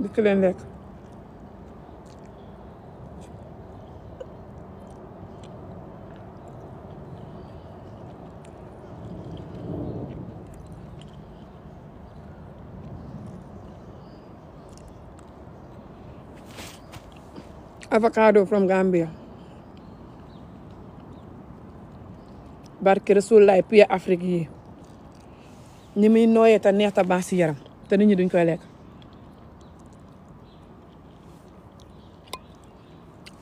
dikk leen lekk avocado from Gambia barke Rasulullah piya yi ni muy nooyee te neex te baax si yaram te nit ñi duñ koy lekk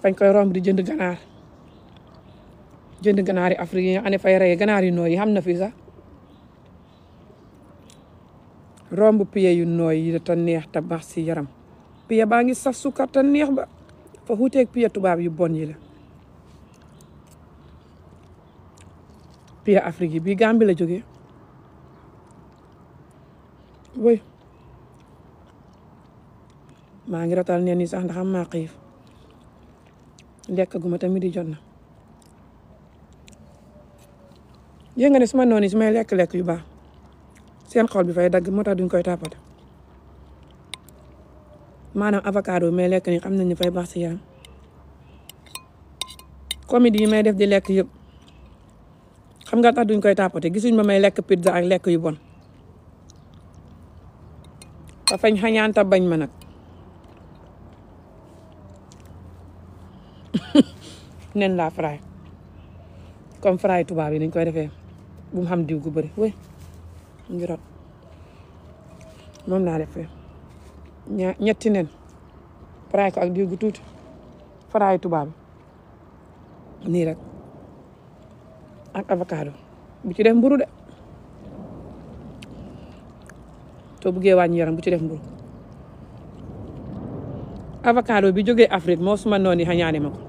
fañ koy romb di jënd ganaar jënd ganaar yi Afrique yi ane fay rey ganaar yu nooy yi xam na fi sax romb piye yu nooy yi te neex te baax yaram piye baa ngi saf sukar te neex ba fa xuuteeg piye tubaab yu bon yi la piye Afrique yi bii Gàmbi la jógee woy maa ngi ratal neen yi sax ndax am maa xiif lekk lekkaguma tamit di jot na yéen nga ne su ma noonu su lekk-lekk yu baax seen xol bi fay dagg moo tax duñ koy tàppate maanaam avocado bi lekk ni xam nañ ne fay baax si yaram comédie may def di lekk yëpp xam nga ta duñ koy tàppate gisuñ ma may lekk pizza ak lekk yu bon ba fañ xañaanta bañ ma nag nen laa fry comme fry tubaab yi nañ koy defee bu mu xam diw gu bëri wéy mu ngi laa defee ñetti nen fry ko ak diw gu tuuti fry tubaab bi ak avocado bu ci def mburu de soo buggee wàññi yaram bu ci def mburu avocado bi jógee Afrique moo suma noon yi xañaane ma ko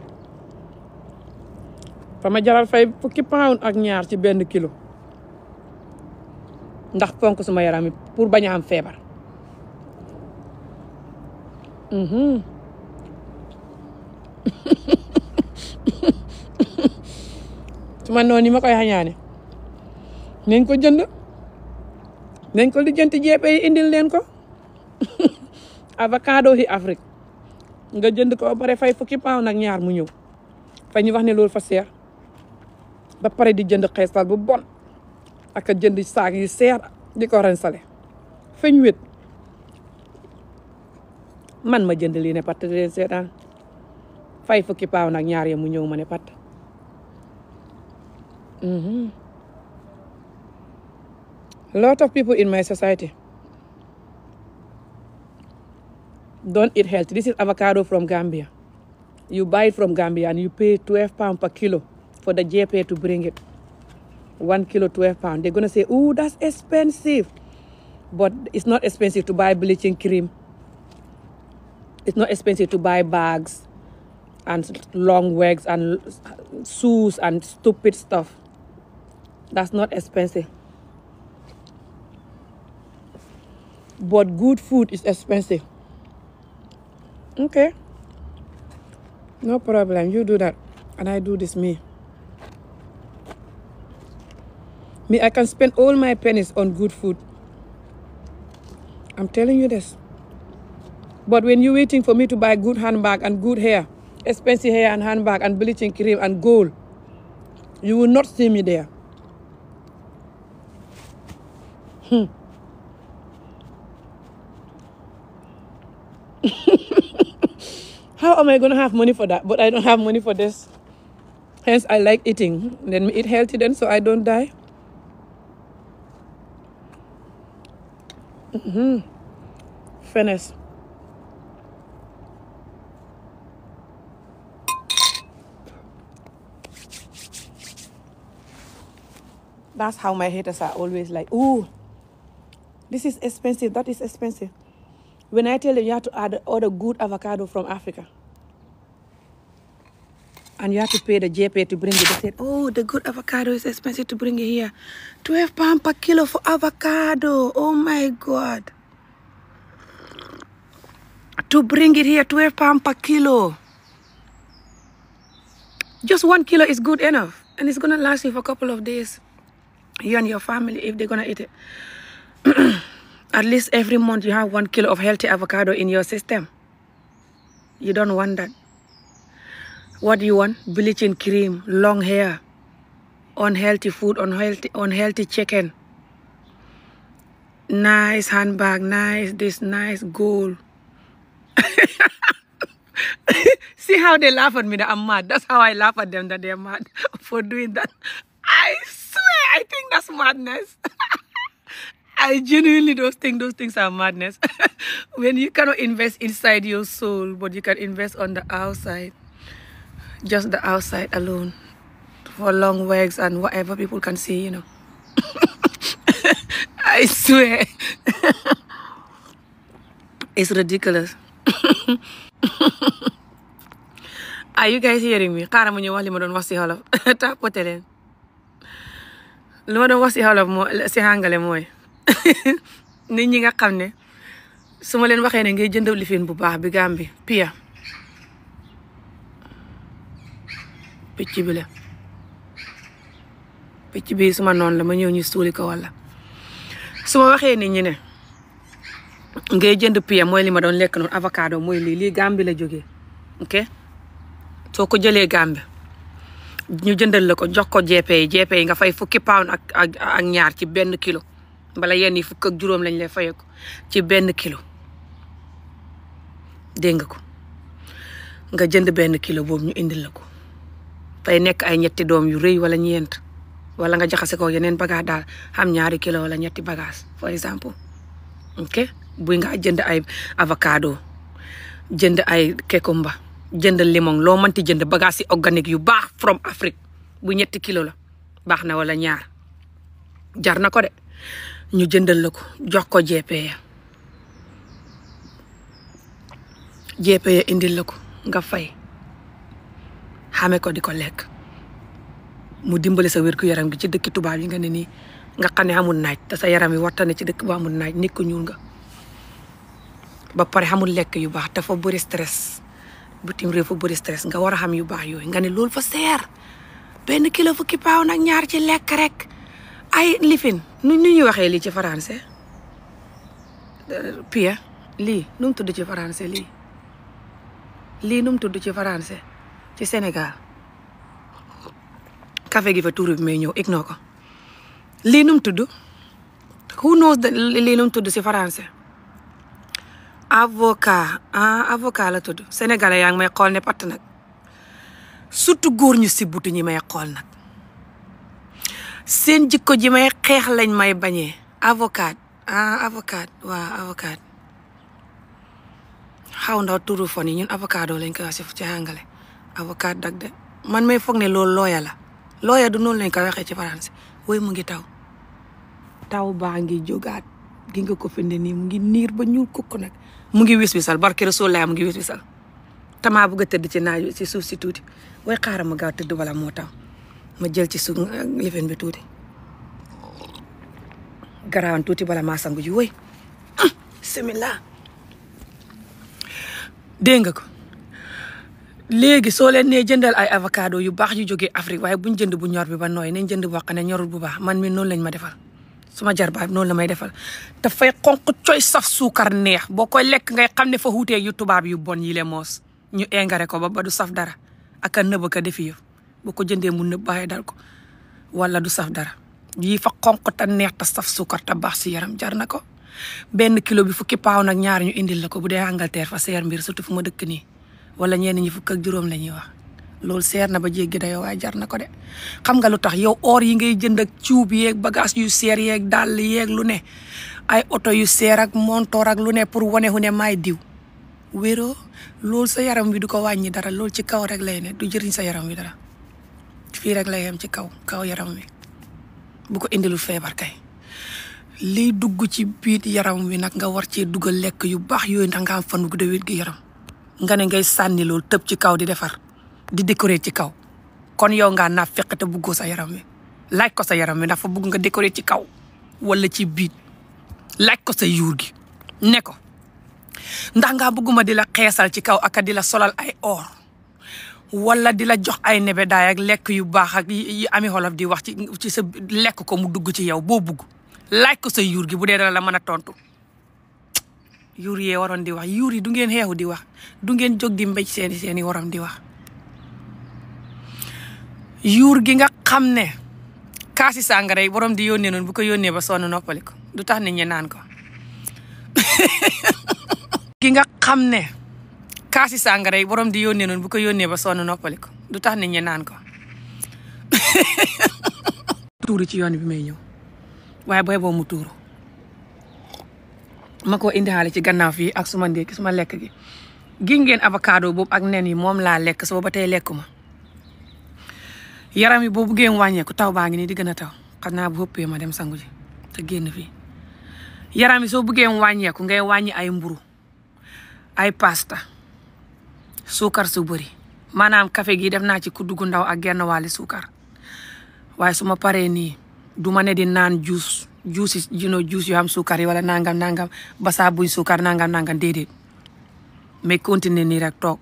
fa ma jaral fay fukki pound ak ñaar ci benn kilo ndax fonk suma yarami yi pour bañ am feebar mhm. suma noonu yi ma koy xañaane nañ ko jënd nañ ko lijjanti jeepe yi indil leen ko avocado yi Afrique nga jënd ko ba fay fukki pound ak ñaar mu ñëw fa ñu wax ne loolu fa seer ba pare di jënd xeesal bu bon ak jënd saag yu seer di ko rensale feñ wét man ma jënd lii ne pat di leen seetaan fay fukki paw nag ñaar ya mu ñëw ma ne pat mhm. lot of people in my society don't eat healthy this is avocado from Gambia you buy from Gambia and you pay pound per kilo for the JP to bring it. One kilo, 12 pounds. They're going to say, oh, that's expensive. But it's not expensive to buy bleaching cream. It's not expensive to buy bags and long wigs and shoes and stupid stuff. That's not expensive. But good food is expensive. Okay. No problem. You do that. And I do this me. Me, I can spend all my pennies on good food. I'm telling you this. But when you're waiting for me to buy good handbag and good hair, expensive hair and handbag and bleaching cream and gold, you will not see me there. Hmm. How am I going to have money for that? But I don't have money for this. Hence, I like eating. Then eat healthy then so I don't die. Mm-hmm. fenes that's how my haters are always like ooh this is expensive that is expensive when I tell you you have to add good avocado from Africa and you have to pay the JP to bring it. Oh, the good avocado is expensive to bring it here. per kilo for avocado. Oh my God. To bring it here, per kilo. Just one kilo is good enough. And it's going last you for a couple of days. You and your family, if they're going to have one kilo of healthy avocado in your system. You don't want what do you want bleaching cream long hair unhealthy food unhealthy unhealthy chicken nice handbag nice this nice gold see how they laugh at me that I'm mad that's how I laugh at them that they're mad for doing that I swear I think that's madness I genuinely those things are madness when you cannot invest inside your soul but you can invest on the outside just the outside alone for long legs and whatever people can see, you know. I swear. it's ridiculous. Are you guys hearing me? ma ñëw wax doon wasi si xolof tapote leen doon wax si xolof si hàngale mooy nit ñi nga xam ne su ma leen waxee ne ngay jënd lifin bu baax bi Gàmbi pia picc bi la picc bi suma noon la ma ñëw ñu suuli ko wala su ma waxee ni ñu ne ngay jënd piem mooy li ma doon lekk noon avocado mooy lii lii Gàmbi la jógee ok soo ko jëlee Gàmbi ñu jëndal la ko jox ko jeepe yi jeepe yi nga fay fukki pound ak ñaar ci benn kilo bala yenn yi fukk ak juróom lañ lay fayee ko ci benn kilo dégg nga ko nga jënd benn kilo boobu ñu indil la ko day nekk ay ñetti doom yu rëy wala ñeent wala nga jaxase ko yeneen bagage daal xam ñaari kilo wala ñetti bagage for exemple ok buy nga jënd ay avocado jënd ay kekumba jënd limon loo mënti jënd bagaas yi organique yu baax from Afrique bu ñetti kilo la baax na wala ñaar jar na ko de ñu jëndal la ko jox ko jeepee jeepee indi la ko nga fay xame ko di ko lekk mu dimbale sa wér-gu-yaram ngi ci dëkk tubaab yi nga ne nii nga xam ne amul naaj te sa yaram yi warta ci dëkk bu amul naaj nit ku ñuul nga ba pare xamul lekk yu baax dafa bëri stress bitim réew fa bëri stress nga war a xam yu baax yooyu nga ne loolu fa seer benn kilo fukki paaw nag ñaar ci lekk rek ay lifin nu nu ñuy waxee lii ci français euh, pie lii nu tudd ci français lii lii nu tudd ci français ci Sénégal kafe gi fa tuuru bi may ñëw ignore ko lii num tudd who knows tudd si français avocat ah avocat la tudd sénégalais yaa ngi may xool ne patt nag surtout góor ñu si butu ñi may xool nag seen jikko ji may xeex lañ may bañee avocat ah avocat waa avocat xaw ndaw turu fan yi ñun avocado lañ koy wax si ci àngale avocat dag de man may foog ne loolu looya la looya du noonu lañ ko waxee ci français woy mu ngi taw taw baa ngi jógaat gi nga ko finde nii mu ngi niir ba ñuul kukk nag mu ngi wis wisal barke Rasuul laa mu ngi wis wisal tamaa bëgg a tëdd ci naaj ci suuf si tuuti way xaaral ma gaaw tëdd wala moo taw ma jël ci suuf euh, lifin bi tuuti garaawan tuuti bala maa sangu ji woy simila dégg nga ko léegi soo leen nee jëndal ay avocado yu baax yu jógee Afrique waaye buñ jënd bu ñor bi ba nooy nañ jënd boo xam ne ñorul bu baax man mi noonu lañ ma defal suma jar jarbaab noonu la may defal dafay xonq coy saf suukar neex boo koy lekk ngay xam ne fa wuutee yu tubaab yu bon yi moos ñu engrais ko ba ba du saf dara ak a nëbb ka defi yëf boo ko jëndee mu nëbb bàyyi dal ko wala du saf dara yii fa xonq ta neex ta saf suukar ta baax si yaram jar na ko benn kilo bi fukki paaw nag ñaar ñu indil la ko bu dee Angleterre fa seer mbir surtout fu ma dëkk nii wala ñeen ñi fukk ak juróom la ñuy wax lool seer na ba jéggi dayoo waaye jar na ko de xam nga lu tax yow or yi ngay jënd ak cuub yeeg bagage yu seer yeeg dàll yeeg lu ne ay oto yu seer ak montoor ak lu ne pour wane hu ne may diw wéro loolu sa yaram wi du ko wàññi dara lool ci kaw rek lay ne du jëriñ sa yaram wi dara fii rek lay yem ci kaw kaw yaram wi bu ko indilu feebar kay lii dugg ci biir yaram wi nag nga war cee dugal lekk yu baax yooyu ndax nga am fan de wér yaram nga ne ngay sànni loolu tëb ci kaw di defar di décorer ci kaw kon yow ngaa naaf fekk buggo sa yaram wi laaj ko sa yaram wi ndax bugg nga décorer ci kaw walla ci biit laaj ko sa yuur gi ne ko ndax ngaa bëgguma di la xeesal ci kaw aka di la solal ay or wala di la jox ay nebe ak lekk yu baax ak yi ami xolof di wax ci ci sa lekk ko mu dugg ci yow boo bugg laaj ko sa yuur gi bu dee dana la mën a tontu. yuur yee waroon di waa yuur yi du ngeen xeexu di wax du ngeen jóg di mbéj seeni seeni waram di wax yuur gi nga xam ne kaasi sàngara yi borom di yónnee noonu bu ko yónnee ba sonn noppali ko du tax naan ko gi nga xam ne kaasi sàngara yi borom di yónnee noonu bu ko yónnee ba sonn noppali du tax nit naan ko tuuru ci yoon bi may ñëw waaye tuuru ma ko indiwaale ci gannaaw fii ak suma ndékki suma lekk gi gis ngeen avocado boobu ak nen yi moom laa lekk soo ba tey lekku ma yaram yi boobu ngeen wàññeeku taw baa ngi nii di gën a taw xam naa bu ëppee ma dem sangu ji te génn fii yaram yi soo buggee wàññeeku ngay wàññi ay mburu ay pasta suukar su bëri maanaam café gi def naa ci kuddu gu ndaw ak genn wàlli suukar waaye su ma paree nii du ma di naan juus juices you know juice yu am suukar yi wala nangam nangam basaa buy suukar nangam nangam déedéet mais continuer nii rek toog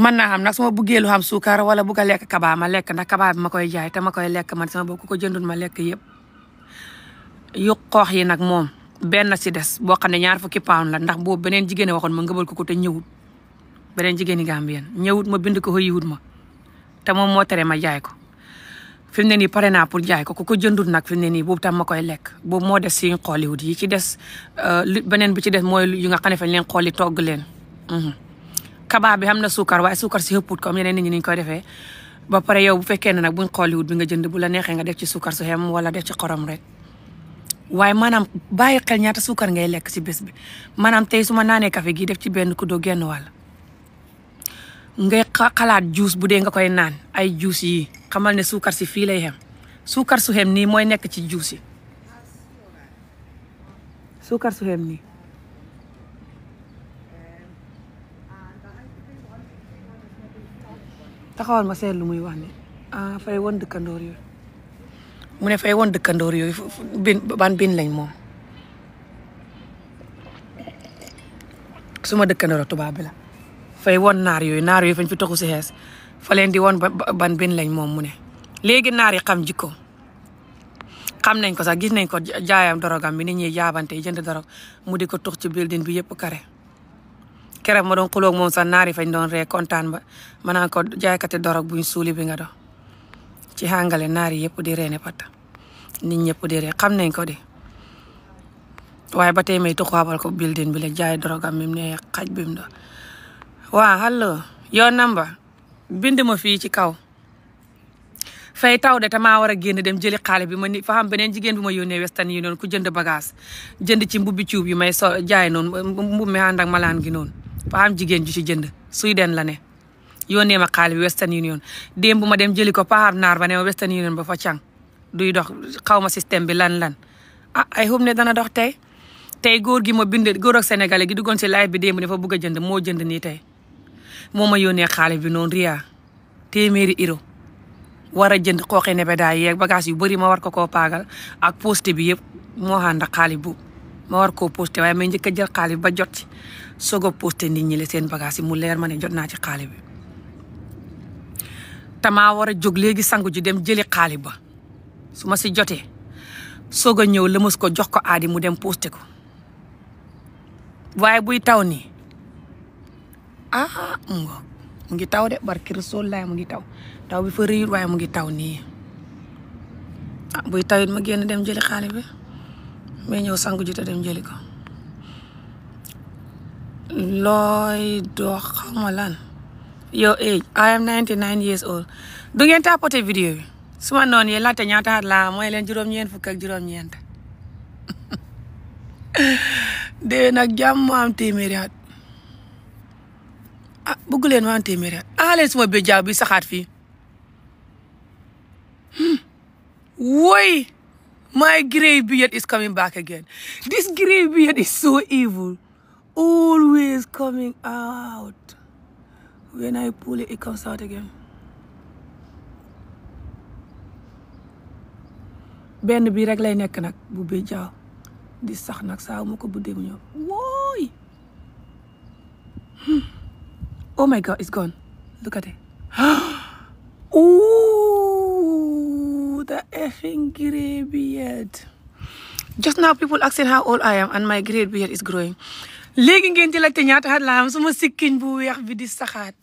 man naa xam nag su ma buggee lu am suukar wala bugg a lekk kabaa ma lekk ndax kabaa bi ma koy jaay te ma koy lekk man sama bopp ku ko jëndul ma lekk yëpp yu xoox yi nag moom benn si des boo xam ne ñaar fukki pound la ndax boobu beneen jigéen waxoon ma ngëbal ko ko te ñëwut beneen jigéen i Gambien ñëwut ma bind ko xëyiwut ma te moom moo tere ma jaay ko fi ne nii pare naa pour jaay ko ko ko jëndul nag fi mu ne nii boobu tam ma koy lekk boobu moo des suñu xooliwut yi ci des euh, lu beneen bi ci des mooy yu nga xam ne fañ leen togg leen. Mhm. kabaa bi xam na suukar waaye suukar si ëpput comme yeneen nit ñi ni ñu koy defee ba pare yow bu fekkee ne nag buñ xooliwut bi nga jënd bu la neexee nga def ci suukar su xem wala def ci xorom rek. waaye maanaam bàyyi xel ñaata suukar ngay lekk si bés bi maanaam tey su ma naanee kafe gi def ci benn kuddo genn wàll ngay xalaat juus bu dee nga koy naan ay juus yi xamal ne suukar si fii lay xem suukar su xem nii mooy nekk ci juus yi suukar su xem nii taxawal ma seet lu muy wax ne ah fay woon mu ne fay dëkkandoor yooyu ban bin lañ moom suma dëkkandoor tubaab la fay won naar yooyu naar yooyu fañ fi toxu si xees fa leen di won ban bin lañ moom mu ne léegi naar yi xam jikko xam nañ ko sax gis nañ ko jaayam dorogam bi nit ñuy jaabante jënd dorog mu di ko tux ci building bi yëpp kare kereb ma doon xuloog moom sax naar yi fañ doon ree kontaan ba ma naan ko jaaykati dorog buñ suuli bi nga do ci xàngale naar yi yëpp di reene pat nit ñëpp di ree xam nañ ko di waaye ba tey may tuxaabal ko building bi la jaay dorogam mi waa allo your number bind ma fii ci kaw fay taw de tamaa maa war a génn dem jëli xaale bi ma ni fa xam beneen jigéen bi ma yónnee westan yi noonu ku jënd bagage jënd ci mbubbi cuub yi may so jaay noonu mbub mi ànd malaan gi noonu fa xam jigéen ju ci jënd suy den la ne yónnee ma xaale bi Western Union démb ma dem jëli ko paxaab naar ba ne ma Western Union ba fa càng duy dox xaw ma système bi lan lan ah ay ne dana dox tey tey goor gi ma bind góor ak sénégalais gi duggoon si live bi démb dafa bugg a jënd moo jënd nii tey moo ma yónnee xaalis bi noonu Ria téeméeri euro war a jënd xooxe ne ba daa yeeg bagage yu bëri ma war ko koo paagal ak posté bi yëpp moo ànd ak bu ma war koo posté waaye may njëkk a jël xaalis ba jot ci soog a posté nit ñi la seen bagage yi mu leer ma ne jot naa ci xaalis bi. tamaa war a jóg léegi sangu ji dem jëli xaalis ba su ma si jotee soog a ñëw lëmas ko jox ko aadi mu dem posté ko waaye buy taw nii ah mu ngi taw de barki Rasuul laay mu ngi taw taw bi fa rëyul waaye mu ngi taw nii ah buy tawit ma génn dem jëli xaalis bi may ñëw sangu ji te dem jëli ko looy doo xama lan yow age eh, I am 99 years old du ngeen tapoté vidéo bi su ma noonu yéen laajte ñaata at laa mooy leen juróom-ñeent fukk ak juróom-ñeent déwén nag jàmm mu am téeméeri ah bëgg waan téeméeri at ah leen bi jaaw saxaat fii hmm. woy my grey beard is coming back again this grey beard is so evil always coming out when I pull it it comes again benn bii rek lay nekk nag bu bi jaaw di sax nag saa mu ko buddee wooy Oh my God, it's gone. Look at it. Ooh, the effing gray Just now people asking how old I am and my gray beard is growing. léegi ngeen di laajte ñaata laa am sama sikkiñ bu weex bi di saxaat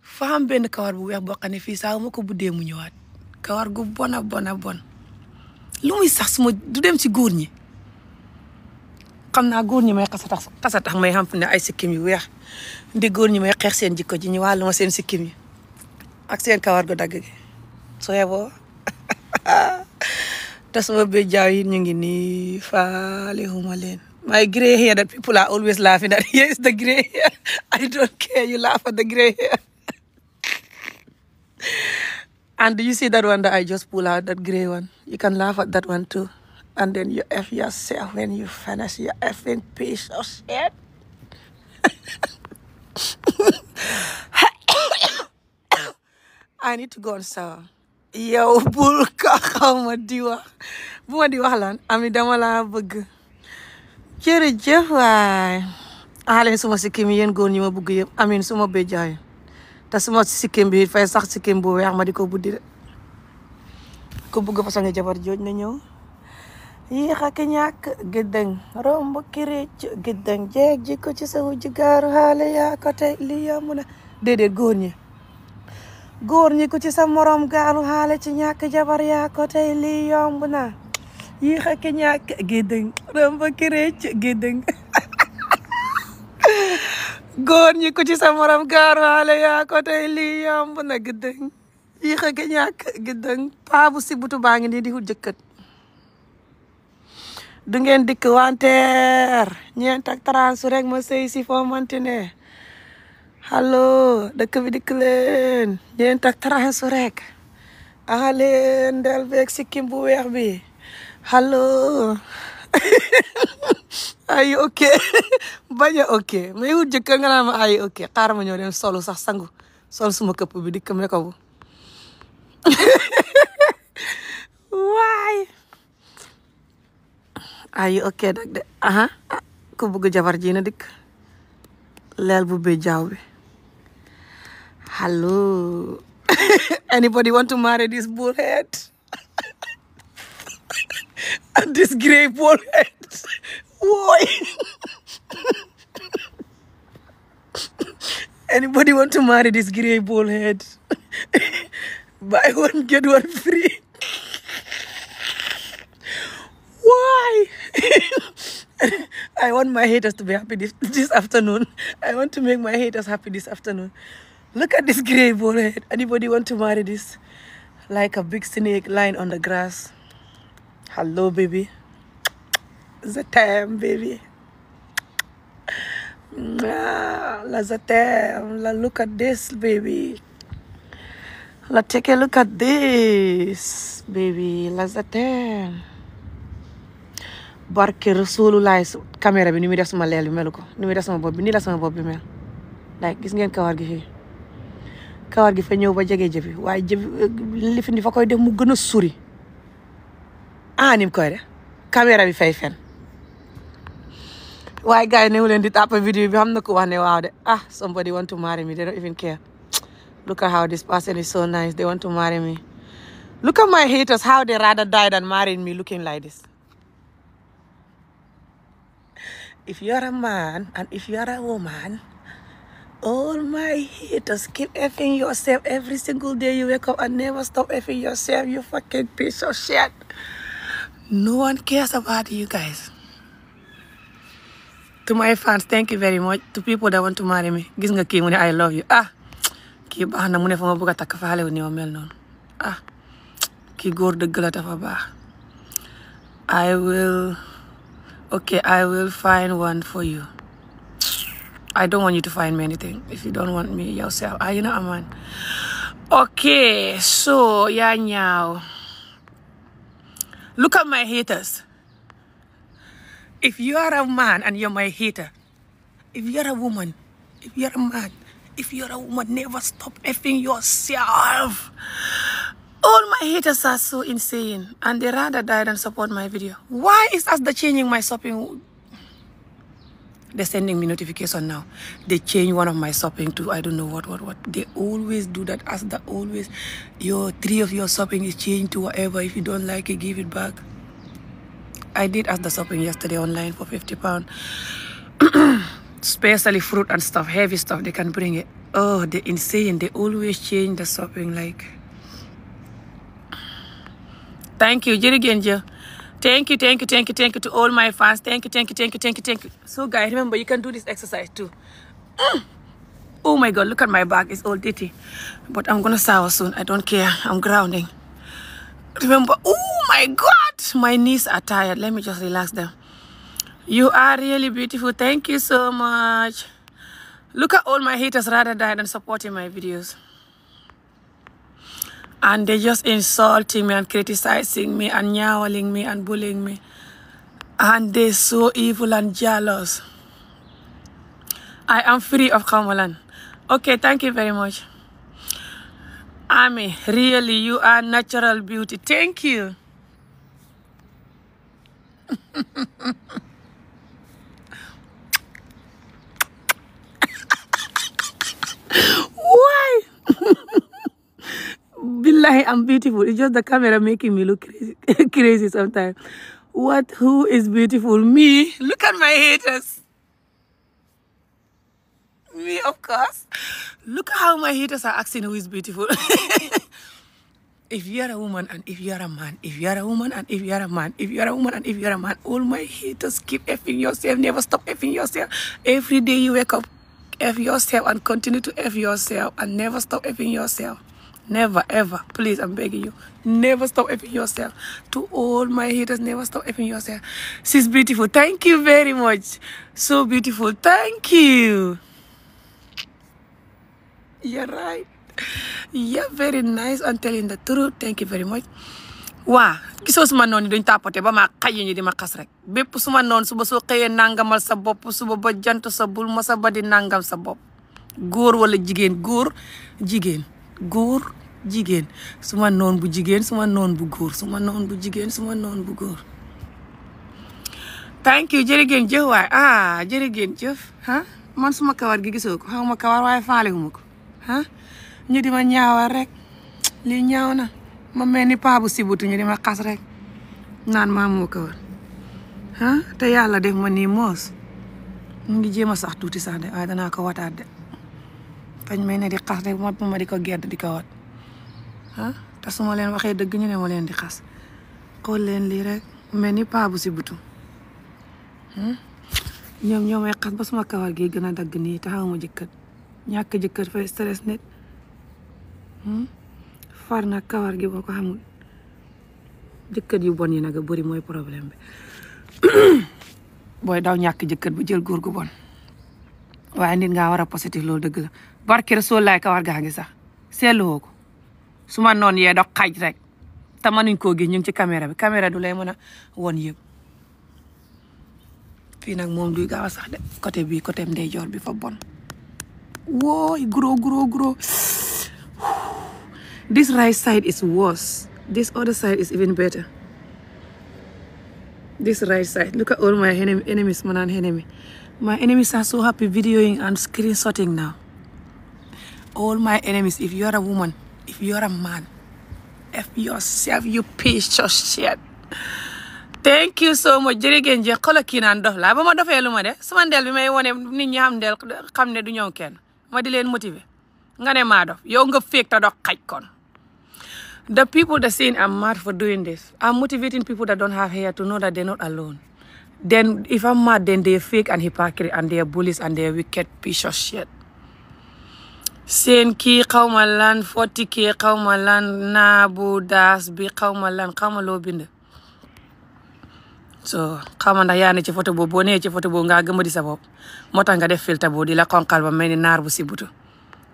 faam am benn kawar bu weex boo ne fii saa ma ko buddee mu ñëwaat kawar gu bon a bon a bon lu muy sax suma du dem ci góor ñi xam naa góor ñi may xasa tax xasa tax may xam ne ay sikkim yu weex ndi góor ñi may xeex seen jikko ji ñu wàllu ma seen sikkim yi ak seen kawar gu dagg gi soo yeboo te suma bi jaaw yi ñu ngi nii faale huma leen my grey hair that people are always laughing at here is the grey hair I don't care you laugh at the grey one you can laugh at that one too and then you F yourself finish you effing piece of shit I need to sawa yow bul ka xaw ma di wax bu ma di wax lan ami dama laa bëgg jërëjëf waay aleen suma sikkim yi yéen góor ñi ma bëgg yëpp amin suma béjaayu te suma sikkim bi fay sax sikkim bu weex ma di ko buddi de ko bëgg façon jabar jooj na ñëw yéex ak ñàkk giddëng romb kiric giddëng jeeg jikko ci sa wujj gaaru yaa ko tey li yomb na déedéet góor ñi góor ñi ku ci sa morom gaaru xaale ci ñàkk jabar yaa ko tey li yomb na yéex ak ñàkk giddëng romb kiric góor ñi ku ci sa morom gaaru xaale yaa ko tey li yomb na giddëng yéex baa ngi nii di wut jëkkët du ngeen dikk wanteer ñeent ak taransu rek ma sëy si foo manti ne allo bi dikk leen ñeent ak taransu rek axaleen ndel beeg sikkim bu weex bi allo ay ok bañ a ok may wut jëkkër ma ay ok xaar ma ñoo dem solu sax sangu sol suma këpp bi dikk me ko bu waay are you okay nag de aha ku bëgg jabar ji dikk leel bu bi jaaw bi hello anybody want to marry this bull head and this grey bull head wooy anybody want to marry this grey bull head buy one get one free I want my haters to be happy this, this afternoon. I want to make my haters happy this afternoon. Look at this gray bald head. Anybody want to marry this? Like a big snake lying on the grass. Hello, baby. It's the time, baby. La Zatem, la look at this, baby. La take a look at this, baby. La Zatem. barke Rasulullah caméra bi ni muy def sama leel bi melu ko ni muy def sama bopp bi nii la sama bopp bi mel like gis ngeen kawar gi fii kawar gi fa ñëw ba jege jëbi waaye jëbi li fi fa koy def mu gën a suri ah ni koy def caméra bi fay fen waaye gars yi ne leen di tàpp vidéo bi xam na ko wax ne waaw de ah somebody want to marry me they don't even care look at how this person is so nice they want to marry me look at my haters how they rather die than marrying me if you are a man all my haters keep effing every single day you wake up and never stop effing you fucking piece of shit no one cares about you guys to my fans thank you very much to people that want to marry me gis nga kii mu I love you ah kii baax na mu ne fa ma bëgg a faale wu ni ma noonu ah kii góor dëgg la dafa baax I will Okay, I will find one for you. I don't want you to find me anything if you don't want me yourself. Ah, you know, Aman. Okay, so, yeah, now. Look at my haters. If you are a man and you're my hater, if you're a woman, if you're a man, if you're a woman, never stop effing yourself. All my haters are so insane and they rather die than support my video. Why is as the changing my shopping? They're sending me notification now. They change one of my shopping to I don't know what, what, what. They always do that as the always. Your three of your shopping is changed to whatever. If you don't like it, give it back. I did as the shopping yesterday online for 50 pound. Especially fruit and stuff, heavy stuff, they can bring it. Oh, they're insane. They always change the shopping like... thank you jërëgeen jëf thank you thank you thank you to all my fans thank you thank you thank you so guys remember you can do this exercise too mm. oh my god look at my back it's all dirty but I'm gonna shower soon I don't care I'm grounding remember oh my god my knees are tired let me just relax them you are really beautiful thank you so much look at all my haters rather die than supporting my videos and they just insulting me and criticizing me and nyawaling me and bullying me. And they're so evil and jealous. I am free of Kamalan. Okay, thank you very much. Ami, really, you are natural beauty. Thank you. billahi, I'm beautiful. It's just the camera making me look crazy, sometimes. What? Who is beautiful? Me. Look at my haters. Me, of course. Look how my haters are asking who is beautiful. if you woman and if you man, if you woman and if you man, all my haters keep effing yourself, never stop effing yourself. Every day you wake up, eff yourself and continue to eff yourself and never stop effing yourself. Never, ever. Please, I'm begging you. Never stop effing yourself. To all my haters, never stop effing yourself. She's beautiful. Thank you very much. So beautiful. Thank you. You're right. You're very nice and telling the truth. Thank you very much. waa gisoo suma noonu dañ tàppate ba ma xayi ñu di ma xas rek bépp suma noonu suba soo xëyee nangamal sa bopp suba ba jant sa bul ma sa ba di nangam sa bopp góor wala jigéen góor jigéen góor jigéen suma noon bu jigéen suma noon bu góor suma noon bu jigéen suma noon bu góor thank you jërëgeen jëf waay ah jërëgeen jëf ah man suma kawar gi gisoo ko xaw ma kawar waaye faale ma ko ah ñu di ma ñaawal rek lii ñaaw na ma mel ni paa bu sibutu ñu ma xas rek naan maa moo kawar ah te yàlla def ma nii moos mu ngi jéem a sax tuuti sax de waaye danaa ko wataat de dañ may ne di xas rek moo ma di ko gedd di ko wat ah te su ma leen waxee dëgg ñu ne leen di xas xool leen lii rek mel ni paabu si butu ñoom ñoo may xas ba suma kawar gi gën a dagg nii taxaw ma jëkkër ñàkk jëkkër fay stress nit far na kawar gi boo ko xamul jëkkër yu bon yi nag a bëri mooy problème bi booy daw ñàkk jëkkër bu jël góor gu bon waaye nit nga war a positif loolu dëgg la barke Rasuul laay kawar gaa ngi sax seetluwoo ko su ma noon yee dox xaj rek te mënuñ koo gis ñu ngi ci camera bi caméra du lay mën a woon yëpp fii nag moom duy gaaw a sax de côté bi côté ndeyjoor bi fa bon wooy gros gros gros this right side is worse this other side is even better this right side look at all my enemy enemies my enemy my enemies are so happy videoing and screenshotting now all my enemies if you're a woman if you're a man if yourself you piece of thank you so much jërëgéen je xola kii naan dof laa ba ma dofee lu ma de sama bi may wone nit ñi xam ndel xam ne du ñëw kenn ma di leen motiver nga ne maa dof yow nga féeg te dox xaj kon the people that saying I'm mad for doing this I'm motivating people that don't have hair to know that they're not alone then if I'm mad then they're fake and hypocrite and they're bullies and they're seen kii xawma lan fotti kii xawma lan naabu daas bi xawma lan xawma loo bind so xawma ndax yaa ci photo boobu boo nee ci photo boobu ngaa gëma di sa moo tax nga def filtre boobu di la xonqal ba mel ni naar bu si butu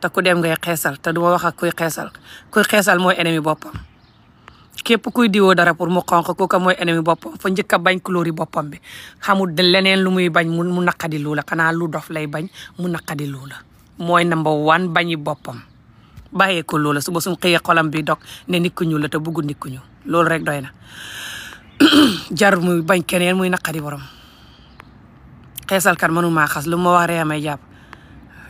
te ku dem ngay xeesal te duma wax ak kuy xeesal kuy xeesal mooy ennemi boppam képp kuy diwoo dara pour mu xonq kooka mooy ennemi boppam fa njëkk a kuloori boppam bi xamul leneen lu muy bañ mu naqadi lu la xanaa lu dof lay bañ mu naqadi mooy number one bañi boppam bàyyee ko loola suba suñ xëyee xolam bi dog ne nit ku ñuul la te bëggul nit ku ñuul loolu rek doy na jarul muy bañ keneen muy naqari borom xeesalkat mënu maa xas lu ma wax may jàpp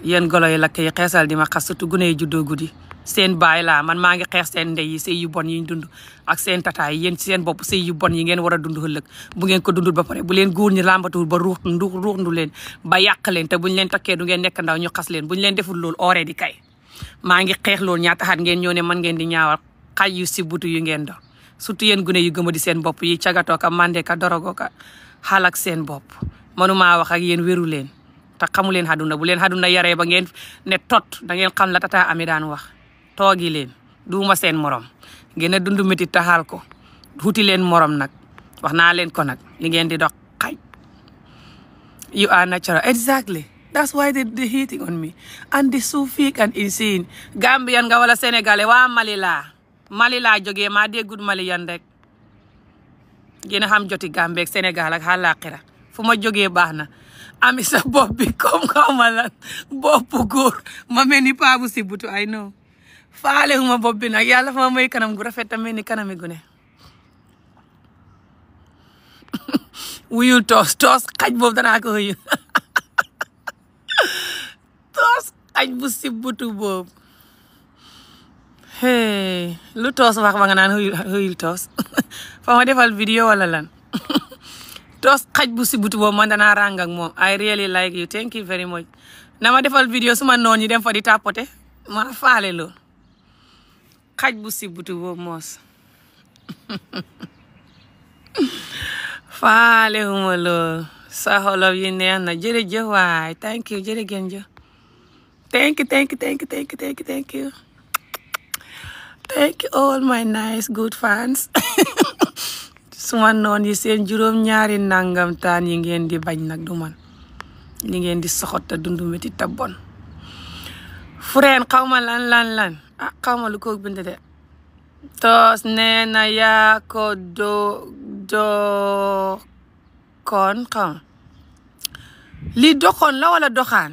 yéen golo yi lakk yi xeesal di ma xas surtout gune yi juddoo guddi seen baay laa man maa ngi xeex seen ndey yi bon yi ñu ak seen tataay yéen seen bopp sëy yu bon yi ngeen war a dund ëllëg bu ngeen ko dundul ba pare bu leen góor ñi làmbatuwul ba ruux ndu leen ba yàq leen te buñ du ngeen nekk ndaw ñu xas leen buñ leen deful loolu ooree di kay maa ngi xeex loolu ñaata xaat ngeen ñoo man ngeen di ñaawal xaj yu si butu yu ngeen doon surtout yéen gune yu gëma di seen bopp yi cagatoo ka mandé ka dorogo ka xalak seen bopp mënumaa wax ak yéen wéru leen te xamu leen xaduna bu leen xaduna yaree toogi leen duuma seen morom gën a dund métti taxaal ko xuti leen morom nag wax naa leen ko nag li ngeen di dox xaj you are natural exactly that's why they they hating on me and they so fake and insane Gambian wala sénégalais waa malilaa laa Mali laa jógee maa déggut Mali yan rek gën a xam joti Gambeeg Sénégal ak àllaaxira fu ma jógee baax na ami sa bopp bi comme xaw ma lan bopp góor ma mel faale huma bopp bi nag yàlla fa ma may kanam gu rafet ma ni kanami gune wuyul toos toos xaj boobu danaa ko wuyu toos xaj bu sibbutu boobu hey lu toos wax ba nga naan huyul toos fa ma defal vidéo wala lan toos xaj bu sibbutu boobu man danaa ràng ak moom I really like you thank you very much na ma defal vidéo suma noon ñi dem fa di tapote ma faale lool xaj bu sibutu boobu moos faale huma lool sa xolof yi neex na jërëjëf waay thank you jërëgeen jëf thank thank you thank you thank you thank you all my nice good fans suma noon yi seen juróom ñaari nangam taan yi ngeen di bañ nag du man li ngeen di soxot te dundu métti te bon fureen xaw lan lan lan ah xaw ma lu ko de toos nee na yaa ko do dokoon xaw ma lii la wala doxaan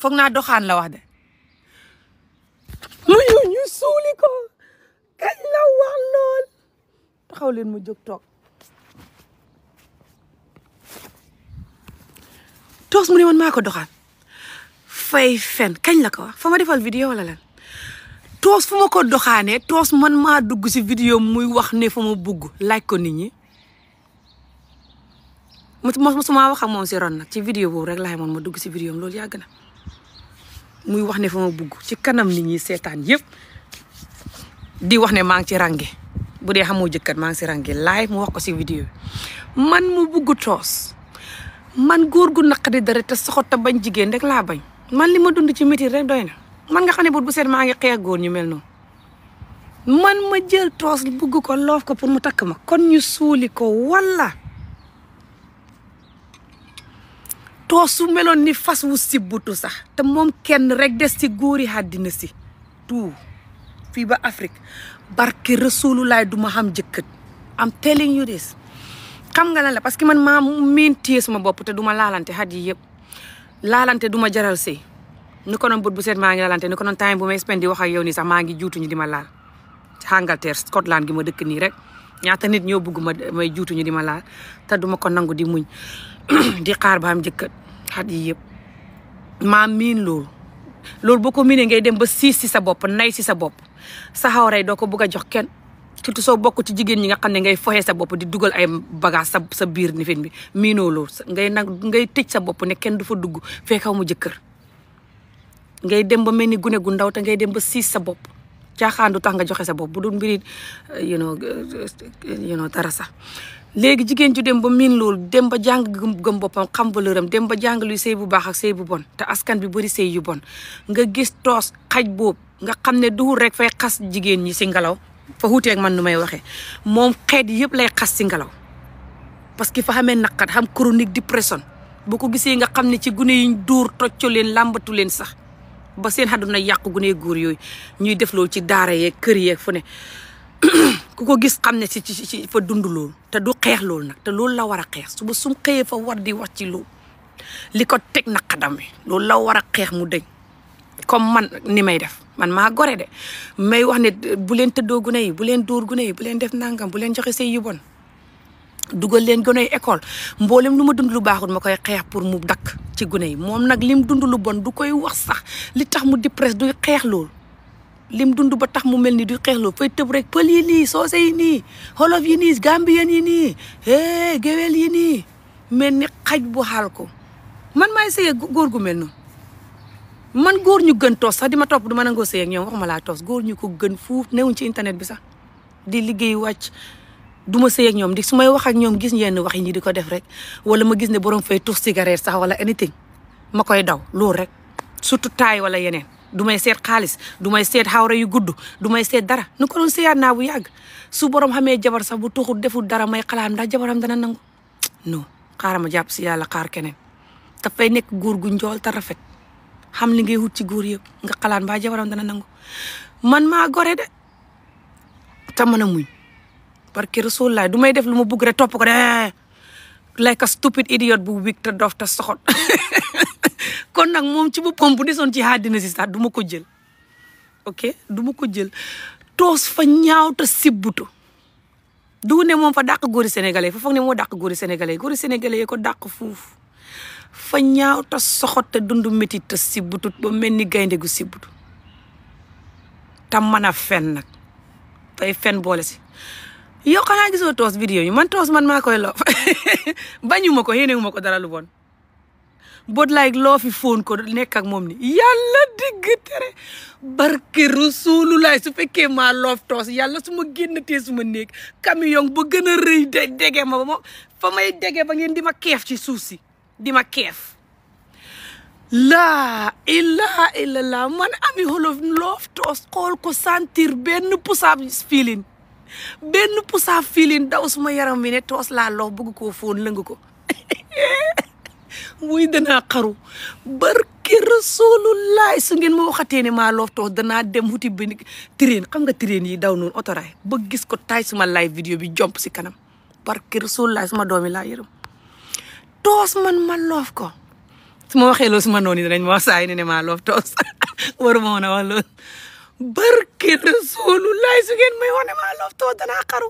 foog naa doxaan la wax de mu ñëw ko kañ la lool mu jóg toos mu man maa ko doxaan fay fen kañ la ko wax fa ma defal vidéo la lan toos foo ma ko doxaanee toos man maa dugg si vidéo muy wax ne fa ma bugg laaj ko nit ñi ma suma wax ak moom si ron nag ci vidéo boobu rek laay moon ma dugg si vidéo am yàgg na muy wax ne fa bugg ci kanam nit ñi seetaan yëpp di wax ne maa ngi ci range bu dee xamoo jëkkat maa ngi si range live mu wax ko si vidéo man mu bugg toos man góor gu naq di dara te soxot te bañ jigéen rek laa bañ man li ma dund ci métier rek doy na man nga xam ne bët bu seet maa ngi xëy ak góor mel noonu man ma jël toos bugg ko loof ko pour mu takk ma kon ñu suuli ko walla toos su meloon ni fas wu sibbutu sax te moom kenn rek des ci góori àddina si tout fii ba Afrique barke Rasulullah du duma xam jëkkët am telling you des xam nga lan la parce que man maa miin téye suma bopp te duma ma laalante xat yëpp laalante duma jaral si ni ko noon bët bu seet maa ngi laalante ni ko noon temps bu may spend di wax ak yow nii sax maa ngi juutuñu di ma laal ci Angleterre Scotland gi ma dëkk nii rek ñaata nit ñoo bugg ma may juutuñu di ma laal te duma ko nangu di muñ di xaar ba am jëkkër xat yi yëpp maa miin loolu loolu boo ko miinee ngay dem ba siis si sa bopp nay si sa bopp sa xawray doo ko bugg a jox kenn surtout soo bokk ci jigéen ñi nga xam ne ngay foxee sa bopp di dugal ay bagage sa sa biir ni fin bi miinoo loolu ngay nag ngay tëj sa bopp ne kenn du fa dugg feekaw mu jëkkër ngay dem ba mel ni gune gu ndaw te ngay dem ba siis sa bopp caaxaan du tax nga joxe sa bopp bu dul mbiri you dara sax léegi jigéen ju dem ba miin loolu dem ba jàng gëm boppam xam valeur am dem ba jàng luy bu baax ak sëy bu bon te askan bi bëri sëy yu bon nga gis toos xaj boobu nga xam ne duhul rek fay xas jigéen ñi si ngelaw fa xuuteeg man nu may waxee moom xeet yëpp lay xas si ngelaw parce que fa xamee naqat xam chronique dépression bu ko gisee nga xam ne ci gune yiñ dóor tocco leen làmbatu leen sax ba seen àdduna na gune góor yooyu ñuy def loolu ci daara yeeg kër yeeg fu ne ku ko gis xam ne si ci ci fa dund loolu te du xeex loolu nag te loolu la war a xeex suba sum xëyee fa war di wax ci loolu li ko teg naqadam wi loolu la war a xeex mu deñ comme man ni may def man maa gore de may wax ne bu leen tëddoo gune yi bu leen dóor gune yi bu leen def nangam bu leen joxe sëy yu bon dugal leen gone yi école mboolem lu ma dund lu baaxul ma koy xeex pour mu dakk ci gune yi moom nag lim dund lu bon du koy wax sax li tax mu di presse du xeex loolu lim dund ba tax mu mel ni du xeex loolu fay tëb rek pël yi nii soose yi nii xolof yi nii gambien yi nii hee géwél yi nii mel ni xaj bu xaal ko man maay sëye góor gu mel noonu man góor ñu gën toos sax di ma topp du ma nangoo sëy ak ñoom waxuma laa toos góor ñu ko gën fuuf newuñ ci internet bi sax di liggéey wàcc du ma sëy ñoom di su may wax ak ñoom gis yenn wax yi ñi di ko def rek wala ma gis ne borom fay tux cigarette sax wala anything ma koy daw lool rek surtout taay wala yeneen du may seet xaalis du may seet xawra yu gudd du may seet dara nu ko doon seeyaat naa bu yàgg su borom xamee jabar sax bu tuxul deful dara may xalaat ndax jabaram dana nangu non xaaral ma jàpp si yàlla xaar keneen dafay nekk góor gu njool te xam li ngay wut ci góor yëpp nga xalaat mbaa jabaram dana nangu man maa gore de te mën a muñ parce que rasulilah du may def lu ma bugg rek topp ko de like a stupid idiot bu wig te dof ta soxot kon nag moom ci boppam bu desoon ci àddina si sax du ma ko jël ok du ma ko jël toos fa ñaaw te sibbutu du ne moom fa dàq góori sénégalais fa foog ne moo dàq senegale sénégalais góori sénégalais ko dàq fuuf fa ñaaw te soxot te dund métit te sibbutut ba mel ni gaynde gu sibbutut te mën a fen nag tey fen boole si yow xanaa gisoo toos vidéo man toos man maa koy loof bañuma ko yéenewu ma ko dara lu bon bot laay loo fi fóon ko nekk ak moom ni yàlla digg barke rasuulu laay su fekkee ma loof toos yàlla su ma génn tee su ma néeg camion ba gën a rëy de dege ma ba fa may dege ba ngeen di ma keef ci suuf si di ma keef laa ilaa illallah man Ami Olof loof toos xool ko sentir benn pusaab filin benn pusaab filin daw suma yaram wi ne toos laa loof bëgg koo foon lëng ko muy danaa xaru barke rasulullaay su ngeen ma waxatee ne maa loof toos danaa dem wuti benn train xam nga train yi daw noonu otoraay ba gis ko taay suma live vidéo bi jomp si kanam barke rasulullaay suma doomi laa yërëm toos man ma loof ko su ma waxee loolu su ma noonu dinañ ma wax saa ne maa loof toos waruma woon a wax loolu barke Rasulullaay su ngeen may wax ne maa loof toos danaa xaru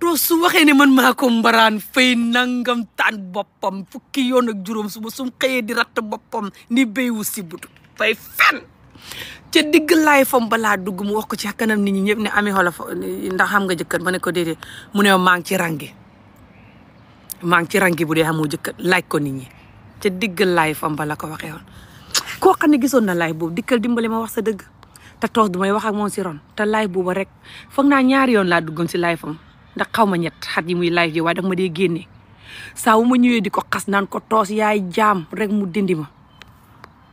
toos su waxee ne man maa ko mbaraan fay nangam taan boppam fukki yoon ak juróom suba sum xëyee di ratt boppam ni béy wu si butu fen ca digg laay fam balaa dugg mu wax ko ci kanam nit ñi ñëpp ne ami xolof ndax xam nga jëkkër ma ne ko déedéet mu ne maa ngi ci rang maa ngi ci ranki bu dee xamoo jëkkër laaj ko ni ñi ca diggal laay fam ba la ko waxee woon koo xam ne gisoon na laay boobu dikkal dimbale ma wax sa dëgg te toos du may wax ak moom si ron te laay booba rek foog naa ñaari yoon laa duggoon si laay fam ndax xaw ma ñett xat yi muy laay ji waaye daf ma dee génne saa ma ñëwee di ko xas naan ko toos yaay jaam rek mu dindi ma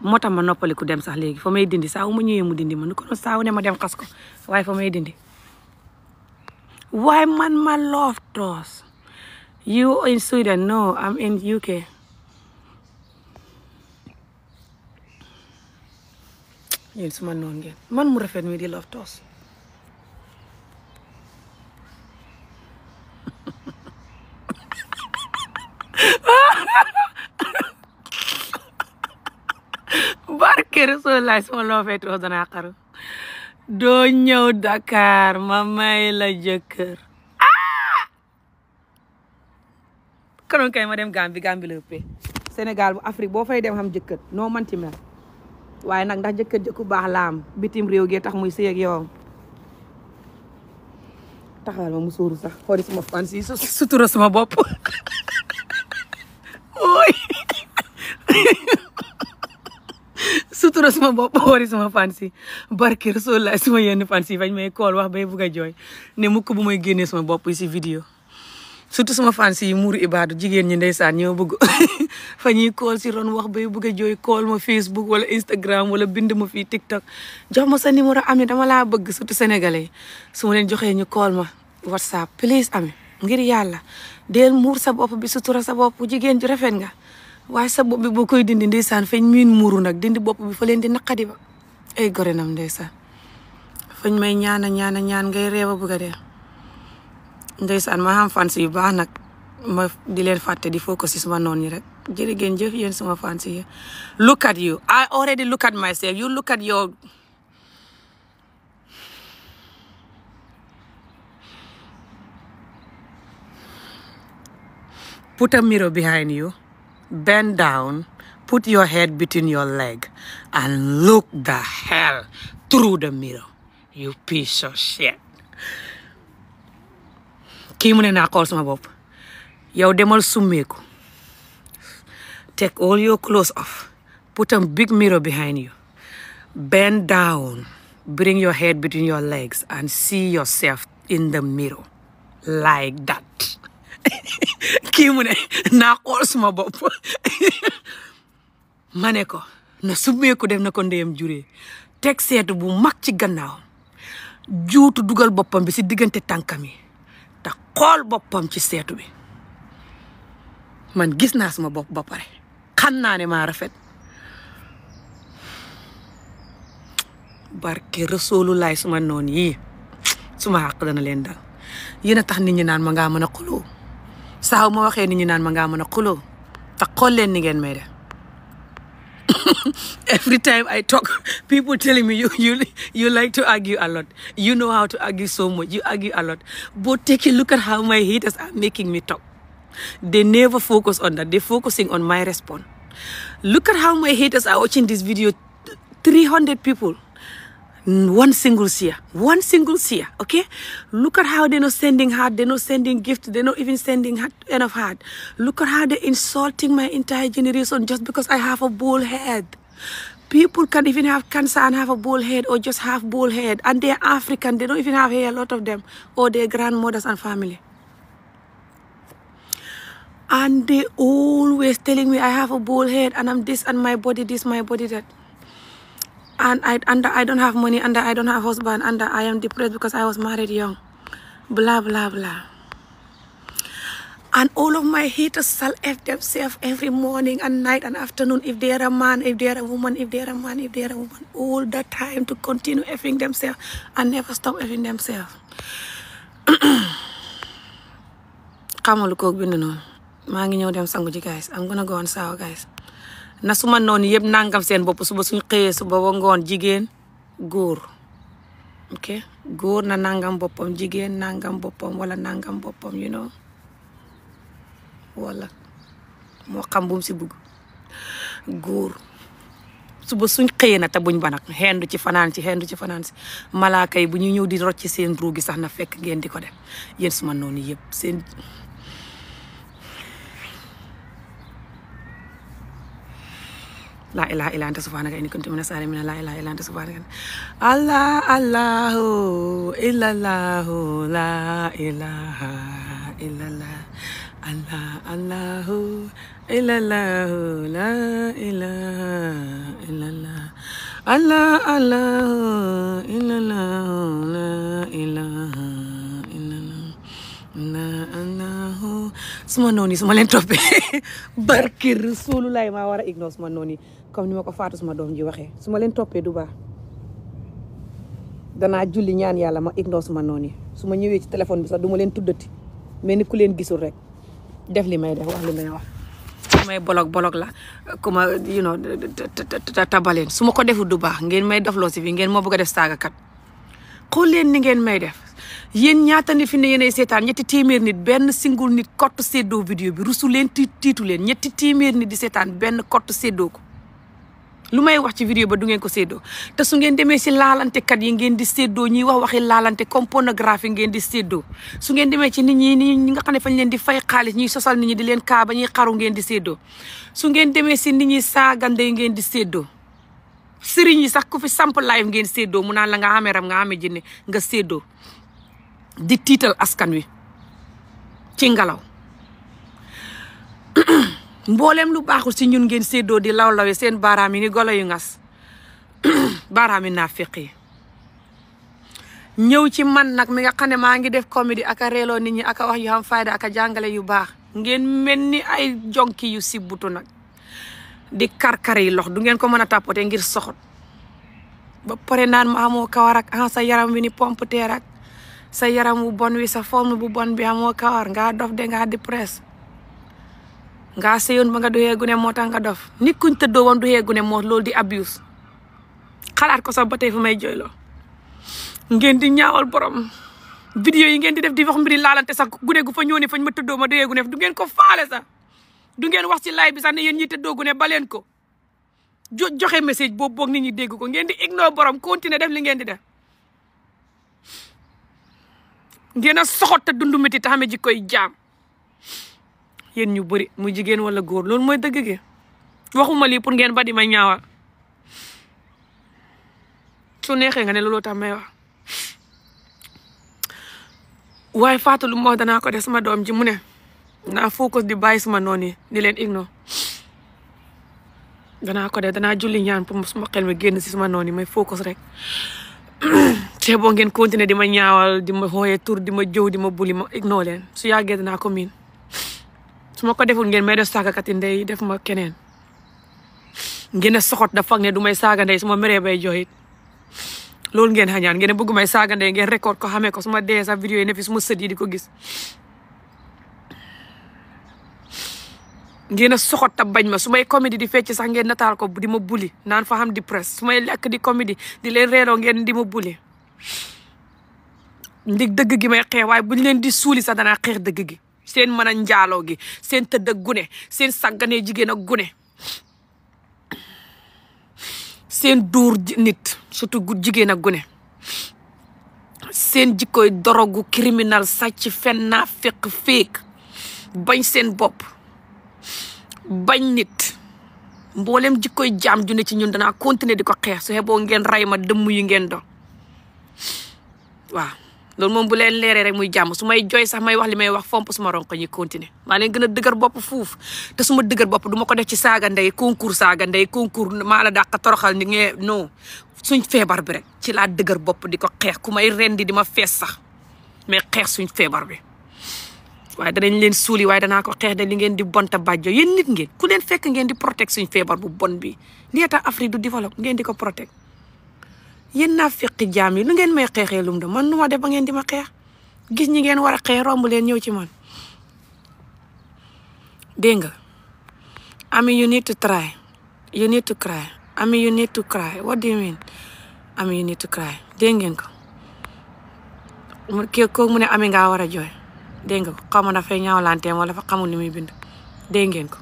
moo tax ma noppaliku dem sax léegi fa may dindi saa wu ñëwee mu dindi ma nu ko doon saa ne ma dem xas ko waaye fa may dindi waaye man ma loof toos You in Sweden? No, I'm in UK. yéen su ma noon ngeen man mu rafet mi di love toos barke Rasulullah su ma loofee toos doo ñëw Dakar ma may la konoon kay ma dem Gambie Gambie la ëppee Sénégal bu afric boo fay dem xam jëkkër noo manti mel waaye nag ndax jëkkër jëkku baax laam bitim réew gee tax muy sëy ak yow taxawal ma mu sóoru sax xooli suma fan si sutura suma bopp ooy sutura suma bopp xooli suma fan si barke Rasulullah suma yenn fan si fañ may kool wax bay bugg a jooy ne mukk bu may génnee suma bopp i si vidéo surtout suma fans yi muuru ibaadu jigéen ñi saan ñoo bëgg fa ñuy kool si ron wax ba bëgg a jooy kool ma Facebook wala Instagram wala bind ma fii TikTok jox ma sa numéro Ami dama laa bëgg surtout sénégalais su ma leen joxee ñu kool ma WhatsApp please Ami ngir yàlla deel muur sa bopp bi sutura sa bopp jigéen ju rafet nga waaye sa bopp bi boo koy dindi ndeysaan fañ miin muuru nag dindi bopp bi fa leen di naqadi ba ay gorenam ndeysaan fañ may ñaana ñaana ñaan ngay réew ndeysaan ma xam fans yu baax nag ma di leen fàtte di focus ci suma noon yi rek jërë ngeen jëf yéen suma fans yi at you I already look at myself you look at your put a mirror behind you bend down put your head between your leg and look the hell through the mirror you piece of kii mu ne naa xool sama bopp yow demal summeeku take all your clothes off put a big mirror behind you bend down bring your head between your legs and see yourself in the mirror like that kii ne naa xool suma bopp ma ko na summeeku dem na ko ndeyam juree teg seet bu mag ci gannaaw juutu dugal boppam bi si diggante tànkam yi te xool boppam ci seetu bi man gis naa suma bopp boppa pare xam naa ne maa rafet barke Rasulullah suma noon yii suma xàq dana leen dal yéen a tax nit ñi naan ma ngaa mën a xuloo saaw ma waxee nit ñi naan ma ngaa mën a xuloo te xool leen ni ngeen may every time I talk, people telling me you like to argue a lot. You know how to argue so much. You argue a lot. But take a look at how my haters are making me talk. They never focus on that. They're focusing on my response. Look at how my haters are watching this video. people. one single share one single share okay look at how they're not sending heart they're not sending gift they're not even sending heart, enough heart look at how they're insulting my entire generation just because i have a bald head people can even have cancer and have a bald head or just have bald head and they're african they don't even have hair a lot of them or their grandmothers and family and they always telling me i have a bald head and i'm this and my body this my and I I don't have money and I don't have husband and I am depressed because I was married young blah blah blah and all of my haters self themselves every morning and night and afternoon if they are a man if they are a woman if they are a man if they are a woman all the time to continue effing themselves and never stop effing themselves xamalu koog bind noonu maa ngi ñëw dem sangu guys I'm gonna go on guys na suma noonu yëpp nangam seen bopp suba suñ xëyee suba ba ngoon jigéen góor ok góor na nangam boppam jigéen nangam boppam wala nangam boppam you know wala moo xam bu si bugg góor suba suñ xëyee na te buñ ba nag ci fanaan ci xendu ci fanaan si malaaka yi bu ñu ñëw di rocc seen ruugi sax na fekk ngeen di ko def yéen suma noonu yëpp seen laa ilaha illa anta subhanaka inni kuntu minas salimin laa ilaha illa anta subhanaka allah allahu illallahu laa ilaha illallah allah allahu illallahu laa ilaha illallah allah allahu illallahu laa ilaha illallah suma noonu suma leen toppee barki Rasulullah maa war a ignore suma noonu comme ni ma ko faatu suma doom ji waxee su ma leen toppee du baax danaa julli ñaan yàlla ma ignore suma noonu yi su ma ñëwee ci téléphone bi sax du ma leen tuddati mais ni ku leen gisul rek def li may def wax li may wax. su may bolok bolok la ku ma you know tabaleen su ma ko deful du baax ngeen may def loo si bi ngeen ma bëgg a def saagakat xool leen ni ngeen may def. yéen ñaata ni fi ne yéenay seetaan ñetti téeméer nit benn single nit kott seddoo vidéo bi rusu leen tiitu leen ñetti téeméer nit di seetaan benn kott séddoo ko lu may wax ci vidéo ba dungeen ko séddoo te su ngeen demee si laalantekat yi ngeen di séddoo ñuy wax waxi laalante comme pornographie ngeen di séddoo su ngeen demee ci nit ñi ñi nga xam ne fañ leen di fay xaalis ñuy sosal nit ñi di leen kaa ba ñuy xaru ngeen di séddoo su ngeen demee si nit ñi saagande ngeen di séddoo sëriñ yi sax ku fi ngeen séddoo mu naan la nga ame ram nga ame jinne nga séddoo di tiital askan wi ci ngelaw mbooleem lu baaxul si ñun ngeen séddoo di lawlawe seen baaraam yi ni golo yu ngas baaraam yi naafiq yi ñëw ci man nag mi nga xam ne maa ngi def comédie aka reeloo nit ñi aka wax yu xam fayda aka jàngale yu baax ngeen mel ni ay jonki yu sibbutu nag di kar yi lox du ngeen ko mën a tàppate ngir soxot ba pare naan ma amoo kawar ak ah, sa yaram wi ni pompe teer ak sa yaram wu bon wi sa forme bu bon bi amoo kawar ngaa dof de ngaa di presse ngaa sëyoon ba nga doxee gune moo tax nga dof nit kuñ tëddoo woon doxee gune moo loolu di abuse xalaat ko sax ba tey fu may jooyloo ngeen di ñaawal borom vidéo yi ngeen di def di wax mbiri laalante sax gune gu fa ñëw ne fañ ma tëddoo ma doxee gune du ngeen ko faale sax du ngeen wax si live bi sax ne yéen ñi tëddoo gune ba leen ko jo joxe message boobu boog nit ñi dégg ko ngeen di ignore borom continuer def li ngeen di def ngeen a soxot te dundu métti te xame jikkoy jaam yéen ñu bëri mu jigéen wala góor loolu mooy dëgg gi waxuma lii pour ngeen ba di ma ñaawal su neexee nga ne looloo tax may wax waaye Fatou lu mu danaa ko def sama doom ji mu ne naa focus di bàyyi suma noonu yi di leen igno danaa ko def danaa julli ñaan pour suma xel mi génn si suma noonu yi may focus rek te boo ngeen continuer di ma ñaawa di ma xooyee tur di ma jëw di ma buli ma ignore leen su yàggee danaa ko su ma ko deful ngeen may def saagakati ndey def ma keneen ngeen ne soxot da fag ne du may saaga ndey su ma meree bay jooyit loolu ngeen xañaan ngeen ne bëggu may saaga ndey ngeen record ko xamee ko su ma dee sax vidéo yi ne fi su ma sët yi di ko gis ngeen a soxot ta bañ ma su may comédie di fecc sax nataal ko di ma buli naan fa xam di presse su may lekk di comédie di leen reeroo ngeen di ma buli ndig dëgg gi may xeex waaye buñ leen di suuli sa danaa xeex dëgg gi seen mana njaaloo gi seen tëdd ak gune seen sàgganee jigéen ak gune seen duur nit surtout jigéen a gune seen jikkoy dorogu kiriminal sacc fen naa féq féeg bañ seen bopp bañ nit mboolem jikkooy jaam ju ne ci ñun danaa continuer di ko xeex su xeboo ngeen ray ma dëmm yi ngeen do waaw loolu moom bu leen leeree rek muy jàmm su may jooy sax may wax li may wax fomp suma ma ñuy continuer maa leen gën a dëgër bopp fuuf te suma dëgër bopp du ma ko def ci saaga ndey concours saaga ndey concours maa la dàq toroxal ni ngee non suñ feebar bi rek ci laa dëgër bopp di ko xeex ku may rendi di ma fees sax mais xeex suñ feebar bi waaye danañ leen suuli waaye danaa ko xeex de li ngeen di bonta bàjjo yéen nit ngeen ku leen fekk ngeen di protect suñ feebar bu bon bi li tax Afrique du développe ngeen di ko protect yéen na feqi jaam yi lu ngeen may xeexee lum da man nu ma def ba ngeen di ma xeex gis ñi ngeen war a xeex romb leen ñëw ci man dégg nga ami you need to try you need to cry ami you need to cry what do you mean ami you to cry dégg ko kii kooku mu ne ami ngaa war a jooy dégg nga ko xamoon na fay ñaawlanteem wala fa xamul ni muy bind dégg ngeen ko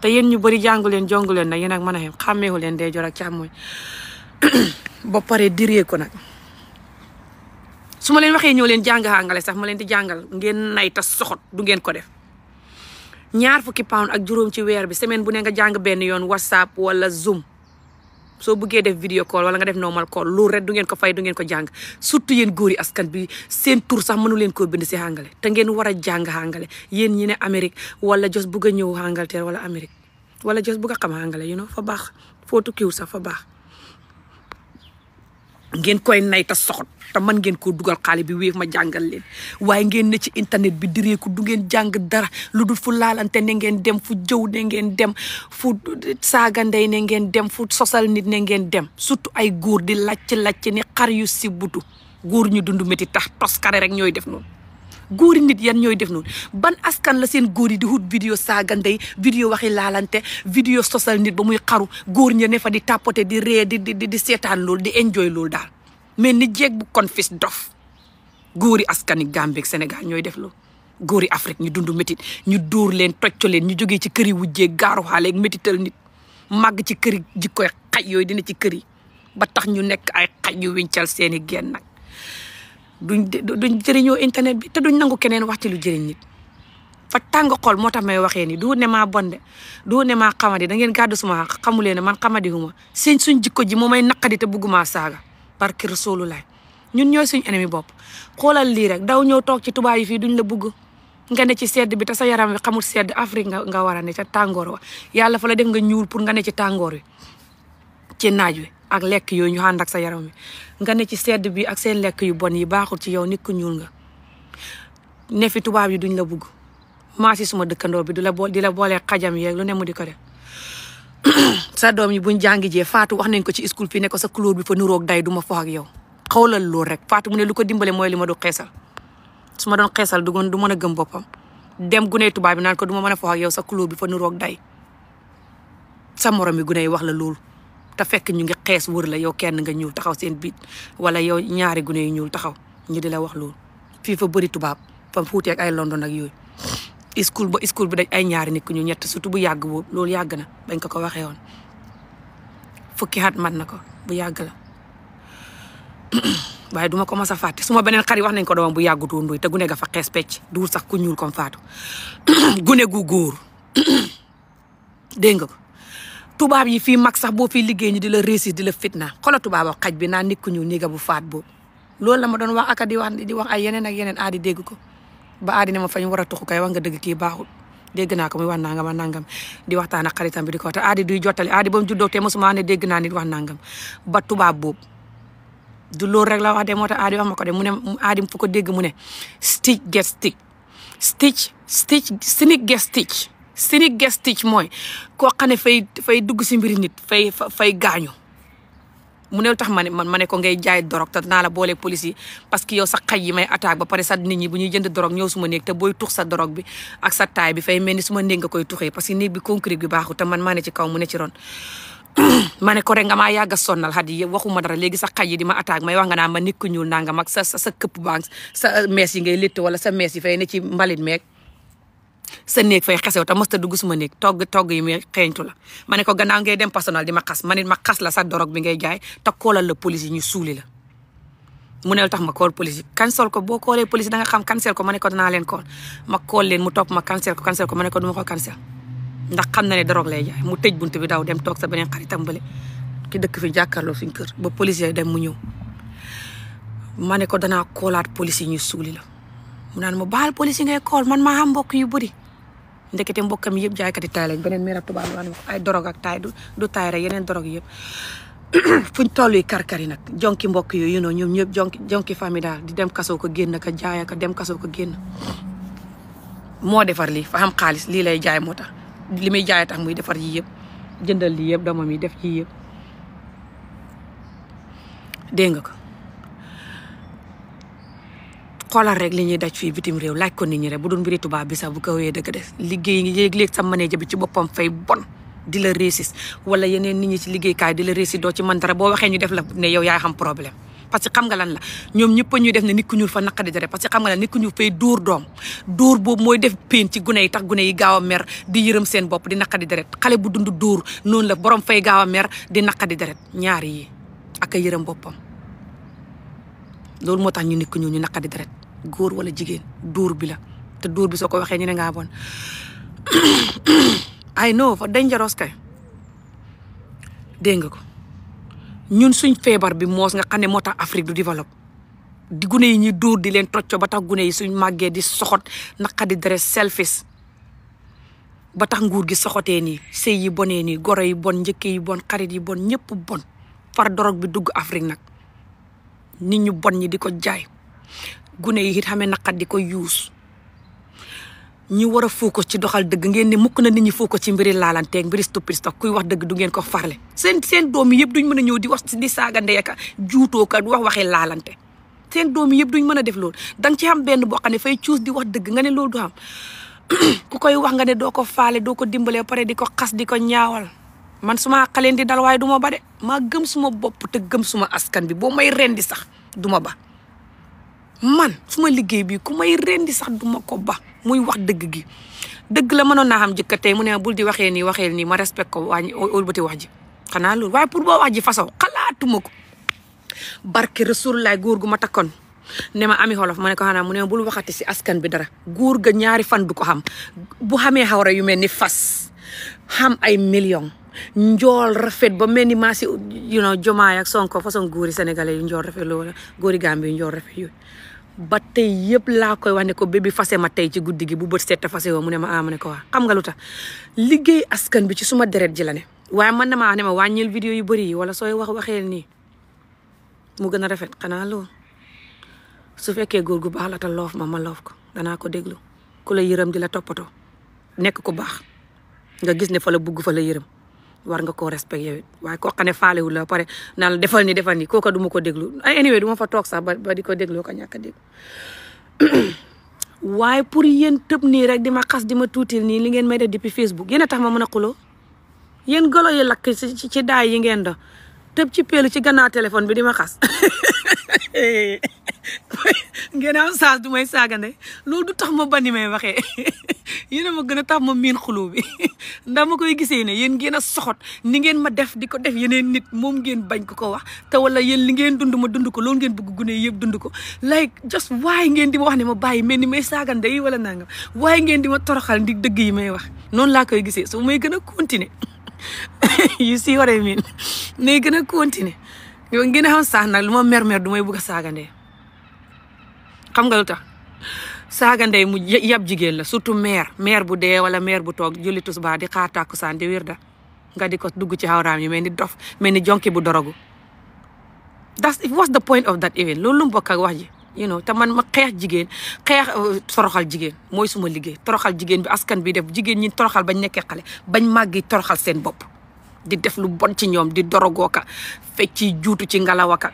te yéen ñu bari jàngu leen jongu leen na yéen ak mën a xam xàmmeeku leen dee jor ak càmmooñ ba pare diree ko nag su ma leen waxee ñoo leen jàng àngale sax ma leen di jàngal ngeen nay tas soxot du ngeen ko def ñaar fukki pound ak juróom ci weer bi semaine bu ne nga jàng benn yoon whatsapp wala zoom soo buggee def video call wala nga def normal call loolu rek du ngeen ko fay du ngeen ko jàng surtout yéen góor yi askan bi seen tur sax mënu leen koo bind si àngale te ngeen war a jàng àngale yéen ñi ne Amérique wala jos bëgg a ñëw Angleterre wala Amérique wala jos bëgg xam àngale you know sax fa baax. ngeen koy nay ta soxot te mën ngeen koo dugal xaale bi wéef ma jàngal leen waaye ngeen ne ci internet bi direeku du ngeen jàng dara lu dul fu laalante ne ngeen dem fu jëw ne ngeen dem fu saaga ndey ne ngeen dem fu sosal nit ne ngeen dem surtout ay góor di lacc lacc ni xar yu si butu góor ñu dund métti tax toskare rek ñooy def noonu góori nit yan ñooy def noonu ban askan la seen góor yi di wut vidéo saaga ndey vidéo waxi laalante vidéo sosal nit ba muy xaru góor ña ne fa di tapoter di ree di di di seetaan loolu di enjoy loolu daal mais ni jeeg bu confis dof góori askan Gambie ak Sénégal ñooy def loolu góori Afrique ñu dund métit ñu dóor leen tocco leen ñu jógee ci kër yi wujjee gaaru xaale ak métital nit màgg ci kër yi xaj yooyu dina ci kër yi ba tax ñu nekk ay xaj yu wincal seeni genn nag duñ duñ jëriñoo internet bi te duñ nangu keneen wax ci lu jëriñ nit fa tàng xol moo tax may waxee ni du ne maa bonde du ne maa xamadi da ngeen gàddu suma xamulee ne man xamadi huma seen suñ jikko ji moo may naqadi te bëgguma saaga barki rasulullah ñun ñooy suñ ennemi bopp xoolal lii rek daw ñëw toog ci tubaab yi fii duñ la bugg nga ne ci sedd bi te sa yaram wi xamul sedd Afrique nga nga war a ne ca tàngoor wa yàlla fo la def nga ñuul pour nga ne ci tàngoor wi ci naaj wi ak lekk yooyu ñu ànd ak sa yaram mi nga ne ci sedd bi ak seen lekk yu bon yi baaxul ci yow nit ku ñuul nga ne fi tubaab yi duñ la bugg maa suma dëkkandoo bi du la bo di la boolee xajam yeeg lu ne mu di ko de sa doom yi bu buñ jàngi jee Fatou wax nañ ko ci school fii ne ko sa couleur bi fa nuroog day du ma fo ak yow xawlal loolu rek Fatou mu ne lu ko dimbale mooy li ma du xeesal su ma doon xeesal du du mën a gëm boppam dem gune tubaab bi naan ko du ma mën a fo yow sa couleur bi fa nuroog day sa morom gune yi wax la loolu te fekk ñu ngi xees wër la yow kenn nga ñuul taxaw seen biit wala yow ñaari gune yu ñuul taxaw ñu di la wax loolu fii fa bari tubaab fam fuutee ak ay London ak yooyu school ba school bi dañ ay ñaari nit ñu ñetti surtout bu yàgg boobu loolu yàgg na bañ ko ko waxee woon fukki at mat na ko bu yàgg la waaye duma ko mas a fàtte suma beneen xarit wax nañ ko doom bu yàggutu woon te gune ga fa xees pecc duur sax ku ñuul comme faatu gune gu góor dégg nga ko tubaab yi fii mag sax boo fii liggéey ñu di la réussir di la fitna xoolal tubaab ak xaj bi naa nit ku ñëw nii nga bu faat boobu loolu la ma doon wax aka di wax di wax ay yeneen ak yeneen aadi dégg ko ba aadi ne ma fañ war a tuxu kay wax nga dëgg kii baaxul dégg naa ko muy wax nangam ak nangam di waxtaan ak xaritam bi di ko wax te aadi duy jottali aadi ba mu juddoo te mosuma ne dégg naa nit wax nangam ba tubaab boobu du loolu rek la wax de moo tax aadi wax ma ko de mu ne aadi fu ko dégg mu ne stitch get stitch stitch stitch sneak cynique gestique mooy koo xam ne fay fay dugg si mbiri nit fay fay gaañu mu ne tax ma ne man ma ne ko ngay jaay dorog te naa la boole police yi parce que yow sa xaj yi may attaque ba pare sa nit ñi bu ñuy jënd dorog ñëw suma néeg te booy tux sa dorog bi ak sa taay bi fay mel ni suma néeg nga koy tuxee parce que néeg bi concret bi baaxul te man maa ne ci kaw ne ci ron ma ne ko rek nga maa yàgg a sonnal waxuma dara léegi sa xaj yi di ma attaque may wax nga naa ma nit ku ñuul nangam ak sa këpp banque sa mees yi ngay létt wala sa mees yi fay ne ci mbalit meeg sa néeg fay xesew te mos ta dugg suma néeg togg togg yi muy xeeñtu la ma ne ko gannaaw ngay dem personnel di ma xas ma nit ma xas la sa dorog bi ngay jaay te koolal la police yi ñu suuli la mu ne tax ma police yi ko boo koolee police yi da nga xam cancel ma ne ko danaa leen kool ma kool leen mu topp na ne dorog lay jaay mu tëj bunt bi daw dem toog sa beneen xaritam bële ki dëkk fi jàkkaarloo fi kër ba police yi dem mu ñëw ma ne ko danaa koolaat police yi ñu suuli la mu naan ma baal mbokk yu bëri ndekete mbokkam yëpp jaaykati taay lañ beneen mère ab tubaab la wax ay dorog ak taay du du taay rek yeneen dorog yëpp fuñ toll yi karkar nag jonki mbokk yooyu noonu ñoom ñëpp jonki jonki famille daal di dem kasoo ko génn ka jaaya dem kasoo ko génn moo defar lii fa xam xaalis lii lay jaay moo tax li muy jaay tax muy defar yii yëpp jëndal lii yëpp doomam yi def yii yëpp dégg nga ko xoolal rek li ñuy daj fii bitim réew laaj ko nit ñi rek bu doon mbiri tubaab bi sax bu ko wéyee dëgg des liggéey ngi léeg-léeg bi ci boppam fay bon di la réussir wala yeneen nit ñi ci liggéeykaay di la réussir doo ci mën dara boo waxee ñu def la ne yow yaay xam problème parce que xam nga lan la ñoom ñëpp a ñuy def ne nit ku ñuul fa naqadi dara parce que xam nga lan nit ku ñuul boobu mooy def peen ci gune yi tax gune yi gaaw a mer di yërëm seen bopp di naqadi dara xale bu dund dóor noonu la borom fay gaaw a mer di naqadi dara ñaari yi ak a boppam loolu moo tax ñu nit ku ñuul ñu naqadi dara góor wala jigéen dóor bi la te dóor bi soo ko waxee ñu ne ngaa bon I know for dangerous kay dégg nga ko ñun suñ feebar bi moos nga xam moo tax Afrique du développe di gune yi ñuy dóor di leen tocco ba tax gune yi suñ màggee di soxot naqa di dere selfish ba tax nguur gi soxotee nii sëy yi bonee nii goro yi bon njëkke yi bon xarit yi bon ñëpp bon far dorog bi dugg Afrique nag nit ñu bon ñi di ko jaay gune yi it xamee naqat di ko yuus ñi war a focus ci doxal dëgg ngeen ne mukk na ni ñi foo ko ci mbiri laalanteeg mbiri stupide stock kuy wax dëgg du ngeen ko farle seen seen doom yi yëpp duñ mën a ñëw di wax di saaga ndeeka juutoo ka wax waxi laalante seen doom yëpp duñ mën a def loolu danga ci xam benn boo xam ne fay cuus di wax dëgg nga ne loolu du xam ku koy wax nga ne doo ko faale doo ko dimbalee pare di ko xas di ko ñaawal man suma xaleen di dal waaye du ma ba de maa gëm suma bopp te gëm suma askan bi boo may rendi sax du ma ba man suma liggéey bi ku may rendi sax du ma ko ba muy wax dëgg gi dëgg la manoon naa xam jëkka tey mu ne bul di waxee nii waxee nii ma respect ko waañ wëlbati wax ji xanaa loolu waaye pour boo wax ji façon xalaatuma ko barke Rasulullah góor gu ma takkoon ne ma ami xolof ma ne mu ne bul waxati si askan bi dara góor ga ñaari fan du ko xam bu xamee xawra yu mel ni fas xam ay million njool rafet ba mel ni maasi you know jomaay ak sonko façon góori sénégalais yu njool rafet loola góori gambi yu njool rafet yooyu ba tey yëpp laa koy wax ne ko bébé fase ma tey ci guddi gi bu bët seet fase woo mu ne ma ah ne ko waa xam nga lu ta liggéey askan bi ci suma deret ji la ne waaye man na maa ne ma wàññil vidéo yu bëri yi wala sooy wax waxeel nii mu gën a rafet xanaa loolu su fekkee góor gu baax la te loof ma ma loof ko danaa ko déglu ku la yërëm di la toppatoo nekk ku baax nga gis ne fa la bugg fa la yërëm war nga koo respect yow it waaye koo xam ne faalewu la pare naan defal ni defal ni kooka du ma ko déglu ay anyway du ma fa toog sax ba di ko dégloo ko ñàkk a déglu waaye pour yéen tëb nii rek di ma xas di ma tuutil nii li ngeen may def depuis Facebook yéen a tax ma mën a xuloo yéen golo yi lakk ci ci daay yi ngeen da tëb ci peelu ci gannaaw téléphone bi di ma xas ngeen saas du may saagande loo du tax ma bani may waxee yéen a ma gën a tax ma miin xuloo bi ndax ma koy gisee ne yéen ngeen a soxot ni ngeen ma def di ko def yeneen nit moom ngeen bañ ko ko wax te wala yéen li ngeen dund ma dund ko loolu ngeen bëgg gune yëpp dund ko like just waaye ngeen di ma wax ne ma bàyyi mel ni may saagande yi wala nangam waaye ngeen di ma toroxal ndi dëgg yi may wax noonu laa koy gisee so may gën a continuer you see what I mean ne gën a continuer ngeen a xam sax nag lu ma mer mer du may saaga ndey xam nga lu tax saaga ndey mu yab jigéen la surtout meer meer bu dee wala meer bu toog julli tisbaar di takku takkusaan di wirda nga di ko dugg ci xawraam yi mel ni dof mel ni jonki bu dorogu that's what's the point of that even loolu lu mu bokk ak wax ji you te man ma xeex jigéen xeex euh, toroxal jigéen mooy suma liggéey toroxal jigéen bi askan bi def jigéen ñi toroxal bañ nekkee xale bañ màggi toroxal seen bopp di def lu bon ci ñoom di dorogooka ka ci juutu ci ka ngalawaka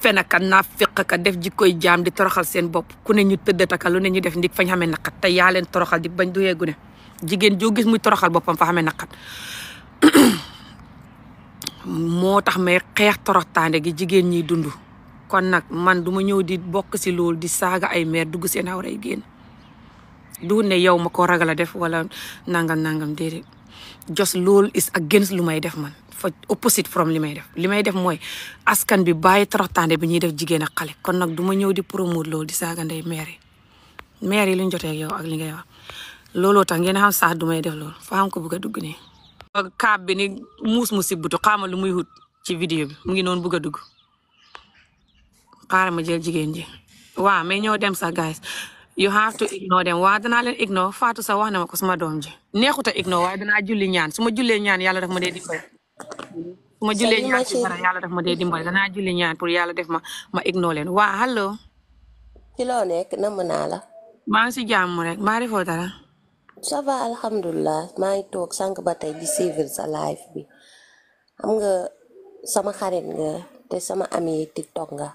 fenaka naa féqaka def koy jaam di toroxal seen bopp ku ne ñu tëddataka lu ne ñu def ndi fañ xamee naqat te yaa leen toroxal di bañ du yeegu jigéen joo gis muy toroxal boppam fa xamee naqat moo tax may xeex toroxtaande gi jigéen ñiy dund kon nag man duma ma ñëw di bokk si loolu di saaga ay meer dugg seen awra yi génn du ne yow ma ko ragal a def wala nangam nangam déedéet just loolu is against lu may def man fa opposite from li may def li may def mooy askan bi bàyyi toroxtaande bi ñuy def jigéen ak kon nag du ma ñëw di promouvoir loolu di saaga ndey meer yi meer yi lu ñu jotee yow ak li ngay wax looloo tax ngeen xam sax du may def loolu fa xam ko bëgg a dugg nii. kaab bi ni muus mu sibbutu xaama lu muy wut ci vidéo bi mu ngi noonu bëgg a dugg. xaaral ma jël jigéen ji waaw mais ñoo dem sa guys you have to ignore dem waaw danaa leen ignore faatu sa wax na ma ko suma doom ji neexut a ignore waaye danaa julli ñaan su ma jullee ñaan yàlla daf ma dee dimbali su ma jullee ñaan ci dara daf ma dee dimbali danaa julli ñaan pour yàlla def ma ma ignore leen waaw allo. ci loo nekk naa la. maa ngi si jàmm rek maa defoo dara. ça va alhamdulilah maa ngi toog sànq ba tey di suivre sa live bi xam nga sama xarit nga te sama ami TikTok nga.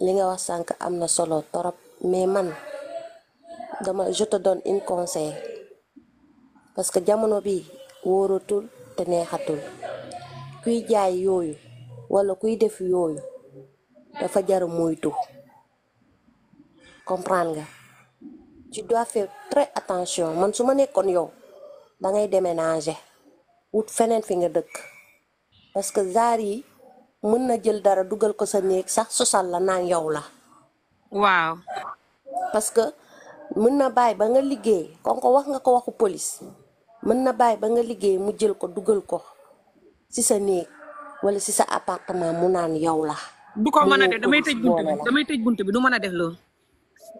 li nga wax sànq am na solo torop mais man dama je te donne un conseil parce que jamono bi wóoratul te neexatul kuy jaay yooyu wala kuy def yooyu dafa jar moytu comprendre nga tu dois faire très attention man su ma nekkoon yow da ngay déménager wut feneen fi nga dëkk parce que zaar yi mën na jël dara dugal ko sa néeg sax sosal la naan yow la waaw parce que mën na bàyyi ba nga liggéey kon ko wax nga ko waxu police mën na bàyyi ba nga liggéey mu jël ko dugal ko ci sa néeg walla ci sa appartement mu naan yow la du ko mën a def damay tëj bunt bi du mën a def loolu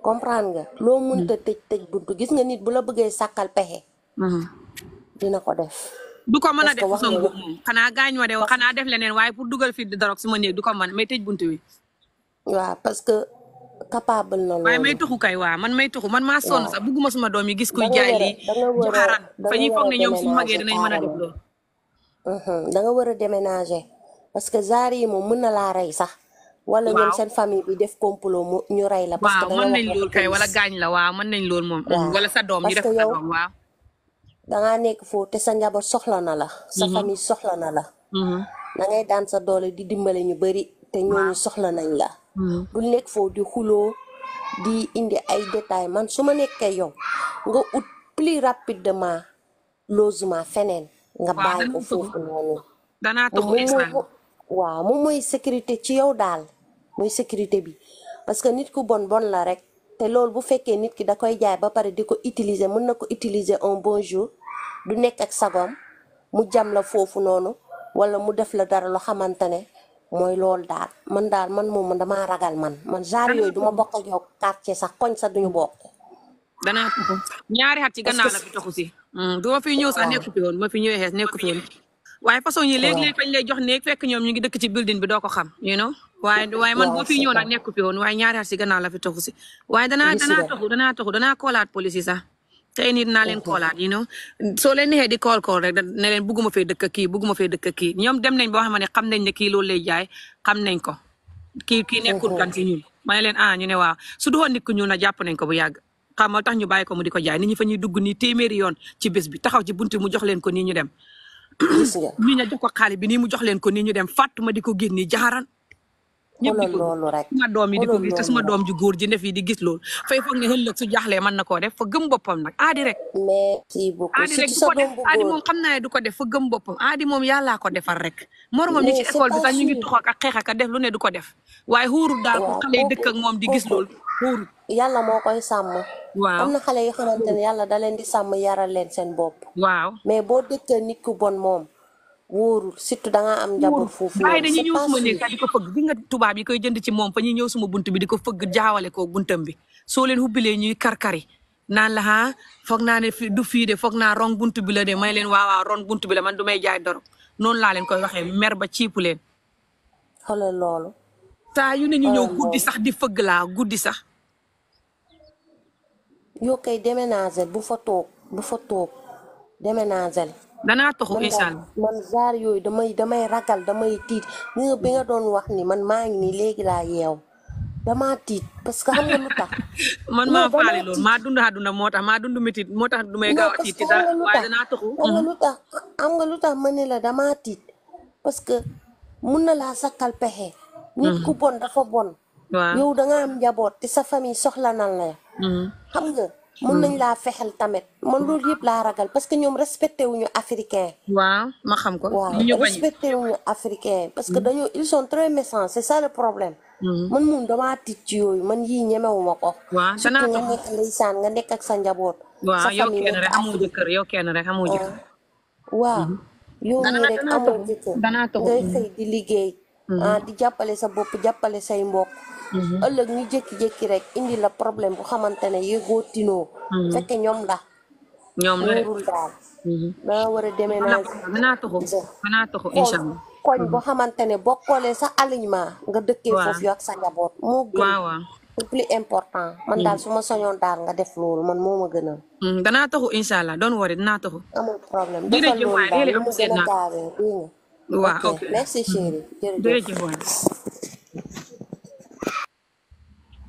comprendre nga loo te tëj tëj bunt gis nga nit bu la bëggee sàkkal pexe mm-hmm. dina ko def du ko mën a def façon boobu moom xanaa gaañ ma de xanaa def leneen waaye pour dugal fi dorog si ma néeg du ko man may tëj buntu wi. waaw parce que capable na loolu. waaye kay waaw man may tuxu man maa sonn sax bugguma suma doom yi gis kuy jaay lii a def mhm, war a déménager que zaar yi moom mën na laa rey sax. wala ñoom seen famille def complot mu ñu rey la. parce que waaw nañ lool wala gaañ la waaw mën nañ lool moom. wala sa doom ñu def sa doom waaw. dangaa nekk foofu te sa njaboot soxla na la sa mhm. famille soxla na la mhm. da ngay daan sa doole di dimbale ñu bëri te ñooñu soxla nañ la du mhm. nekk foofu di xuloo di indi ay détails man su ma nekkee yow nga ut plus rapidement logement feneen nga bàyyi ko foofu noonu waaw moom mooy sécurité ci yow daal mooy sécurité bi parce que nit ku bon bon la rek te loolu bu fekkee nit ki da koy jaay ba pare di ko utiliser mën na ko utiliser un bon jour du nekk ak sagoom mu jam la foofu noonu wala mu def la dara loo xamante ne mooy loolu daal man daal man moom damaa ragal man man genre yooyu duma bokk ak yow quartier sax koñ sax duñu bokk. danaa ñaari at ci gannaaw la fi toxu si. Hmm, doo fi ñëw sax nekku fi woon ma fi ñëwee xees nekku fi woon. waaye façon yi léeg-léeg jox néeg fekk ñoom ñu ngi dëkk ci building bi doo ko xam you waaye waaye man boo fi ñëw nag nekku fi woon waaye ñaari at si gannaaw la fi toxu si waaye danaa danaa toxu danaa toxu danaa koolaat police sax tey nit naa leen koolaat you know soo leen neexee di kool kool rek ne leen bugguma fee dëkk kii bugguma fee dëkk kii ñoom dem nañ boo xam ne xam nañ ne kii loolu lay jaay xam nañ ko kii kii nekkul kan si ñun ma ne leen ah, ñu ne waaw su doon nit ku ñuul na jàpp nañ ko bu yàgg xamal tax ñu bàyyi ko mu di ko jaay nit ñi fa ñuy dugg nii téeméeri yoon ci bés bi taxaw ci bunt mu jox leen ko nii ñu dem ñu ne ko xaalis bi nii mu jox leen ko nii ñu dem ma di ko génn ni jaxaran ñëpp di loolu rek suma doom yi di ko gis te suma doom ju góor ji fii di gis loolu fay foog ne su jaaxlee man na koo def fa gëm boppam nag aadi rek merci beaucoup aadi rek du ko def aadi moom xam naa ne du ko def fa gëm boppam aadi moom yàllaa ko defar rek moromam ñi ci a def lu ne du ko def waaye xuurul daal ko ak moom di gis loolu xuurul yàlla moo koy sàmm waaw am na xale yàlla da leen di sàmm yaral leen seen bopp waaw mais boo dëkkee nit bon moom wóorul surtout da ngaa am njaboot foofu waaye dañuy ñëw suma nekk bi tubaab yi koy jënd ci moom fa ñuy ñëw suma bunt bi di ko fëgg jaawale koo buntam bi soo leen hubbilee ñuy karkari naan la ah foog naa ne du fii de foog naa rong buntu bi la de may leen waawaa ron buntu bi la man du may jaay doro noonu laa leen koy waxee mer ba ciipu leen. xoolal loolu. saa yu ne ñu ñëw guddi sax di fëgg laa guddi sax. yoo koy déménager bu fa toog bu fa toog danaa toxu insaan man jaar yooyu damay damay ragal damay tiit bi nga doon wax ni man maa ngi nii léegi laa yeew damaa tiit parce que xam nga lu tax. man maa faale loolu maa dund àdduna moo tax maa dund métit moo tax du may gaaw a tiit dara waaye danaa toxu. xam nga lu tax xam nga lu tax la damaa tiit parce que mun na laa sakkal pexe. nit ku mhm. bon dafa bon. waaw yow da nga am njaboot te sa famille soxla nan la. Mhm. xam nga. mën nañ hmm. laa fexel tamit man hmm. loolu yëpp laa ragal parce que ñoom respecté wuñu africain waaw ma xam ko waaw africain parce que hmm. dañoo ils sont très méchants c'est ça le problème man moom damaa tiit yooyu man yii ñemewuma ko waaw surtout nga ak sa njaboot waaw yow kenn rek amoo jëkkër yow kenn rek xëy di liggéey ah, di jàppale sa bopp jàppale say mbokk Mm-hmm. ëllëg ñu jékki-jékki rek indi la problème bu xamante ne yëgoo tinoo mm-hmm. fekke ñoom la ñoom la daal danga mm-hmm. war a déménager danaa toxu danaa toxu incha allah koñ boo xamante ne bokkoolee sa alignement nga dëkkee foofu yow ak plus important man daal su ma soñoon daal nga def loolu man moo ma gënal danaa toxu incha allah doon wari danaa toxu amul problème defal loolu daal lu mu gën a gaawee dégg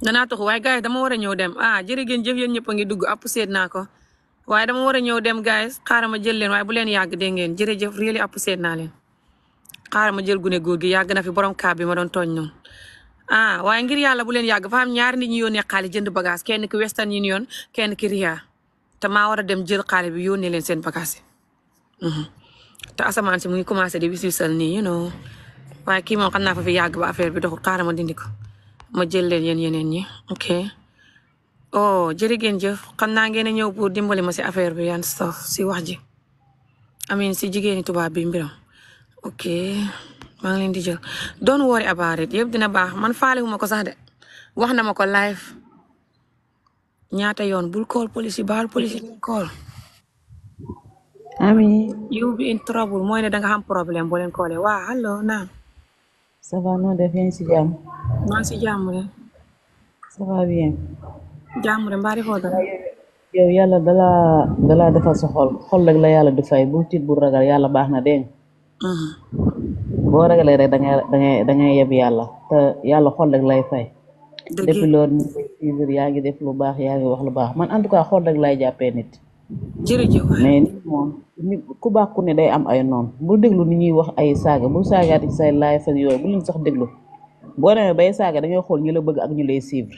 danaa toxu waaye gars yi dama war a ñëw dem ah jërë ngeen jëf yéen ñëpp ngi dugg app seet naa ko waaye dama war a ñëw dem gars yi xaaral ma jël leen waaye bu leen yàgg dégg ngeen jërëjëf réeli app seet naa leen xaaral ma jël gune góor gi yàgg na fi borom kaab bi ma doon tooñ noonu ah waaye ngir yàlla bu leen yàgg fa am ñaari ni ñu yónnee xaalis jënd bagage kenn ki Western Union kenn ki Ria te maa war a dem jël xaalis bi yónnee leen seen bagage mhm. te asamaan si mu ngi commencé di wis nii you know kii moom xam naa fa fi yàgg ba affaire bi doxul xaaral ma dindi ko ma jël leen yeneen ñi ok oh jërë jëf xam naa ngeen ñëw pour dimbali ma si affaire bi yan sax si wax ji amin si jigéeni tubaab bi mbiram ok maa leen di jël doon worry about yëpp dina baax man faalewuma ko sax de wax na ma ko live ñaata yoon bul call police yi baal police yi amin you be in trouble mooy ne danga xam problème boo leen waa allo naam ça va noo def yéen ci jàmm. maa ci jàmm rek. ça va bien. jàmm rek mbaa defoo dara. yow defal sa xool xol rek la yàlla di fay bul tiit bu ragal yàlla baax na dégg mm-hmm. boo ragalee rek da ngay da ngay da yeb yàlla te yàlla xool rek lay fay. dëgg depuis loolu yaa ngi def lu baax yaa ngi wax lu baax man en tout cas xol rek lay jàppee nit. jërëjëf mais nit moom ku baax ku ne day am ay noonu bu déglu ni ñuy wax ay saaga bul saagaati say laay fa yooyu bu leen sax déglu boo demee bay saaga dañoo xool ñu la bëgg ak ñu lay suivre.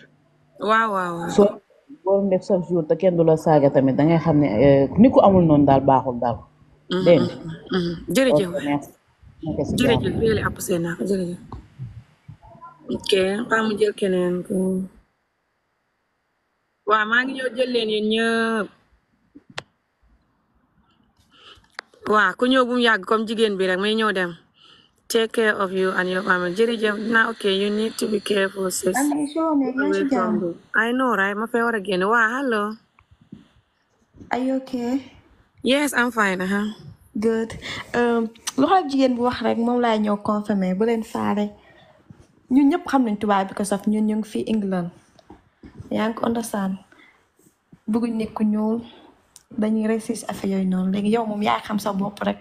waaw waaw soo boo def chaque jour kenn du la saaga tamit da xam ne euh, ni ku amul noonu daal baaxul daal. Mm-hmm, dégg nga. ma mm-hmm, mm-hmm. keneen. ngi ñëw jël leen waa ku ñëw bu yàgg comme jigéen bi rek may ñëw dem take care of you and your family jërëjëf na ok you need to be careful sis I know right ma fay war a génn waa hello are you okay yes I'm fine aha uh-huh. good um, lu jigéen bu wax rek moom laay ñëw confirmer bu leen faale ñun ñëpp xam nañ tubaab bi ko saf ñun ñu ngi fi England yaa ngi understand bëgguñ nekk ñuul dañuy réussir affaire yooyu noonu léegi yow moom yaay xam sa bopp rek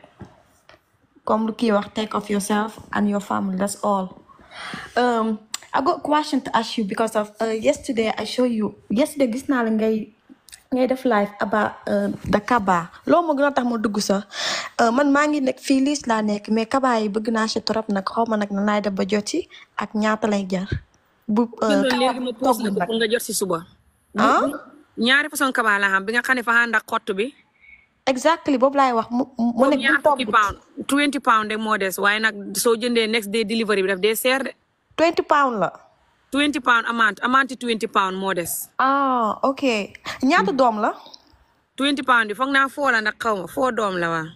comme lu kii wax take of yourself and your family that's all um, I got question to ask you because of uh, yesterday I show you yesterday gis naa la ngay ngay def live about um, the kaba loo ma gën a tax ma dugg sax uh, man maa ngi nekk fii liis laa nekk mais kaba yi bëgg naa si trop nag xaw ma nag nan laay def ba jot ci ak ñaata lay jar bu. Uh, kaba bi toog nga jot si suba. Ah? ñaari façon kaba la xam bi nga xam ne fa ànd ak xott bi. exactly boobu laay wax mu mu nekk bu toog pound 20 pound de moo des waaye nag soo jëndee next day delivery bi daf dee seer de. 20 pound la. 20 pound amount amount 20 pound moo des. ah ok ñaata hmm. doom la. 20 pound bi foog naa foo la ndax xaw ma foo doom la waa.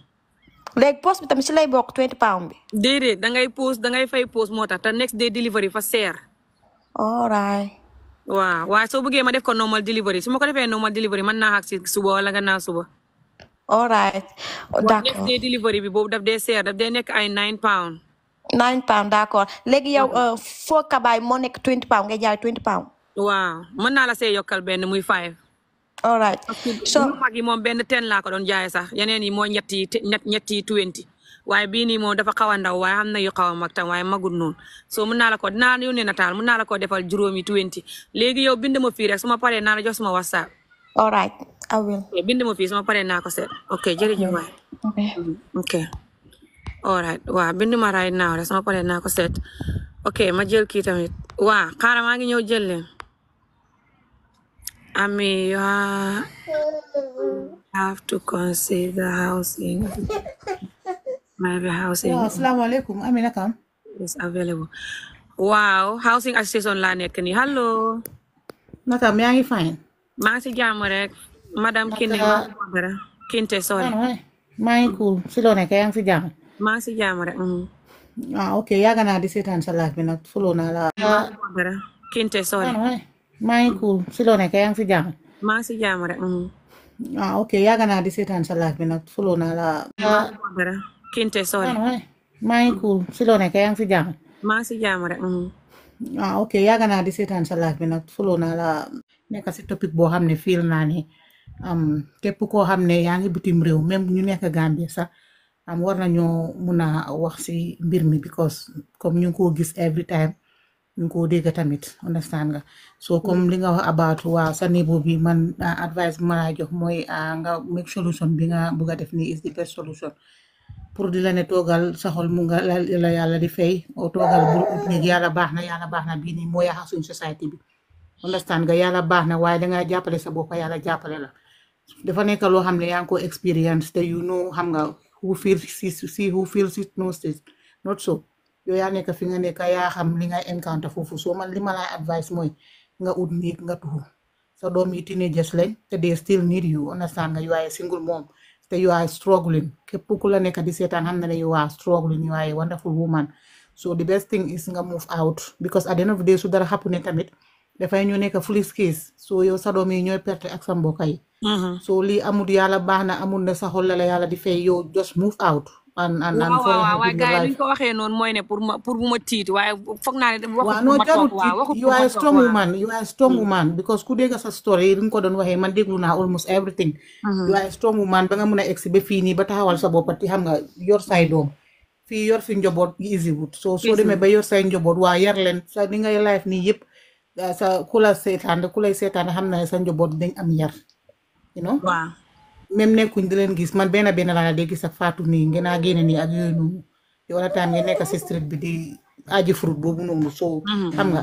léegi post bi tamit si lay bokk 20 pound bi. déedéet da ngay post dangay fay post moo tax te next day delivery fa seer. all waaw waaye soo bëggee ma def ko normal delivery su ma ko defee normal delivery mën naa àgg si suba wala gannaaw suba. all right. bi boobu daf dee seer daf nekk ay 9 pounds. 9 pounds d' accord léegi yow mm-hmm. euh, foo kabaay moo nekk 20 pounds nga jaay 20 pounds. waaw mën naa la see yokkal benn muy 5. all right so mag moom benn ten laa ko doon jaay sax yeneen yi moo ñetti ñetti waaye bii moom dafa xaw a ndaw waaye am na yu xaw a mag tam waaye magul noonu soo mun naa la ko dinaa yónnee nataal mun naa la ko defal juróomi tuwenti léegi yow bind ma fii rek su ma paree naa la jox suma whatsapp. all right ma fii su ma paree naa ko seet. ok ma naa ko seet ma jël kii tamit waaw xaaral maa ngi ñëw jël leen. I mean, you to consider housing. Mariva housing. waaw asalaamaaleykum Amina Kam. is available. laa nekk nii allo. naka yaa ngi fine. maa ngi si jàmm rek. madame Kinte maa ah, maa ngi cool si loo nekk si jàmm. maa si jàmm rek. ah ok yàgg naa di seetaan sa laaj bi nag fuloo naa la. maa si loo nekk yaa ngi si jàmm. maa ngi si jàmm rek. Mm-hmm. ah ok yàgg naa di seetaan sa laaj bi nag fuloo Kinte sorry maa ngi cool si loo nekk yaa ngi si jàmm maa si jàmm rek ah ok yàgg naa di seetaan sa live bi nag follow naa la nekk si topic boo xam ne fiil naa ne am képp koo xam ne yaa ngi butim réew même ñu nekk Gambie sax am war nañoo mun a wax si mbir mi because comme ñu ngi koo gis every time ñu ngi koo dégg tamit understand nga soo comme mm. li nga wax about waa sa niveau bi man ah, advice bi ma laa jox mooy ah, nga make solution bi nga bugg a def nii is the best solution pour di la ne toogal sa mu nga la yàlla di fay o toogal bul ut yàlla baax na yàlla baax na bii nii moo yàq suñ société bi understand nga yàlla baax na waaye dangaa jàppale sa bopp yàlla jàppale la dafa nekk loo xam ne yaa ngi ko experience te you know xam nga who feels see who feels it knows it not so yow yaa nekk fi nga nekk yaa xam li ngay encounter foofu soo man li ma laay advice mooy nga ut néeg nga tuxu sa doom yi teenagers lañ te they still need yoo understand nga you are a single that you are struggling képp ku la nekk di seetaan xam na ne you are struggling you are a wonderful woman so the best thing is nga move out because at the end of the day su dara xappu ne tamit dafay ñu nekk police case so yow sa doom yi ñooy perte ak sa mbokk yi mm-hmm. so lii amul yàlla baax na amul na sa xol la yàlla di fay yow just move out an an an foo mooy ne pour ma pour bu ma tiit waaye foog naa ne waxu strong mm. woman because ku dégg sa story li ko doon waxee man déglu naa almost everything mm-hmm. you are strong woman ba nga mun a taxawal sa boppati xam nga yor say doom fii yor fi njaboot easy wut so soo demee ba yor say njaboot waa yar leen sa ni ngay life nii yëpp sa ku la seetaan ku lay seetaan xam na sa njaboot dañ am yar même nekkuñ di leen gis man benn benn laa dee gis ak Fatou nii ngeen a génne nii ak yooyu noonu yow la tam ngeen nekk si street bi di aji fruit boobu noonu soo mhm. xam nga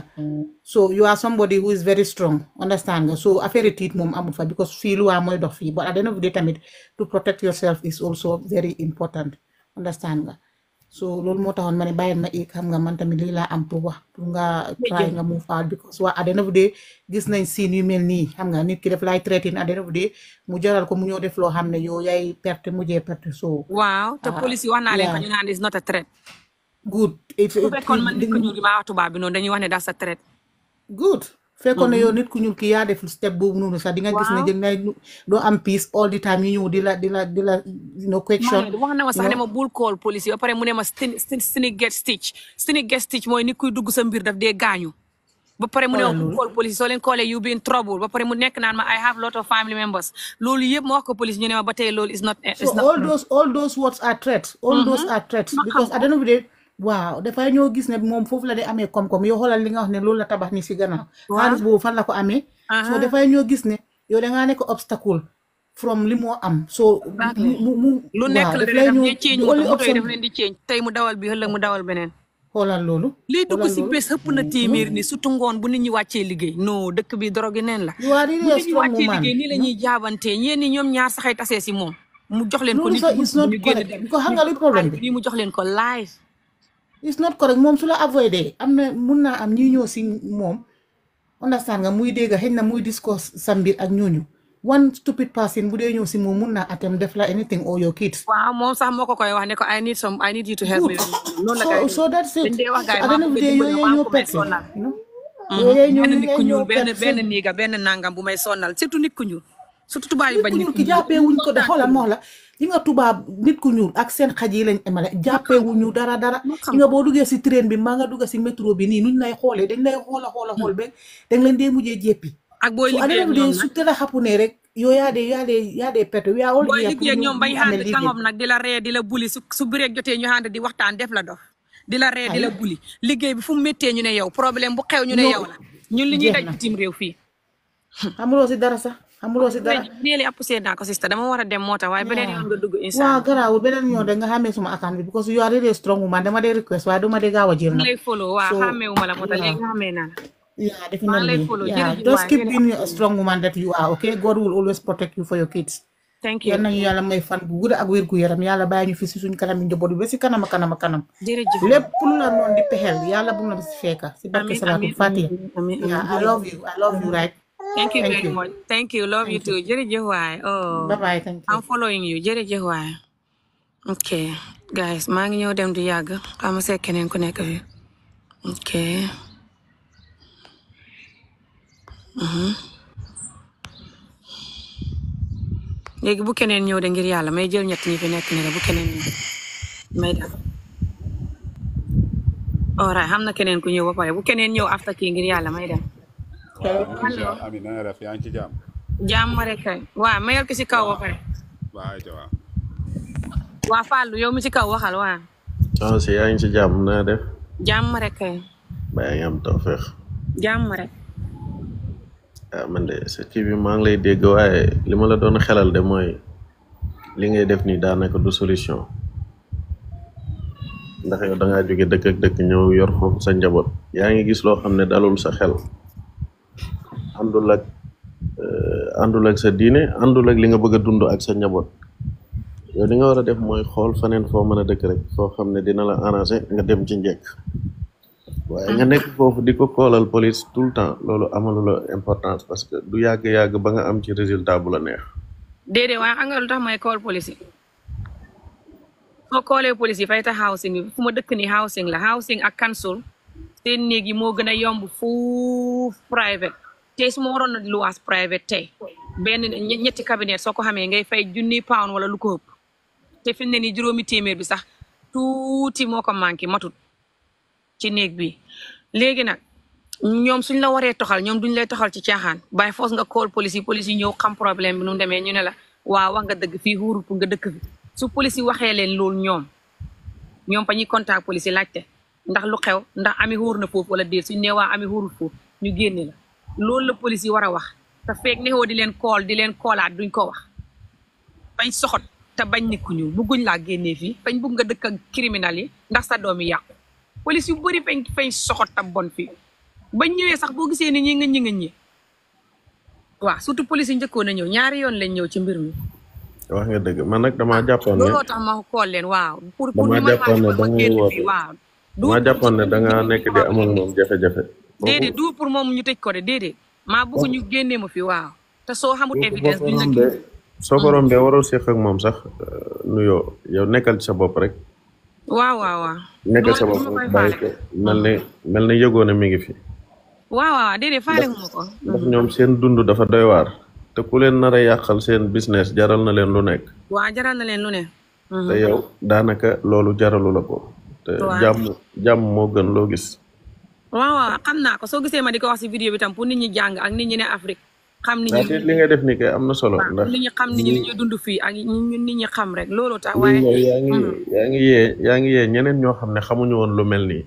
soo you are somebody who is very strong understand nga so affaire tiit moom amul fa because fii lu waa mooy dox fii but at the end of the tamit to protect yourself is also very important understand nga so loolu moo taxoon ma ne bàyyi na ik xam nga man tamit lii laa am pour wax pour nga try nga mu faal because waa at na end of gis nañ siin yu mel nii xam nga nit ki def lay traité at the end of mu jaral ko mu ñëw def loo xam ne yow yaay mu mujjee perte so waaw te ah, police wax naa leen ko ñu naan is not a threat good su ko ñuul bi noonu dañuy wax ne that's a threat good fekkoon ne mm-hmm. yow nit ku ñuul ki yaa def step boobu noonu sax di gis ne doo am peace all the time ñu ñëw di la di la di la no question wax na ma sax ne ma bul call police ba pare mu ne ma sneak get stitch sneak get stitch mooy nit kuy dugg sa mbir daf dee gaañu ba pare mu ne ma bul call police soo leen callee you be trouble ba pare mu nekk naan ma I have lot of family members loolu yëpp ma wax ko police ñu ne ma ba tey loolu is not eh, all those all mm-hmm. waaw dafay ñoo gis ne moom foofu la de amee koom-koom yoo xoolal li nga wax ne loolu la tabax ni si gannaaw. waaw xaalis boobu fan la ko amee. soo dafay ñoo gis ne yow da ngaa nekk obstacle. from li moo am soo. mu mu lu nekk la dafay ñoo wala option leen di ceeñ tey mu dawal bi ëllëg mu dawal beneen. xoolal loolu. li dugg si bés xëpp na mm-hmm. téeméer ni surtout ngoon bu nit ñi wàccee liggéey. non dëkk bi drogue neen la. waaw bu nit ñi nii la ñuy jaabantee ñeen ñi ñoom ñaar saxay tasee si moom. mu jox leen ko nit ñi mu ko xam nga lu problème bi mu jox leen ko live it's not correct moom su la avoidé am na mun naa am ñuy ñëw si moom understand nga muy dégg xëy na muy discours sa mbir ak ñooñu one stupid person bu dee ñëw si moom mun naa atem def la anything or your kids. waaw moom sax moo ko koy wax ne ko I need some I need a to help me. loolu la kay so that's it. yooyu ñoo nit ku ñuul benn benn niiga benn nangam bu may sonal surtout nit ku ñuul surtout tubaab yu bañ nit ku ñuul ki wuñ ko de xoolal moo la yi nga tubaab nit ku ñuul ak seen xaj yi lañ emale jàppewuñu dara dara yi nga boo duggee si train bi maa nga dugg si métro bi nii ñu lay xoolee dañ lay xoola xoola hmm. xool ba dañ leen dee mujjee jéppi ak booy liggéey ñoom su dara rek yow yaa yaa dee yaa dee perte yaa wol booy liggéey ñoom bañ xànd nag di la ree di la su su bireeg jotee ñu di waxtaan def la dof di la ree la buli liggéey bi fu mu méttee ñu ne yow problème bu xew ñu ne yow ñu ñun li ñuy daj bitim réew fii amuloo si dara sax amuloo si dama war a dem moo tax waaye beneen yoon nga dugg insa nga xamee suma waaye duma dee gaaw a jël nag lay follow waaw a strong woman that you are, okay? God will si suñu kanam yi njaboot bi ba si kanam a kanam a lépp lu la noonu di pexeel yàlla bu mu la si fekka. si barke salaatul fatiha. I love you I love you right. thank you very much thank love you too jërëjëf waay oh bye bye following you jërëjëf waay ok guys maa ngi ñëw dem du yàgg xama see ku nekk fi ok mhm. léegi bu keneen ñëw de ngir yàlla may jël ñett ñi fi nekk ni la bu keneen ñëw may def all right na keneen ku ñëw ba pare bu keneen ñëw after kii ngir yàlla may dem waaw Ami yaa ngi ci jàmm. jàmm rek kay waaw mayal si kaw ba pare. waaw waaw. yow mi si kaw waxal waaw. non si yaa ngi ci jàmm naa def. jàmm rek kay. baa ngi am tawfeex. jàmm rek. ah man de sa kii bi maa ngi lay dégg waaye li ma la doon xelal de mooy li ngay def nii daanaka du solution ndax yow da ngaa jóge dëkk ñëw yor foofu sa njaboot yaa ngi gis loo xam ne dalul sa xel. àndul ak euh, àndul ak sa diine àndul ak li nga bëgg a dund ak sa njaboot yow li nga war a def mooy xool faneen foo mën a dëkk rek foo xam ne dina la arranger nga dem ci njëkk waaye nga nekk foofu di ko koolal police tout le temps loolu amalu la importance parce que du yàgg-yàgg ba nga am ci résultat bu la neex déedéet waaye xam nga lu tax may kool police yi soo police yi fay tax housing bi fu ma dëkk ni housing la housing ak council seen néeg moo gën a yomb fuuf private tey su ma waroon a luwaas private tey benn ñetti cabinet soo ko xamee ngay fay junni pound wala lu ko ëpp te fi mu ne juróomi téeméer bi sax tuuti moo ko manqué matut ci néeg bi léegi nag ñoom suñ la waree toxal ñoom duñ lay toxal ci caaxaan by force nga kool police yi police ñëw xam problème bi nu demee ñu ne la waa wax nga dëgg fii xuurul nga dëkk bi su police yi waxee leen loolu ñoom ñoom fa ñuy contact police yi laajte ndax lu xew ndax ami xuur na foofu wala déet suñ nee waa ami xuurul ñu génne loolu la police yi war a wax te feeg nexoo di leen kool di leen koolaat duñ ko wax bañ soxot te bañ nit ku ñuul bugguñ laa génne fii fañ bugg nga dëkk ak criminal yi ndax sa doom yi yàqu police yu bëri fañ fañ soxot te bon fii bañ ñëwee sax boo gisee ni ñi nga ñi nga ñi waaw surtout police yi njëkkoon a ñëw ñaari yoon lañ ñëw ci mbir mi wax nga dëgg man nag damaa jàppoon ne tax ma kool leen waaw pour pour damaa jàppoon ne da nga woote waaw damaa jàppoon ne da nga nekk di amal moom jafe-jafe déedéet du pour moom ñu tëj ko de déedéet maa bëgg ñu génnee ma fi waaw te soo xamul évidence duñ la kii soo ko rombee hmm. waroo séq ak moom sax euh, nuyoo yow nekkal ci sa bopp rek waaw waaw waaw nekkal sa bopp mel ne mel ne yëgoon na mi ngi fi waaw waaw déedéet faale ma ko hmm. ñoom seen dund dafa doy waar te ku leen nar a yàqal seen business jaral na leen lu nekk waaw jaral na leen lu ne hmm. te yow daanaka loolu jaralu la ko te jàmm jàmm moo gën loo gis waaw xam naa ko soo gisee ma di ko wax si vidéo bi tam pour nit ñi jàng ak nit ñi ne Afrique. xam nit li nga def ni kay am na solo. ndax nit ñi xam nit ñi li dund fii ak ñun ñi xam rek looloo tax. waaye yaa ngi mm-hmm. yaa ñeneen ñoo xam ne xamuñu woon lu mel nii.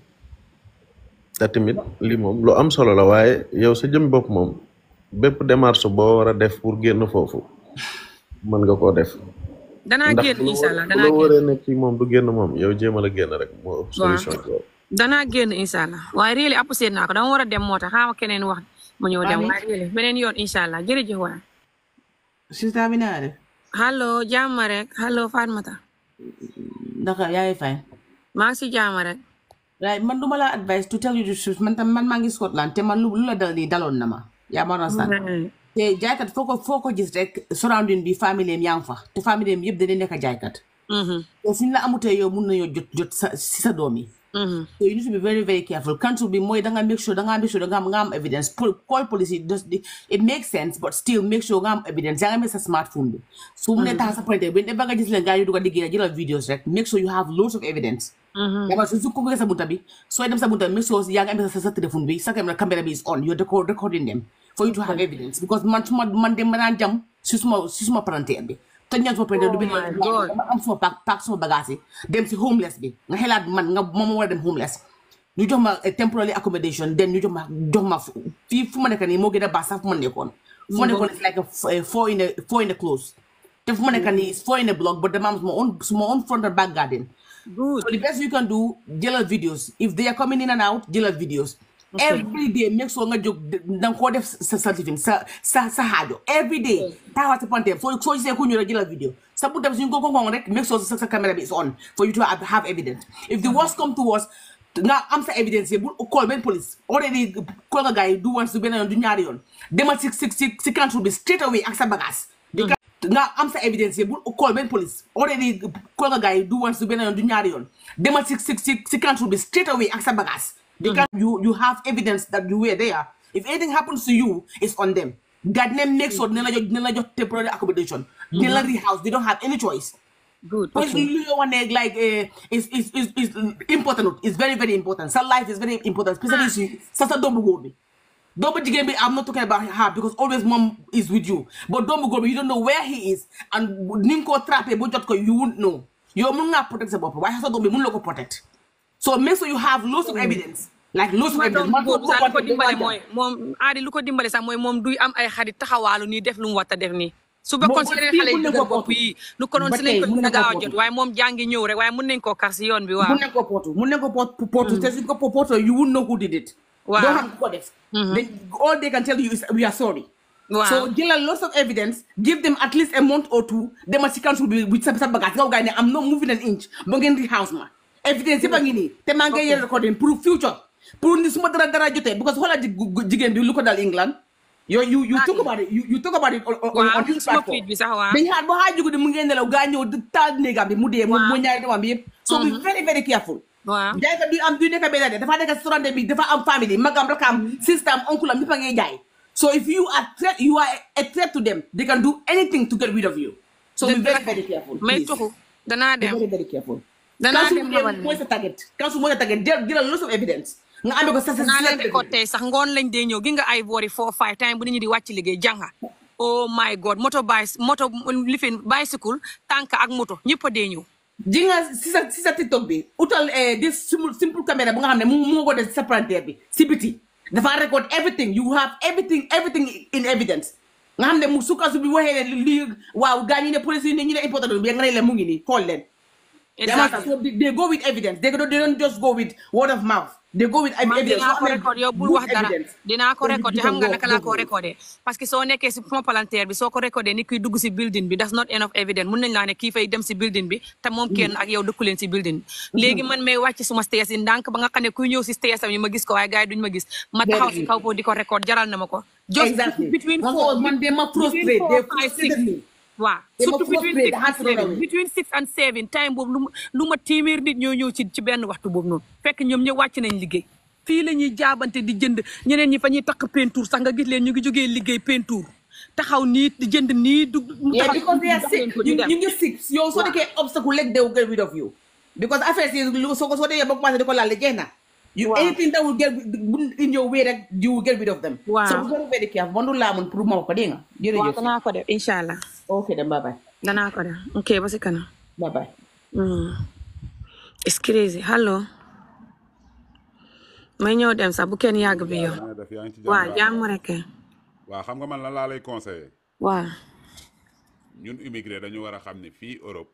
te tamit lii moom lu am solo la waaye yow sa jëm moom bépp démarche boo war a def pour génn foofu mën nga koo def. danaa génn incha allah danaa génn moom du génn moom yow jéemal a génn rek moo danaa génn incha allah waaye réeli appoussé naa ko dama war a dem moo tax xaama keneen wax ma ñëw dem waaye réeli beneen yoon incha allah jërëjëf waay. sista bi allo jàmm rek yaa ngi fay. maa ngi si jàmm rek. waaye man du ma la advice to tell you the man man maa ngi Scotland te man lu la dal nii daloon na ma. yaa ma understand. te jaaykat foo ko jis ko gis rek bi famille am yaa ngi fa te famille am yëpp dañuy nekk jaaykat. Mm-hmm. te la amutee yow mun nañoo jot jot sa si sa doom yi. so you need to be very very careful country bi mooy da nga make sure da nga make sure da nga am nga am evidence call policy it makes sense but still make sure nga am evidence yaa ngi amee sa smartphone bi su mu ne tax sa pointé bi ne ba nga gis leen gars yi dugal di génn jëlal videos rek make sure you have loads of evidence dama su su ko sa bunta bi sooy dem sa bunta bi make sure yaa ngi amee sa sa téléphone bi sa caméra caméra bi is on you're recording them for you to have evidence because man suma man dem ma naan jam si suma si suma palanteer bi te ñoom sama pare du bi dama am sama paak paak sama dem si homeless bi nga xelaat man nga moom war a dem homeless ñu jox ma eh, temporary accommodation den ñu jox ma jox ma fii fu ma nekk nii moo gën a baax sax fu ma nekkoon fu ma nekkoon it's like eh, four in a four fu ma nekk nii four in a block but dama am suma own suma own front and back garden so the best you can do jëlal videos if they are coming in and out jëlal videos every day make sure nga jóg da nga koo def sa sa sa sa sa xaajo every day taxawaat si ponteem soo soo gisee ku ñu la jëlal vidéo sa bu dem suñu ko koŋŋoŋ rek make sure sa caméra bi is on for you am sa evidence bu call benn police already call nga gars yi du once du benn yoon du ñaari yoon demal si si si si control bi straight away ak sa bagage mm. nga am sa evidence yi bu call benn police already call nga gars yi du once du benn yoon du ñaari yoon demal si si si si control bi straight away ak sa bagage Because mm -hmm. you, you have evidence that you were there. If anything happens to you, it's on them. That name makes or nila your temporary accommodation. Nila mm -hmm. house. They don't have any choice. Good. But okay. like uh, eh, is, is, is, is important. It's very, very important. Her life is very important, especially ah. Sasa Domugobi. Domugobi, I'm not talking about her because always mom is with you. But Domugobi, don't know where he is. And Ninko Trape, you won't know. Your mom not protects about why has Domugobi protect? so make sure you have lots of mm. evidence. like lots of evidence man boobu sax lu ko dimbale mooy moom aadi lu ko dimbale sax mooy moom duy am ay xarit taxawaalu nii def lu mu war a def nii. su ba considéré xale yi dëgg bopp yi lu ko doon si lañ ko dina gaaw a jot waaye moom jàngi ñëw rek waaye mun nañ koo kar si yoon bi waaw. mun nañ ko pootu mun nañ ko pootu pootu mm. te suñ ko pootu you would know who did it. waaw doo xam ku ko def. Mm-hmm. all they can tell you is we are sorry. waaw so jëlal lots of evidence give them at least a month or two demal si council bi sa sa bagage nga ko gars yi ne am no moving an inch ba ngeen di house ma évidence yëpp a ngi nii te maa ngi recording pour future pour ni dara dara jotee because xoolal jigéen bi lu ko dal England you ah, talk about it you talk about it on this platform dañu xaar ba xaar jugu di mu ngeen nelaw gaa ñëw taal néegam bi mu dee mu ñaari doomam bi yëpp so be mhm. very very careful jaay ka du am du nekk benn de dafa nekk dafa am famille magam rakam mhm. system oncle am ñëpp a ngay jaay so if you are threat you a threat to them they can do anything so be very very careful may danaa dem xamal ne Kansu mooy sa target Kansu mooy sa target jël jëlal lots of evidence nga amee ko sa sa naa sax ngoon lañ dee ñëw gi nga ay boori four five time bu nit ñi di wàcc liggéey jànga oh my god moto bay moto lifin bicycle tànk ak moto ñëpp a dee ñëw ji nga si sa si sa tiktok bi utal eh, di simple simple caméra bu nga xam ne mu moo ko def si sa palanteer bi si biti dafa record everything you have everything everything in evidence nga xam ne su Kansu bi waxee leen lii waaw gaa ñi ne mu ngi nii xool leen exactly. so they, they, dinaa ko record yow bul wax dara dinaa ko record te xam nga naka laa ko recordé parce que soo nekkee si pont palanteer bi soo ko recordé ni kuy dugg si building bi mun nañ laa ne kii fay dem si building bi te moom kenn ak yow dëkkuleen si building bi léegi man may wàcc suma stairs yi ndànk ba nga xam ne kuy ñëw si stairs yi ma gis ko waaye gars duñ ma gis ma taxaw si kaw foofu di ko record jaral na ma ko just between four man de ma prostrate waaw surtout between six and seven between six time boobu lu ma lu ma téeméer ñoo ñëw ci ci benn waxtu boobu noonu fekk ñoom ñëpp wàcc nañ liggéey fii la ñuy jaabante di jënd ñeneen ñi fa ñuy takk peinture sax nga gis leen ñu ngi jógee liggéey peinture taxaw nii di jënd nii du ñu ngi six yow soo nekkee obstacle rek they will get rid of you because affaire si soo ko soo demee ba commencé di ko laal jeex na you anything that will get in your way rek you will get rid of them so bu very careful man du laa mën pour ko dégg nga incha allah ok dem bye bye. danaa ko def ok ba si kanam. bye bye. Mm. may ñëw dem sax bu kenn yàgg bi yow. waaw jàmm rek. waa xam nga man la laa lay conseiller. waaw. ñun immigré dañu war a xam ni fii Europe.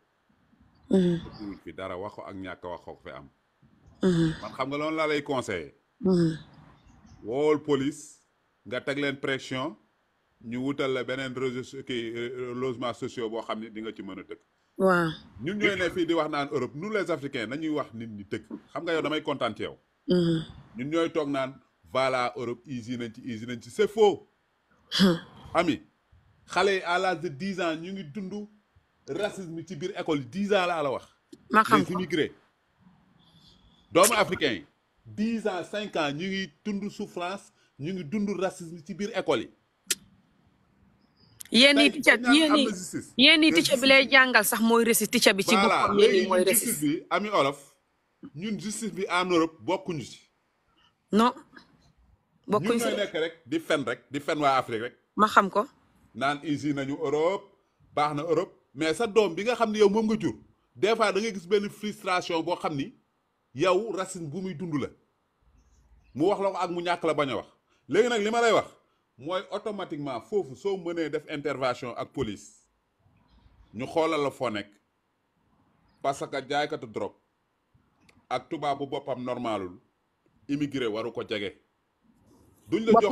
Mm-hmm. dara wax ko ak ñàkk wax ko am. Mm-hmm. man xam nga loolu laa lay conseiller. Mm-hmm. wool police nga teg leen pression. ñu wutal beneen réseau kii logement sociaux boo xam ne di nga ci mën a dëkk. waaw ñun ñooy ne fii di wax naan Europe nous les Africains nañuy wax nit ñi dëkk xam nga yow damay may ci yow. Mm-hmm. ñun ñooy toog naan voilà Europe easy nañ ci easy nañ ci c'est faux. ami xale yi à l'âge de dix ans ñu ngi dund racisme ci biir école yi dix ans laa la wax. ma xam ko les immigrés doomu africain yi dix ans cinq ans ñu ngi dund souffrance ñu ngi dundu racisme ci biir école yi. yéen ñii ticca yéen ñii ticca bi lay jàngal sax mooy récit ticca bi ci boppam yéen ñii mooy récit bi ami olof ñun justice bi en bokkuñu ci. non bokkuñu ci ñun ñooy nekk rek di fen rek di fen waa Afrique rek. ma xam ko. naan usine nañu Europe baax na Europe mais sa doom bi nga xam ne yow moom nga jur des fois da gis benn frustration boo xam ni yow rasin bu muy dund la mu wax la ko ak mu ñàkk la bañ a wax léegi nag li ma lay wax. mooy automatiquement foofu soo mënee def intervention ak police ñu xoolal la foo nekk parce que jaaykatu drogue ak tubaab bu boppam normalul immigré waru ko jege. duñ la jox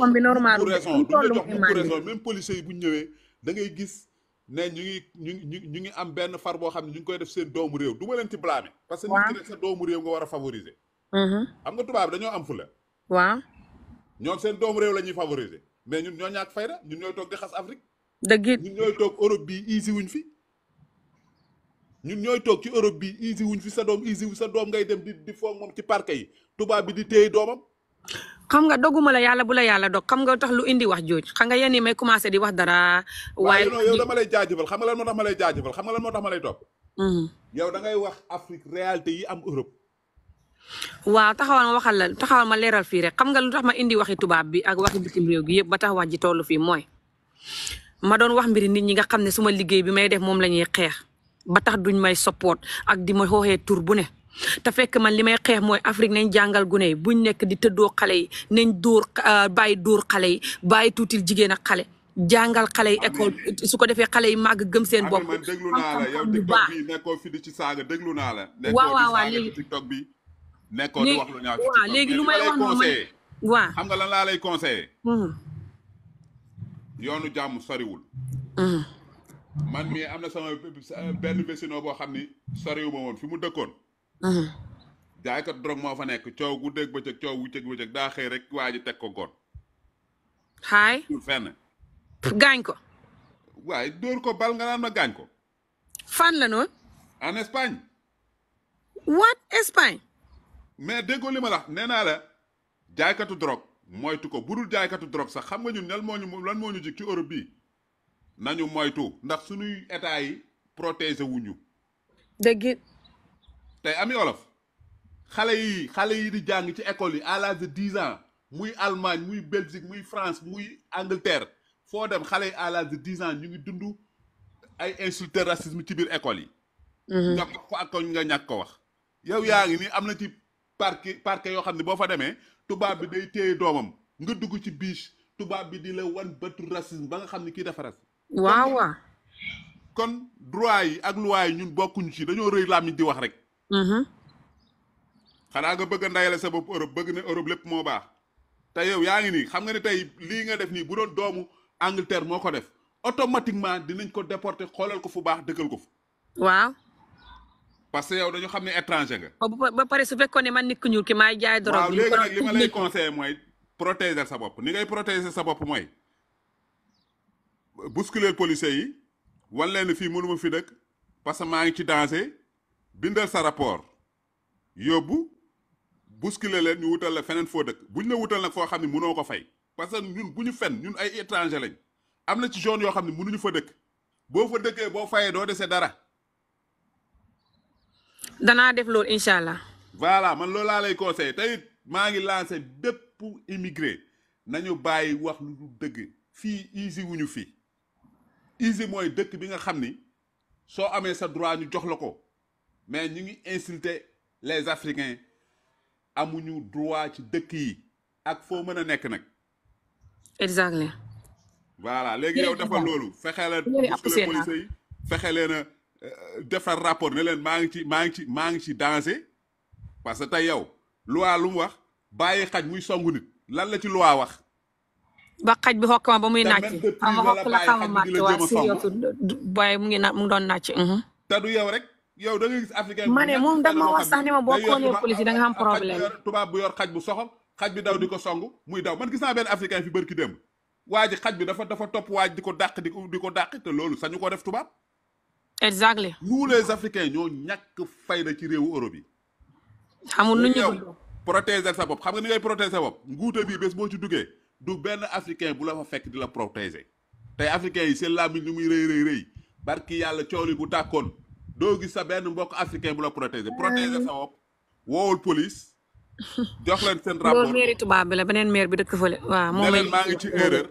pour raison duñ la jox pour raison même policiers yi bu ñu ñëwee dangay gis ne ñu ngi ñu ngi ñu ngi am benn far boo xam ne ñu ngi koy def seen doomu réew du ma leen ci blâmer. parce que nit ki rek sa doomu réew nga war a favoriser. Mhm. xam nga tubaab dañoo am fula. waaw ñoom seen doomu réew la ñuy favoriser. mais ñun ñoo ñàkk fayda ñun ñooy toog di xas Afrique. dëgg ñun ñooy toog Europe bi easy wuñ fi. ñun ñooy toog ci Europe bi easy wuñ fi sa doom easy wu sa doom ngay dem di di foog moom ci parquet yi tubaab bi di téye doomam. xam nga dogguma la yàlla bu la yàlla dog xam nga tax lu indi wax jooj xam nga yéen may commencé di wax dara. waaye yow dama lay jaajëfal xam nga lan moo tax ma lay jaajëfal xam nga lan moo tax ma lay mm-hmm. yow da ngay wax Afrique réalité yi am Europe. waaw taxawal ma waxal la taxawal ma leeral fii rek xam nga lu tax ma indi waxi tubaab bi ak waxi bitim réew gi yëpp ba tax wax ji toll fii mooy ma doon wax mbiri nit ñi nga xam ne suma liggéey bi may def moom la ñuy xeex ba tax duñ may support ak di ma xooxee tuur bu ne te fekk man li may xeex mooy Afrique nañ jàngal gune buñ nekk di tëddoo xale yi nañ dóor euh, bàyyi dóor xale yi bàyyi tuutil jigéen ak xale jàngal xale yi école su ko defee xale yi màgg gëm seen bopp. xam nekkoo di lu ñaaw waaw léegi lu may wax conseillé mm-hmm. yoonu jàmm soriwul mm-hmm. man mii am na sama benn vecino boo xam ni soriwu woon fi mu dëkkoon mm-hmm. jaaykat drogue moo fa nekk coow gu dégg bëccëg coow gu cëg bëccëg daa xëy rek waa teg ko goon xaay fenn gaañ ko waaye dóor ko bal nga naan ma gaañ ko fan la noonu en Espagne what Espagne mais déggoo li ma la nee naa la jaaykatu drogue moytu ko bu budul jaaykatu drogue sax xam nga ñun lan moo ñu lan moo ñu jig ci Europe bi nañu moytu ndax suñuy état yi protéger wuñu dëgg tey ami olof xale yi xale yi di jàng ci école yi à l'âge de dix ans muy Allemagne muy Belgique muy France muy Angleterre foo dem xale yi à l'âge de dix ñu ngi dundu ay insulter racisme ci biir école yi. Mhm. nga ko ak ko nga ñàkk ko wax. yow yaa ngi ni am na ci. parc parc yoo xam ne boo fa demee tubaab bi day téye doomam nga dugg ci biche tubaab bi di la wan bëtu racisme ba nga xam ne kii dafa racisme. waaw waaw. kon droit yi ak loi yi ñun bokkuñu ci dañoo rëy làmmiñ di wax rek. Mm-hmm. xanaa nga bëgg a ndayale sa bopp Europe bëgg ne Europe lépp moo baax. te yow yaa ngi nii xam nga ne tey lii nga def nii bu doon doomu Angleterre moo ko def automatiquement dinañ ko déporter xoolal ko fu baax dëkkal ko fu. waaw. parce que yow dañu xam ne étranger nga. ba pare su fekkoon ne man nit ku ñuul ki maay jaay drogue. waaw léegi ma lay conseillé mooy protéger sa bopp ni ngay protéger sa bopp mooy bousculer policiers yi wan leen fii mënuma fi dëkk parce que maa ngi ci danger bindal sa rapport yóbbu bousculer leen ñu wutal la feneen foo dëkk buñ la wutal nag foo xam ne mënoo ko fay. parce que ñun bu ñu fen ñun ay étranger lañ am na ci zone yoo xam ne mënuñu fa dëkk boo fa dëkkee boo fayee doo dese dara. danaa def loolu incha allah. voilà man loolu laa lay conseillé te it maa ngi lancé bépp immigré nañu bàyyi wax lu dëgg fii isi wuñu fii isi mooy dëkk bi nga xam ni soo amee sa droit ñu jox la ko mais ñu ngi insulter les africains amuñu droit ci dëkk yi ak foo mën a nekk nag. exactement. voilà léegi yow defal loolu fexe la. yooyu police yi fexe leen Euh, defar rapport ne leen maa ngi ci maa ngi ci maa ngi ci danger parce que tey yow loi lu mu wax bàyyi xaj muy songu nit lan la ci loi wax. ba xaj bi xokk ma ba muy naaj. xam nga xokk la xam mu ngi na mu ngi doon naaj. Mhm. te du yow rek yow da nga gis africain. ma ne moom dama wax sax ne ma boo koonee police yi da nga am problème. tubaab bu yor xaj bu soxal xaj bi daw di ko song muy daw man gis naa benn africain fi bërki ki waa ji xaj bi dafa dafa topp waa ji di ko dàq di ko dàq te loolu sañu ko def tubaab exactly nous les africain ñoo ñàkk fayda ci réewu Europe yi. xamul nu ñu ko protéger sa bopp xam nga ni ngay protéger sa bopp nguute bi bés boo ci duggee du benn africain bu la fa fekk di la protéger tey africain yi seen làmmiñ ni muy rëy rëy rëy barki yàlla coow bu tàkkoon doo gis sa benn mbokk africain bu la protéger. Mm. protéger sa bopp woowul police. jox leen seen rapport loolu mairie tubaab bi la beneen maire bi dëkk fële. waaw moom ngi ci erreur.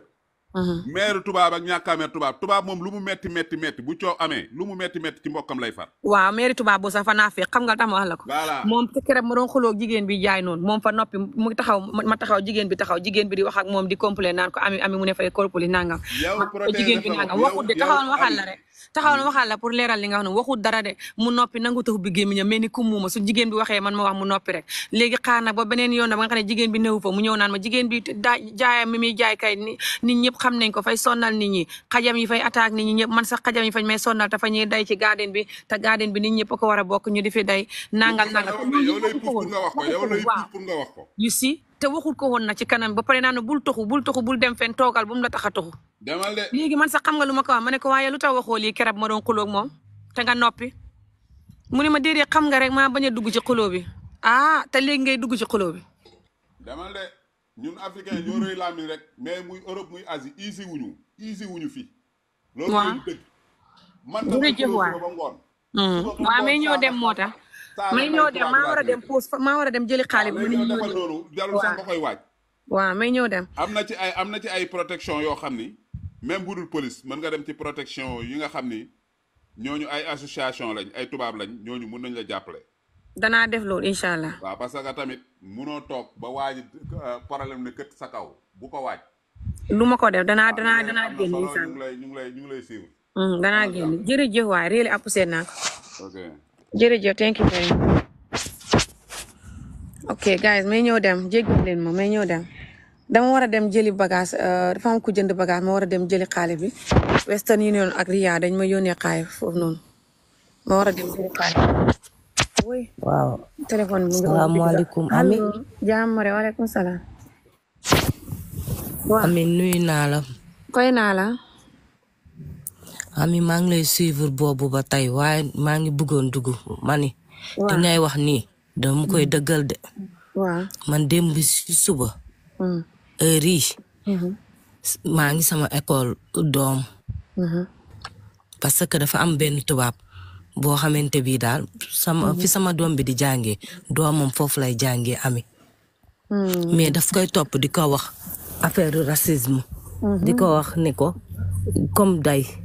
Uh-huh. maire tubaab ak ñàkk a maire tubaab tubaab moom lu mu metti metti metti bu coow amee lu mu metti metti ci mbokkam lay far. waaw maire tubaab bu sax fa naa fee xam nga tax ma wax la ko. voilà moom te keroog ma bi jaay noonu moom fa noppi mu taxaw ma taxaw jigéen bi taxaw jigéen bi di wax ak moom di complet naan ko ami ami mu ne fay korpoli nangam. yow protégé jigéen bi nangam waxut di taxawal waxal la rek. taxaw na mm. waxaat la pour leeral li nga xam ne waxut dara de mu noppi nangu taxu bi gémmiñam mel ni ku su jigéen bi waxee man ma wax mu noppi rek léegi xaar nag ba beneen yoon na ba nga xam ne bi néew fa mu ñëw naan ma jigéen bi da jaayam mi jaay kay nit ñëpp xam nañ ko fay sonnal nit ñi xajam yi fay attaque ni ñi ñëpp man sax xajam yi fañ may sonnal te fa ñuy day ci garden bi te garden bi nit ñëpp a ko a bokk ñu di fi day nangal nangal yow lay ko yow lay pour nga wax ko te waxul ko woon na ci kanam ba pare naa ne bul toxu bul toxu bul dem fen toogal bu mu la tax a toxu. demal de léegi man sax xam nga lu ma ko mane ko waaye lu tax waxoo lii keroog ma doon xulóog moom te nga noppi mu ne ma déedéet xam nga rek maa bañ a dugg ci xulóo bi ah te léegi ngay dugg ci xulóo bi. demal de ñun africain ñoo rëy rek muy Europe muy Asie isi wuñu isi wuñu fii. loolu mooy dëgg. man de bu dee ñoo dem moo ta may ñëw dem maa war a dem puus a dem jëli xaalis bi. waaw defal sax nga koy waaj. waaw may ñëw dem. am na ci ay am na ci ay protection yoo xam ni même bu dul police mën nga dem ci protection yi nga xam ni ñooñu ay association lañ ay tubaab lañ ñooñu mun nañ la jàppale. danaa def loolu incha allah. waaw parce que tamit munoo toog ba waaj euh, problème ne kët sa kaw bu ko waaj. lu ma ko def danaa danaa danaa génn ñu ngi lay ñu ngi lay ñu mm-hmm, jërëjëf waay réeli app seen naa jërëjëf thank you very much ok guys may dem jéggal leen ma may ñëw dem dama war a dem jëli bagage euh, dafa am ku jënd bagage ma war a dem jëli xaalis bi Western Union ak Ria dañ ma yónnee xaalis foofu noonu ma war a dem jëli xaalis waaw téléphone bi salaamaaleykum Ami jàmm rek waaleykum salaam Ami nuyu naa koy naa ami maa ngi lay suivre boobu ba tey waaye maa ngi bëggoon dugg ma ni. di ngay wax ni dama koy dëggal de. waaw démb bi suba. Hmm. heure yi hmm. maa ngi sama école doom. Hmm. parce que dafa am benn tubaab boo xamante bi daal sama sama doom bi di jàngee doomam foofu lay jàngee ami. mais daf koy topp di ko wax affaire racisme. di ko wax ni ko comme day.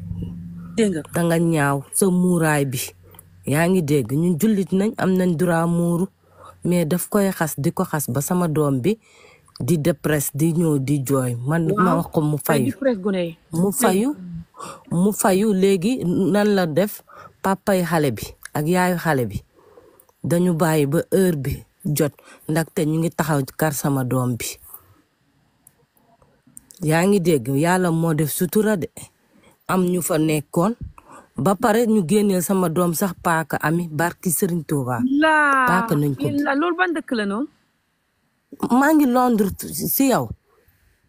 dégg nga da nga ñaaw sa muuraay bi yaa ngi dégg ñun jullit nañ am nañ droit muuru mais daf koy xas di ko xas ba sama doom bi di dépresse di ñëw di jooy man ma wax mu fayu mu fayu mu fayu léegi nan la def papay xale bi ak yaayu xale bi dañu bàyyi ba heure bi jot ndaxte ñu ngi taxaw kar sama doom bi yaa ngi dégg yàlla moo def sutura de am ñu fa nekkoon ba pare ñu génneel sama doom sax paaka ami barki Serigne Touba. paaka nañ ko la loolu ban dëkk la noonu. maa ngi Londres si yow.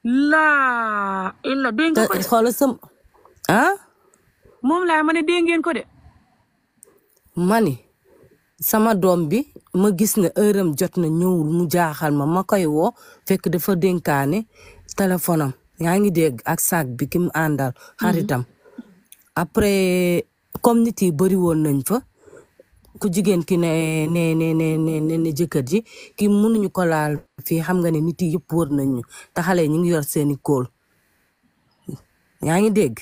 laa illa dégg nga de xoolal sama ah? moom laay ma ne dégg ngeen ko de. ma ni sama doom bi ma gis ne heure jot na ñëwul mu jaaxal ma ma koy woo fekk dafa dénkaane téléphone yaa ngi dégg ak sac bi ki mu après comme nit yi bëri woon nañ fa ku jigéen ki ne ne ne ne ne jëkkër ji ki mënuñu ko laal fii xam nga ne nit yi yëpp wër nañ ñu te xale ñu ngi yor seeni kóol yaa ngi dégg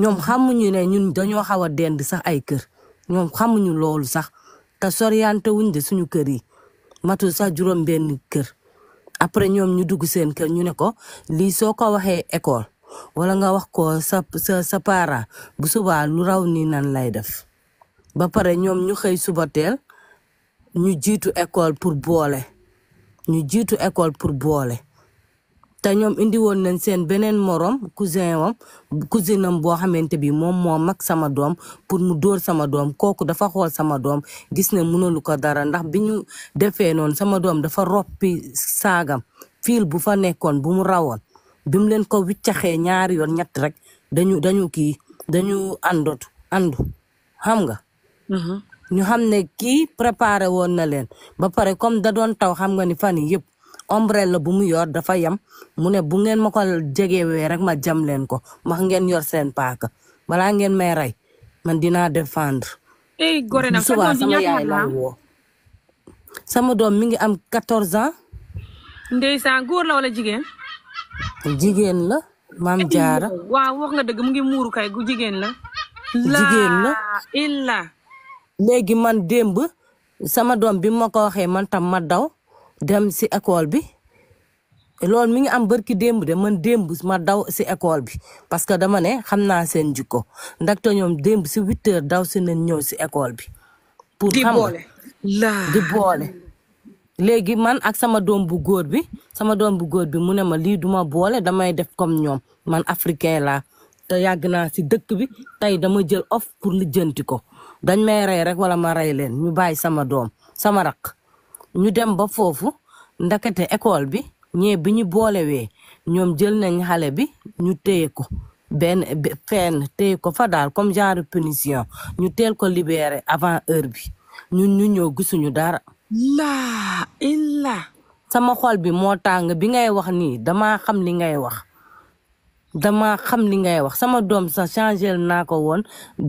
ñoom xamuñu ne ñun dañoo xaw a dend sax ay kër ñoom xamuñu loolu sax te soriyante wuñ de suñu kër yi matul sax juróom benn kër. après ñoom ñu dugg seen kër ñu ne ko lii soo ko waxee école wala nga wax ko sa sa sa para bu lu raw ni nan lay def ba pare ñoom ñu xëy suba ñu jiitu école pour boole ñu jiitu école pour boole te ñoom indi woon nañ seen beneen moroom cousin wam cousin am boo xamante bi moom moo mag sama doom pour mu dóor sama doom kooku dafa xool sama doom gis na mënalu ko dara ndax bi ñu defee noonu sama doom dafa roppi saagam fiil bu fa nekkoon bu mu rawoon bi mu leen ko wiccaxee ñaari yoon ñett rek dañu dañu kii dañu àndotu àndu xam nga uh-huh. ñu xam ne kii préparé woon na leen ba pare comme da doon taw xam nga ni fan yëpp ombrelle bu mu yor dafa yam mu ne bu ngeen ma ko jegewee rek ma jam leen ko wax ngeen yor seen paaka balaa ngeen may rey man dinaa défendre. eh gore na sama yaay lay woo sama doom mi ngi am 14 ans. ndeysaan góor jigéen. jigéen la maam jaara. waaw mu ngi muuru kay gu jigéen la. jigéen la illa léegi man démb sama doom bi ma ko waxee man ma daw. dem si école bi loolu mi ngi am barki démb de man démb ma daw si école bi parce que dama ne xam naa seen jikko ndaxte ñoom démb si huit daw si nan ñëw si école bi. pour xam di boole léegi man ak sama doom bu góor bi sama doom bu góor bi mu ne ma lii duma boole damay def comme ñoom man africain laa te yàgg naa si dëkk bi tey dama jël off pour lijjanti ko dañ may rey rek wala ma rey leen ñu bàyyi sama doom sama rak ñu dem ba foofu ndakate école bi ñee bi ñu boolewee ñoom jël nañ xale bi ñu téye ko benn fenn téye ko fa daal comme genre punition ñu teel ko libéré avant heure bi ñu ñu ñëw gisuñu dara. laa illaa. sama xol bi moo tàng bi ngay wax nii damaa xam li ngay wax damaa xam li ngay wax sama doom sax changé naa ko woon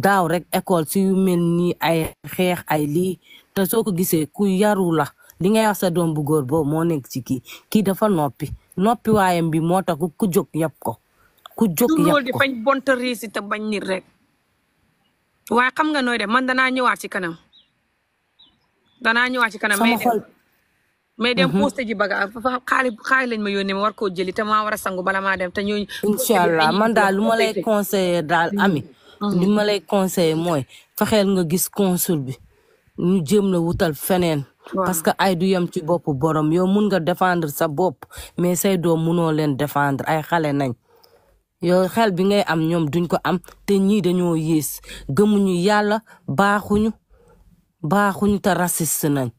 daaw rek école si mel nii ay xeex ay lii te soo ko gisee ku yaru la li ngay wax sa doom bu góor boobu moo nekk ci kii kii dafa noppi noppi waayam bi moo tax ku jóg yàpp ko ku jóg yàpp ko bañ bonta réussite te bañ nit rek waaye xam nga nooy de man danaa ñëwaat ci kanam danaa ñëwaat ci kanam sama mais dem mhm. posté ji baga xaali xaali lañ ma yónnee war koo jëli maa war a sangu maa dem te ñooñu incha man daal lu ma lay conseiller daal mhm. ami mhm. li ma lay conseiller mooy fexeel nga gis consul bi ñu jéem la wutal feneen parce que ay du yem ci boppu borom yow mun nga defendre sa bopp mais say doom munoo leen defendre ay xale nañ yow xel bi ngay am ñoom duñ ko am te ñii dañoo yées gëmuñu yàlla baaxuñu baaxuñu te raciste nañ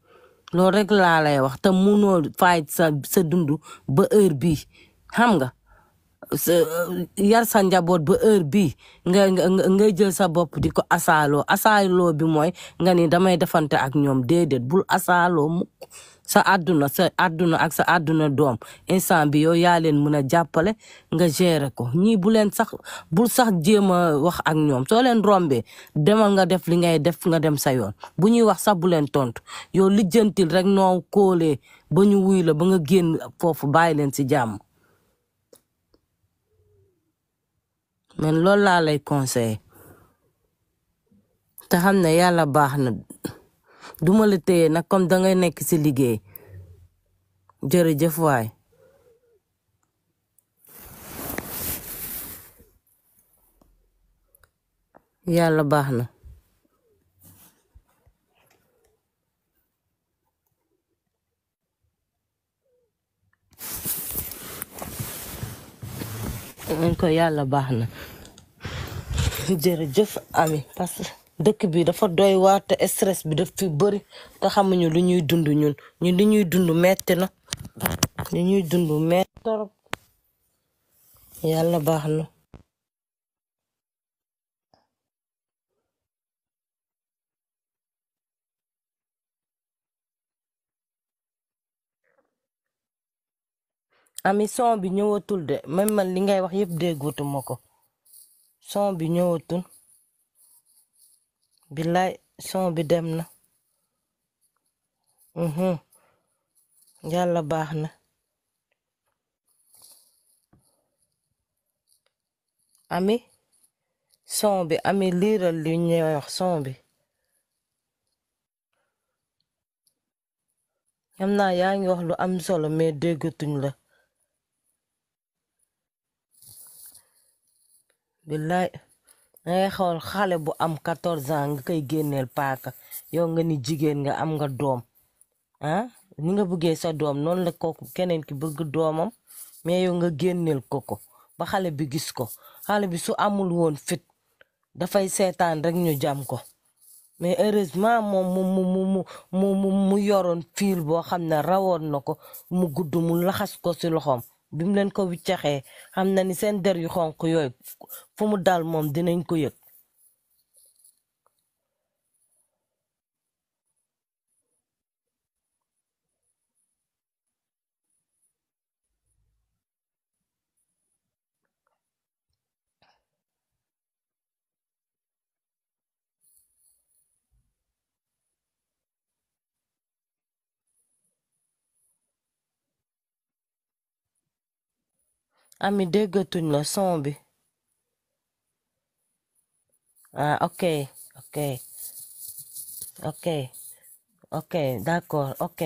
loolu rek laa lay wax te munoo faay sa sa dund ba heure bii xam nga yar sa njaboot ba heure bii nga ngay jël sa bopp di ko asaaloo asaaloo bi mooy nga ni damay defante ak ñoom déedéet bul asaaloo mukk sa àdduna sa àdduna ak sa àdduna doom instant bi yow yaa leen mën a jàppale nga gérer ko ñii bu leen sax bul sax jéem a wax ak ñoom soo leen rombee demal nga def li ngay def nga dem sa yoon bu ñuy wax sa bu leen tontu yow lijjantil rek noo koolee ba ñu wuy la ba nga génn foofu bàyyi leen si jàmm man loolu laa lay conseillé te xam ne yàlla baax na duma la téye nag comme dangay nekk ci liggéey jërëjëf waay yàlla baax na ñu ko yàlla baax na jërëjëf ami parce dëkk bi dafa doy waar te stress bi daf fi bëri te xamuñu lu ñuy dund ñun ñun li ñuy dund metti na lu ñuy dund metti torop yàlla baax na ami son bi ñëwatul de même man li ngay wax yëpp déggutuma ko son bi ñëwatul billaay son bi dem na mhm yàlla baax na ami son bi ami liiral li ñuy wax son bi xam na yaa ngi wax lu am solo mais déggatuñ la billaay dangay xool xale bu am 14 ans nga koy génneel paaka yow nga ni jigéen nga am nga doom ah ni nga bëggee sa doom noonu la ko keneen ki bëgg doomam mais yow nga génneel ko ko ba xale bi gis ko xale bi su amul woon fit dafay seetaan rek ñu jam ko mais heureusement moom mu mu mu mu yoroon fiil boo xam ne rawoon na ko mu gudd mu laxas ko si loxoom bi mu leen ko wiccaxee xam na ni seen der yu xonq yooyu mu dal moom dinañ ko yëg ami déggatuñ la son bi ah ok ok ok ok d'accord ok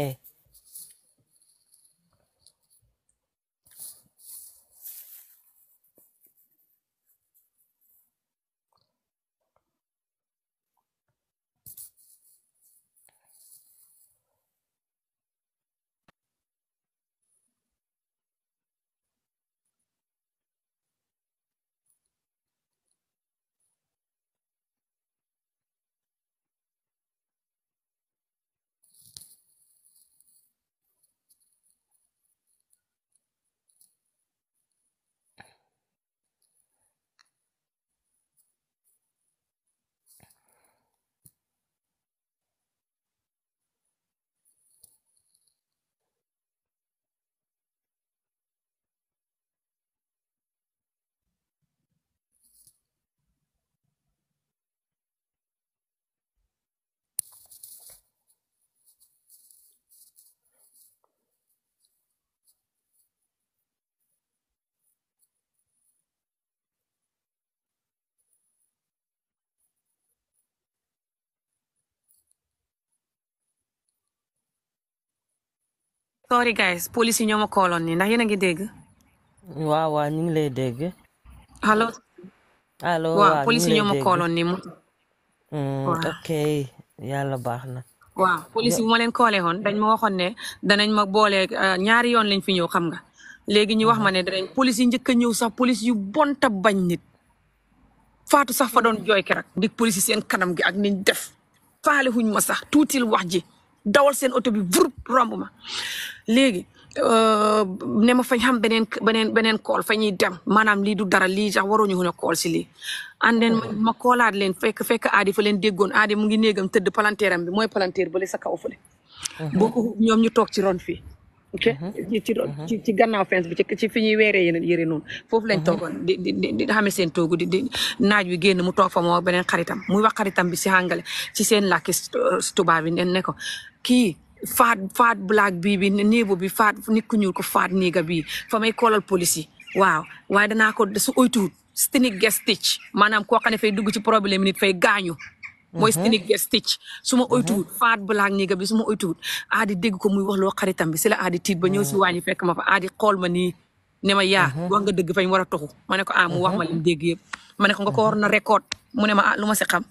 sorry guys police yi ñoo ma kooloon nii ndax yéen a ngi dégg. waaw waaw ñu ngi lay dégg. allo. allo waaw police yi ma kooloon nii mu. Mm, ok yàlla baax na. waaw police yi bu ma leen koolee woon dañ ma waxoon ne danañ ma boole euh, ñaari yoon lañ fi ñëw xam nga léegi ñu wax ma mm-hmm. ne danañ police yi njëkk a ñëw sax police yu bonta bañ nit. faatu sax fa doon jooy keroog. dig police seen kanam gi ak ni def. faale huñ ma sax tuutil wax ji. dawal seen oto bi vur romb ma léegi euh, ne ma fañ xam beneen beneen beneen kool fa ñuy dem maanaam lii du dara lii sax waruñu ko ne kool si lii. and then ma koolaat leen fekk fekk aadi fa leen déggoon aadi mu ngi néegam tëdd palanteeram bi mooy palanteer bële sa kaw fële. boo ko ñoom ñu toog ci ron fii. Mhm. ci ci mhm. ci ci gannaaw fence bi ci fi ñuy weeree yeneen yëre noonu foofu lañ mhm. toogoon di di di xamee seen toogu di di naaj wi génn mu toog fa moo beneen xaritam muy wax xaritam bi si àngale ci seen làkki euh, tubaab bi nen ne ko kii faat faat black bii bi néebu bi faat nit ku ñuul ko faat niiga bii fa may koolal police waaw waaye danaa ko su oytuwut stinik gestich maanaam koo xam ne fay dugg ci problème nit fay gaañu mooy mhm. Snake Stitch su ma mhm. oytuwut faat balaak néega bi suma ma oytuwut aadi dégg ko muy wax loo xaritam bi si la aadi tiit ba ñëw si mhm. waañu fekk ma fa aadi xool ma nii ne ma yaa wax nga dëgg fañ war a toxu ma ne ko ah wax ma lim yëpp ma ne ko nga ko war na record mu ne ma ah, lu ma si xam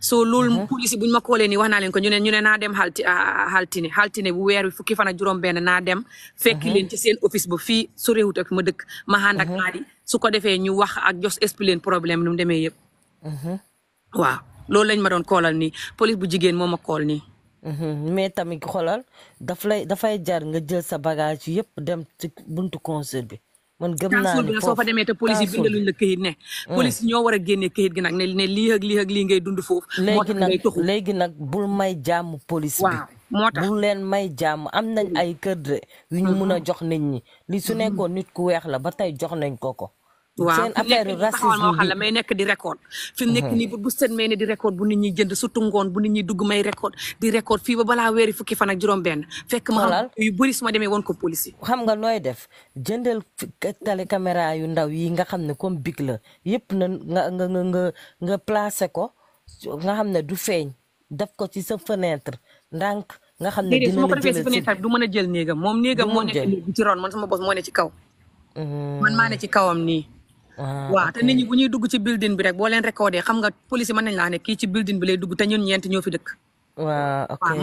soo loolu buñ ma koolee nii wax naa leen ko ñu ne ñu ne naa dem halti ah, ah, haltine haltine bu weer wi fukki fan ak juróom benn naa dem fekki leen ci seen office ba fii su réewut ak ma dëkk ma ànd ak aadi su ko defee ñu wax ak jos expliquer problème lu mu demee yëpp waaw loolu lañ ma doon koolal nii police bu jigéen moom a kool nii. Mhm. mais tamit xoolal daf lay dafay jar nga jël sa bagage yëpp dem ci buntu concert bi. man gëm naa fa demee te police yi bindaluñ la këyit ne. Mm. police ñoo war a génnee këyit gi nag ne ne lii ak lii ngay dund foofu. moo tax ngay léegi nag bul may jàmm police bi. moo tax bul leen may jàmm am nañ ay kër de. yu ñu mun a mhm. jox nit ñi. li su mhm. nekkoon nit ku weex la ba tey jox nañ ko ko. waaw seen affaire racisme moo xam la may nekk di record fi nekk mhm. nii bu seen may ne di record bu nit ñi jënd surtout ngoon bu nit ñi dugg may record di record fii ba balaa weeri fukki fan juróom benn fekk ma yu bëri su ma woon ko police yi xam nga nooy def jëndal tali caméra yu ndaw yi nga xam ne comme big la yëpp na nga nga nga nga placé ko nga xam ne du feeñ def ko ci sa fenêtre ndank nga xam ne dina la jëlee du mën a jël néegam moom néegam moo nekk ci ron man sama bos moo ne ci kaw mm-hmm. man maa ne ci kawam nii waaw te nit ñi ñuy dugg ci building bi rek boo leen recordé xam nga police mën nañ laa ne kii ci building bi lay dugg te ñun ñeent ñoo fi dëkk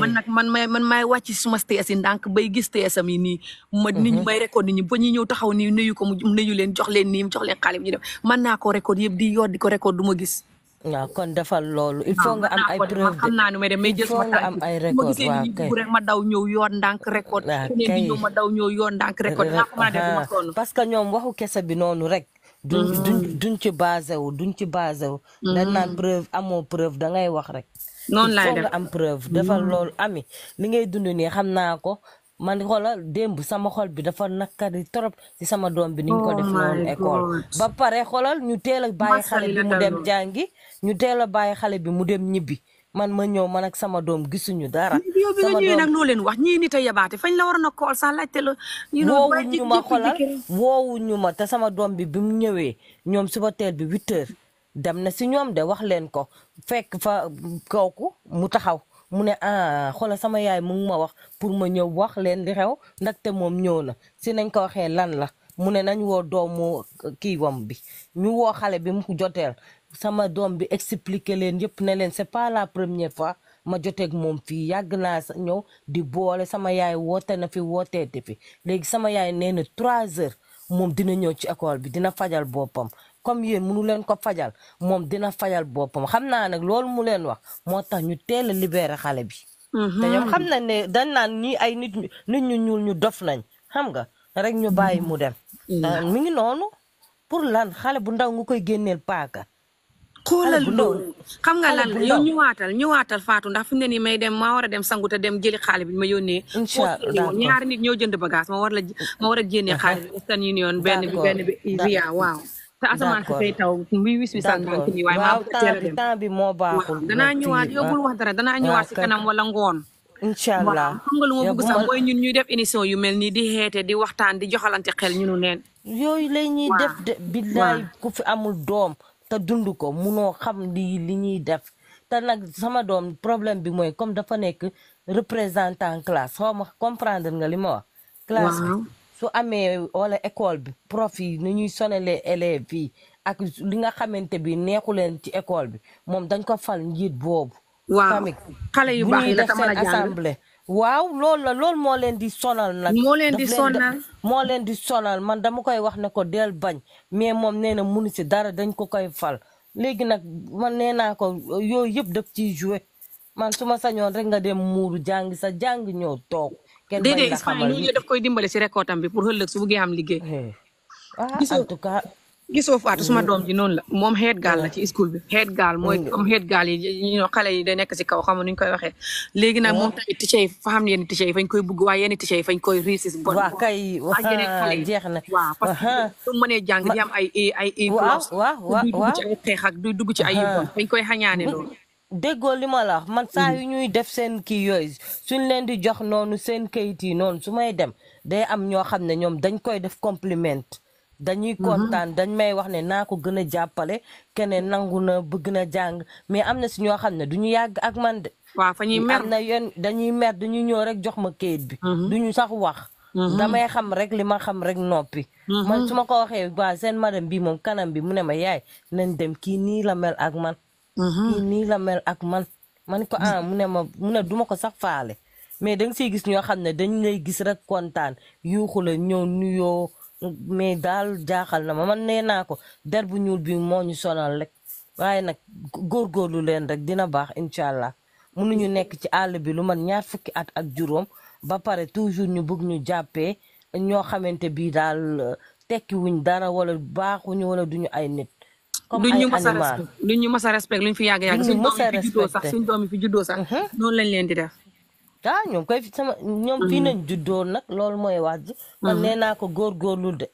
man nag man may man maay wàcc suma TS bay gis TSam yi nii ma nit ñi mhm. may record nit ñi ba ñuy ñëw taxaw nii nuyu ko mu nuyu leen jox leen nii jox leen xaalis bi ñu def mën naa ko record yëpp di yoor di ko record du ma gis waaw kon defal loolu il faut nga am ay preuve xam naa nu may dem ma ay record waaw kay rek ma daw ñëw yoon ndànk record waaw daw ñëw yoon ndànk record parce que ñoom waxu kese bi noonu rek duñ mm-hmm. duñ duñ ci basé wu duñ ci basé wu. Mm-hmm. dañ naan amoo preuve da ngay wax rek. noonu laay def nga am preuve. defal mm-hmm. loolu ami li ngay dund nii xam naa ko man xoolal démb sama xol bi dafa nakari trop ci sama doom bi. niñ ko oh def noonu école. ba pare xoolal ñu teel a bàyyi xale bi mu dem jàngi. ñu teel a bàyyi xale bi mu dem ñibbi. man ma ñëw man ak sama doom gisuñu dara. sama doom yow nag noo leen wax ñii ni tey fañ la waroon a kool sax laajte la. ñu woowuñu ma ma te sama doom bi bi mu ñëwee ñoom suba teel bi huit heures dem na si ñoom de wax leen ko fekk fa kooku mu taxaw mu ne ah xoolal sama yaay mu ma wax pour ma ñëw wax leen di xew ndaxte moom ñëw na si nañ ko waxee lan la mu ne nañ woo doomu kii wam bi ñu woo xale bi mu joteel sama doom bi expliquer leen yëpp ne leen c'est pas la première fois ma joteeg moom fii yàgg naa ñëw di boole sama yaay woote na fi wooteete fi léegi sama yaay nee na trois heures moom dina ñëw ci école bi dina fajal boppam comme yéen mënu leen ko fajal moom dina fajal boppam xam naa nag loolu mu leen wax moo tax ñu teel a libéré xale bi. te mm-hmm. na ne naan ñi ay nit ñu nit ñu ñuul ñu dof nañ xam nga rek ñu bàyyi mu dem. Mm-hmm. Euh, mi noonu pour lan xale bu ndaw nga koy génneel paaka. xoolal loolu xam nga lan yow ñëwaatal waatal Fatou ndax fi mu ne nii may dem ma war a dem sangu dem jëli xaalis bi ma yónnee. incha allah ñaari nit ñoo jënd bagage ma war la ma a génnee xaalis bi Western Union benn bi benn waaw. te asamaan taw bi wis bi waaye maa teel a dem bi moo baaxul. danaa ñëwaat yow bul danaa ah, ñëwaat si kanam wala ngoon. incha allah ñun ñuy def émission yu mel nii di xeete di waxtaan di joxalante xel ñunu neen. yooyu lay ñuy def de billaay ku fi amul doom te dund ko noo xam li li ñuy def te nag sama doom problème bi mooy comme dafa nekk représentant classe xaw ma comprendre nga li ma wax classe bi su amee wala école bi prof yi nu ñuy sonalee élèves yi ak li nga xamante bi neexu leen ci école bi moom dañ ko fal njiit boobu. waaw xale yu baax yi la tamit assemblée waaw loolu la loolu moo leen di sonal nag. moo leen di sonal moo leen di sonal man dama koy wax ne ko del bañ mais moom nee na munu si dara dañ ko koy fal léegi nag man nee naa ko yooyu yëpp daf ciy joué man su ma sañoon rek nga dem muuru jàng sa jàng ñëw toog. kenn bañ la xamal déedéet Espagne koy dimbale si récoltam bi pour ëllëg su buggee am liggéey. Eh. ah en gisoo faatu suma mm. doom ji noonu la moom xeet gaal la ci school bi xeet gaal mooy mm. comme xeet gaal yi ñu xale yi day nekk si kaw xamu nu ñu koy waxee léegi nag moom mm. tamit teacher yi fa xam yenn teacher yi koy bugg waaye yenn teacher yi fañ koy réussir bon waaw kay jeex na waaw parce que bu mënee jàng di am ay ay ay waaw waaw waaw ci ay xeex ak duy dugg ci ay bon koy xañaane loolu déggoo li ma la wax man saa yu ñuy def seen kii yooyu suñ leen di jox noonu seen kayit yi noonu su may dem day am ñoo xam ne ñoom dañ koy def compliment dañuy mm-hmm. kontaan dañ may wax ne naa ko gën a jàppale keneen nangu na bëgg na jàng mais am na si ñoo xam ne du ñu yàgg ak man de. fa ñuy mer am na yoon dañuy mer dañuy ñëw rek jox ma kayit bi. Mm-hmm. duñu sax wax. Mm-hmm. damay xam rek li ma xam rek noppi. man su ma ko waxee waa seen madame bi moom kanam bi mu ne ma yaay nañ dem kii nii la mel ak man. kii nii la mel ak man. man ko ah mu ne ma mu ne du ma ko sax faale mais da nga siy gis ñoo xam ne dañ lay gis rek kontaan yuuxu la ñëw nuyoo. mais daal jaaxal na ma man nee naa ko der bu ñuul bi moo ñu sonal rek waaye nag góorgóorlu leen rek dina baax incha allah ñu nekk ci àll bi lu man ñaar fukki at ak juróom ba pare toujours ñu bëgg ñu jàppee ñoo xamante bii daal eh, tekki wuñ dara wala baaxuñu wala du ñu ay nit. comme ay animal duñ ñu mës a respect luñ fi yàgg yàgg. duñ ñu mës a respect doom yi fi juddoo sax mhm. noonu lañ leen di def. ah ñoom koy sama ñoom fii mhm. nañ juddoo nag loolu mooy wax ji man mhm. nee naa ko góor góor góorgóorlul de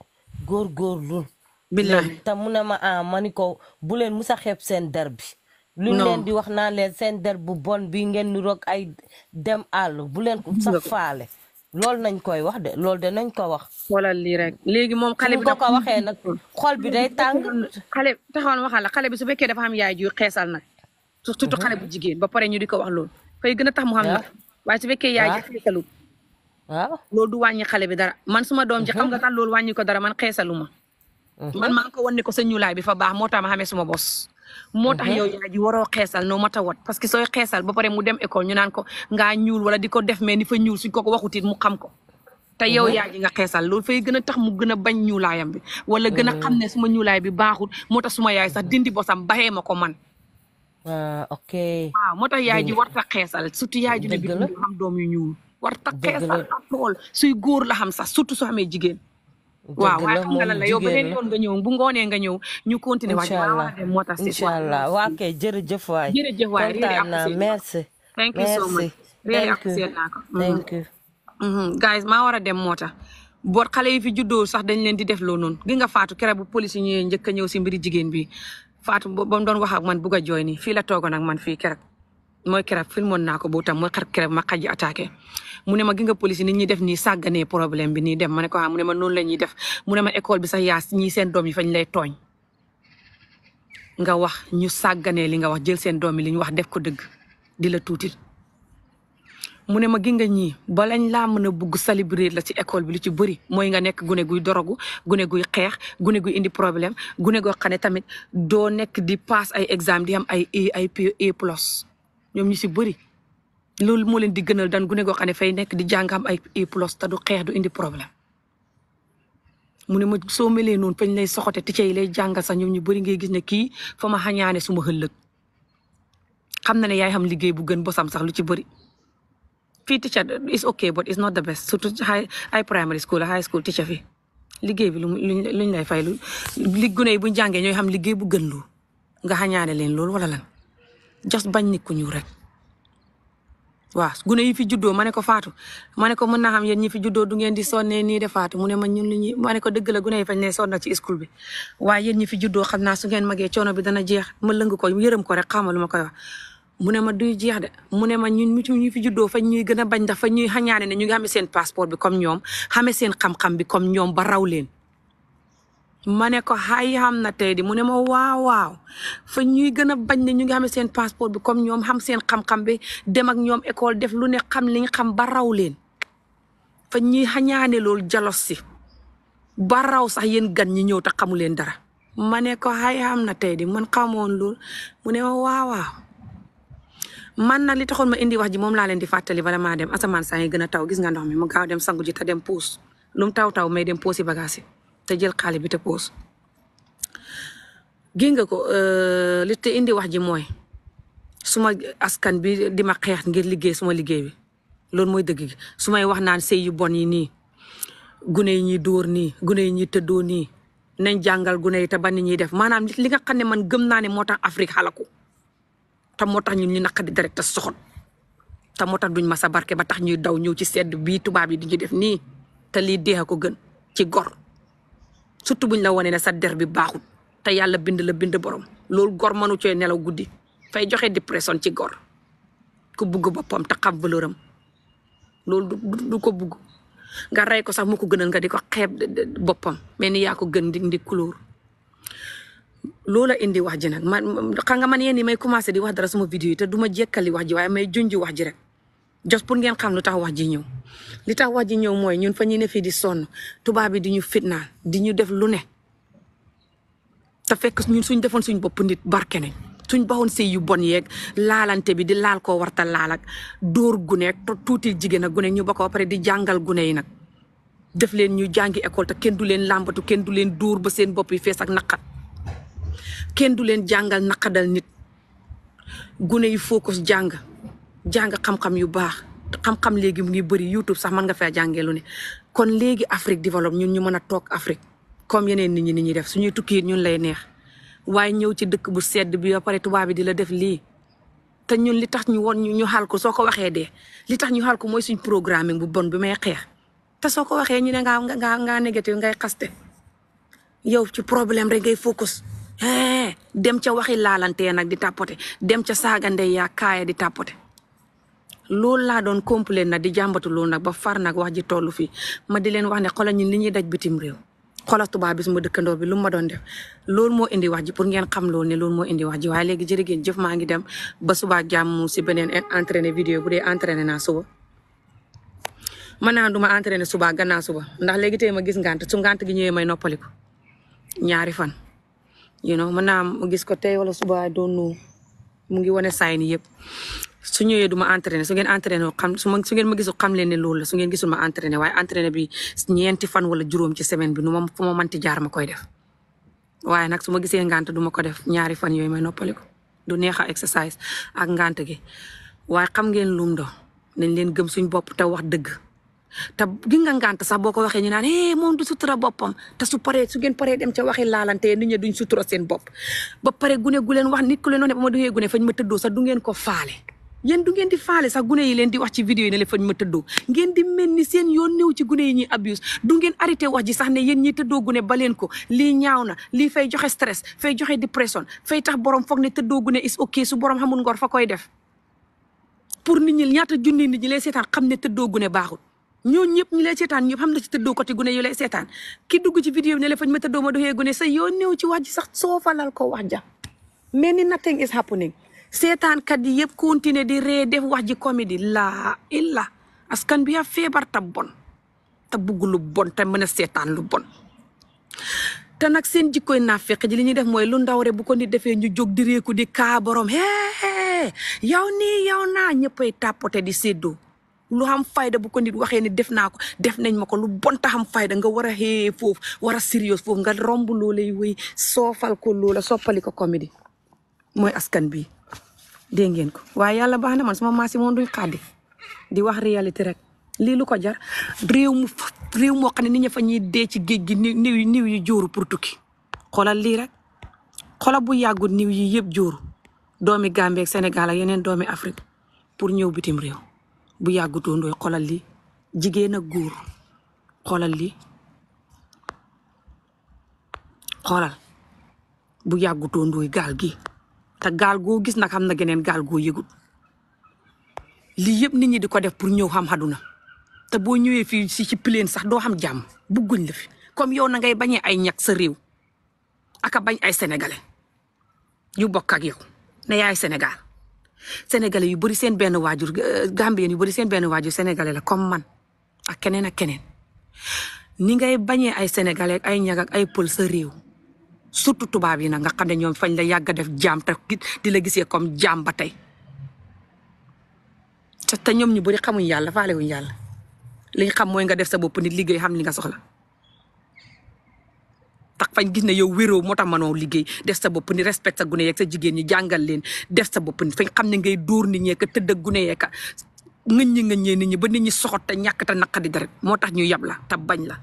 góor góor góorgóorlul billahi tam mu ne ma ah ma ni ko bu leen musa xeeb seen der bi lu leen di wax naa leen seen der bu bon bi ngeen ni roog ay dem àll bu leen ko sa faale loolu nañ koy wax de loolu de nañ ko wax xoolal lii rek léegi moom xale bi ko waxee nag mm. xol bi day tàng xale taxawal waxal la xale bi su fekkee dafa am yaay ju xeesal nag surtout mhm. bu jigéen ba pare ñu di ko wax loolu fay gën a tax mu xam ah. ne waaye su fekkee yaay ji ah. xeesalu waaw ah. loolu du wàññi xale bi dara man suma doom ji mhm. xam nga tax loolu wàññi ko dara man xeesalu ma mhm. man maa ngi ko wan ko sa ñulaay bi fa baax moo tax ma xamee suma bos moo tax mhm. yow yaay ji waroo xeesal noo mata wat parce que sooy xeesal ba pare mu dem école ñu naan ko ngaa ñuul wala di ko def mais ni fa ñuul suñ ko ko waxutit mu xam ko te yow yaa ji nga xeesal loolu fay gën a tax mu gën a bañ ñuulaayam bi wala gën a xam ne suma ñuulaay bi baaxul moo tax suma yaay sax dindi bosam baxee ma ko man ok. waaw moo tax yaay ji war ta xeesal surtout yaay ji ne bi xam doom yu ñuul. war ta xeesal ak tool suy góor la xam sax surtout su xamee jigéen. waaw waaye xam nga lan la yow beneen yoon nga ñëw bu ngoonee nga ñëw ñu continuer waaj waaw dem moo tax incha allah waa kay jërëjëf waay jërëjëf waay kontaan naa merci thank you so much really apprécié naa ko mm-hmm. thank you mm-hmm. guys maa war a dem moo tax boot xale yi fi juddoo sax dañ leen di def loo noonu gi nga faatu kere bu police yi ñëwee njëkk a ñëw si mbiri jigéen bi Fatou ba mu doon wax ak man bugg a jooy ni fii la toogoon nag man fii keroog mooy keroog filmoon naa ko bu tam mooy xar keroog ma xaj attaqué mu ne ma gi nga police ni ñi def nii sàgganee problème bi nii dem ma ne ko ah mu ne ma noonu la ñuy def mu ne ma école bi sax yaa ñii seen doom yi fañ lay tooñ nga wax ñu sàgganee li nga wax jël seen doom yi li ñu wax def ko dëgg di la tuutil mu ne ma gi ñii balañ laa mën a bugg célébrer la ci école bi lu ci bëri mooy nga nekk gune guy dorogu gune guy xeex gune guy indi problème gune goo xam ne tamit doo nekk di pass ay examen di am ay ay A plus ñoom ñu si bëri loolu moo leen di gënal daan gune goo xam ne fay nekk di jàngam ay A plus te du xeex du indi problème mu ne ma soo melee noonu fañ lay soxote ticce yi lay jàngal sax ñoom ñu bëri ngay gis ne kii foo ma xañaane suma xëllëg xam na ne yaay xam liggéey bu gën bosam sax lu ci bëri fii teacher is okay but it's not the best surtout high high primary school high school teacher fi liggéey bi lu luñ lay fay lu li gune yi buñ jàngee ñooy xam liggéey bu gën lu nga xañaane leen loolu wala lan just bañ nit ku ñuul rek waaw gune yi fi juddoo ma ne ko faatu ma ne ko mën na xam yéen ñi fi juddoo du ngeen di sonnee nii de faatu mu ne ma ñun lu ñuy ma ne ko dëgg la gune yi fañ ne sonn na ci school bi waaye yéen ñi fi juddoo xam naa su ngeen magee coono bi dana jeex ma lëng ko yërëm ko rek xamal lu ma koy mu ne ma duy jeex de mu ne ma ñun mutu ñu fi juddoo fa ñuy gën a bañ ndax fa ñuy xañaane ne ñu ngi xamee seen passeport bi comme ñoom xamee seen xam-xam bi comme ñoom ba leen ma ne ko xay na tey di mu ne ma waaw waaw fa ñuy gën a bañ ne ñu ngi xamee seen passeport bi comme ñoom xam seen xam bi dem ak ñoom école def lu ne xam liñ xam ba raw leen fa ñuy xañaane loolu jalos si ba raw sax yéen gan ñi ñëw te xamu leen dara ma ne ko xay na tey di man xamoon loolu mu ne ma waaw man na li taxoon ma indi wax ji moom laa leen di fàttali bala maa dem asamaan saa ngi gën a taw gis nga ndox mi mu gaaw dem sangu ji te dem puus lu taw taw may dem puusi i yi te jël xaalis bi te puus. gis nga ko euh, li te indi wax ji mooy suma askan bi di ma xeex ngir liggéey suma liggéey bi loolu mooy dëgg gi su may wax naan sëy yu bon yi nii gune yi ñuy dóor nii gune yi ñuy tëddoo nii nañ jàngal gune yi ta ba ni ñuy def maanaam li nga xam ne man gëm naa ne moo tax Afrique xalaku te moo tax ñun ñu naqadi deret te soxon te moo tax duñ masa barke ba tax ñuy daw ñëw ci sedd bii tubaab yi di ñu def nii te lii deex ko gën ci gor surtout buñ la wonee ne sa der bi baaxul te yàlla bind la bind borom loolu gor mënu cee nelaw guddi fay joxe dépression ci gor ku bugg boppam te xam valeur am du ko bugg nga rey ko sax mu ko gënal nga di ko xeeb boppam mais ni yaa ko gën di ndi couleur loola indi wax ji nag man xam nga man yéen may commencé di wax dara sama vidéo yi te du ma jekkali wax ji waaye may junj wax ji rek jos pour ngeen xam lu tax wax ji ñëw li tax wax ji ñëw mooy ñun fa ñu ne fii di sonn tubaab bi di ñu fitnaa di ñu def lu ne te fekk ñun suñ defoon suñ bopp nit barke nañ suñ baxoon sëy yu bon yeeg laalante bi di laal ko warta laal ak dóor guneeg tuuti jigéen a gune ñu ba ko pare di jàngal gune yi nag def leen ñu jàngi école te kenn du leen làmbatu kenn du leen dóor ba seen bopp fees ak naqat kenn du leen jàngal naqadal nit gune yi focus jàng jàng xam-xam yu baax xam-xam léegi mu ngi bëri YouTube sax mën nga fee jàngee lu ne kon léegi Afrique développe ñun ñu mën a toog Afrique comme yeneen nit ñi ni ñuy def suñuy tukki ñun lay neex waaye ñëw ci dëkk bu sedd bi ba pare tubaab bi di la def lii. te ñun li tax ñu woon ñu xal ko soo ko waxee dee li tax ñu xal ko mooy suñ programming bu bon bi may xeex te soo ko waxee ñu ne ngaa ngaa ngay xaste yow ci problème rek ngay focus. dem ca waxi laalantee nag di tàppote dem ca saaga ndey yaa kaaya di tàppote loolu laa doon complain nag di jàmbatu loolu nag ba far nag wax ji toll fii ma di leen wax ne xoolal ñun li ñuy daj bitim réew xoolal tubaab bi suma dëkkandoo bi lu ma doon def loolu moo indi wax ji pour ngeen xam loolu ne loolu moo indi wax ji léegi jërë ngeen jëf ngi dem ba subaa jàmm si beneen entraîné vidéo bu dee entraîné naa suba mën naan du ma ne suba gannaaw suba ndax léegi tee ma gis ngant su ngant gi ñëwee may noppaliku ñaari fan you know mën naa mu gis ko tey wala suba doon nu mu ngi wane sign yëpp su ñëwee du ma entraîné su ngeen entraîné xam su ma su ngeen ma gisul xam leen ne loolu la su ngeen gisul ma entraîné waaye entraîné bi ñeenti fan wala juróom ci semaine bi nu ma fu ma manti jaar ma koy def waaye nag su ma gisee ngant duma ko def ñaari fan yooyu may noppali ko du neex a exercise ak ngant gi waaye xam ngeen lum do nañ leen gëm suñ bopp te wax dëgg te gi nga ngànt sax boo ko waxee ñu naan moom du sutura boppam te su paree su ngeen paree dem ca waxi laalante nit ñi duñ sutura seen bopp ba pare gune gu leen wax nit ku leen wax ne ba ma duggee gune fañ ma tëddoo du ngeen ko faale yéen du ngeen di faale sax gune yi leen di wax ci vidéo yi ne leen fañ ma tëddoo ngeen mel ni seen yoon néew ci gune yi ñuy abuse du ngeen arrêté wax ji sax ne yéen ñiy tëddoo gune ba leen ko lii ñaaw na lii fay joxe stress fay joxe dépression fay tax borom foog ne tëddoo gune is ok su borom xamul ngor fa koy def pour nit ñi ñaata junni nit ñi lay seetaan xam ne tëddoo gune baaxul ñooñu ñëpp ñu lay seetaan ñëpp xam na ci tëddoo côté gune yu lay seetaan ki dugg ci vidéo bi ne la fañ ma tëddoo ma doxee gune sa yoo néew ci wax ji sax soo falal ko wax ja mais ni nothing is happening seetaankat yi yëpp continuer di ree def wax ji comédie laa illa askan bi a feebar ta bon te bugg lu bon te mën a seetaan lu bon te nag seen jikkoy naafeq ji li ñuy def mooy lu ndaw rek bu ko nit defee ñu jóg di réeku di kaa borom hee yow nii yow naa ñëppay tàppote di séddoo lu am fayda bu ko nit waxee ni def naa ko def nañ ma ko lu bon ta fayda nga war a xëyee foofu war a foofu nga romb loolay wéy soofal ko loola soppaliku ko comédie mooy askan bi dégg ngeen ko waaye yàlla baax na man sama maas yi moom duñ di wax réalité rek lii lu ko jar réew mu réew moo ne nit ña fa ñuy dee ci géej gi niw niw yi jóoru pour tukki xoolal lii rek xoolal bu yàggut niw yi yëpp jóoru doomi Gambie ak Sénégal ak yeneen doomi Afrique pour ñëw bitim réew bu yàggutoon dooy xoolal li jigéen ak góor xoolal li xoolal bu yàggutoon dooy gaal gi te gaal goo gis nag xam na geneen gaal goo yëgut lii yëpp nit ñi di ko def pour ñëw xam xaduna te boo ñëwee fii si ci plaine sax doo xam jàmm bugguñ la fi comme yow na ngay bañee ay ñag sa réew aka bañ ay sénégalais yu bokk ak yow ne yaay Sénégal sénégalais yu bëri seen benn waajur euh, gambien yu bëri seen benn waajur sénégalais la comme man ak keneen ak keneen ni ngay bañee ay sénégalais ay ñag ak ay polsa réew surtout tubaab yi nag nga xam ne ñoom fañ la yàgg def jaam te di la gisee comme jaam ba tey te te ñoom ñu bëri xamuñ yàlla faale wuñ yàlla liñ xam mooy nga def sa bopp nit liggéey xam li nga soxla tax fañ gis na yow wéroo moo tax mënoo liggéey def sa bopp ni respect sa gune yeeg sa jigéen ñi jàngal leen def sa bopp ni fañ xam ne ngay dóor nit ñeeka tëdd ak gune ka ngëñ ñi ngëñ ñee nit ñi ba nit ñi soxot te ñàkk te naqadi dara moo tax ñu yab la te bañ la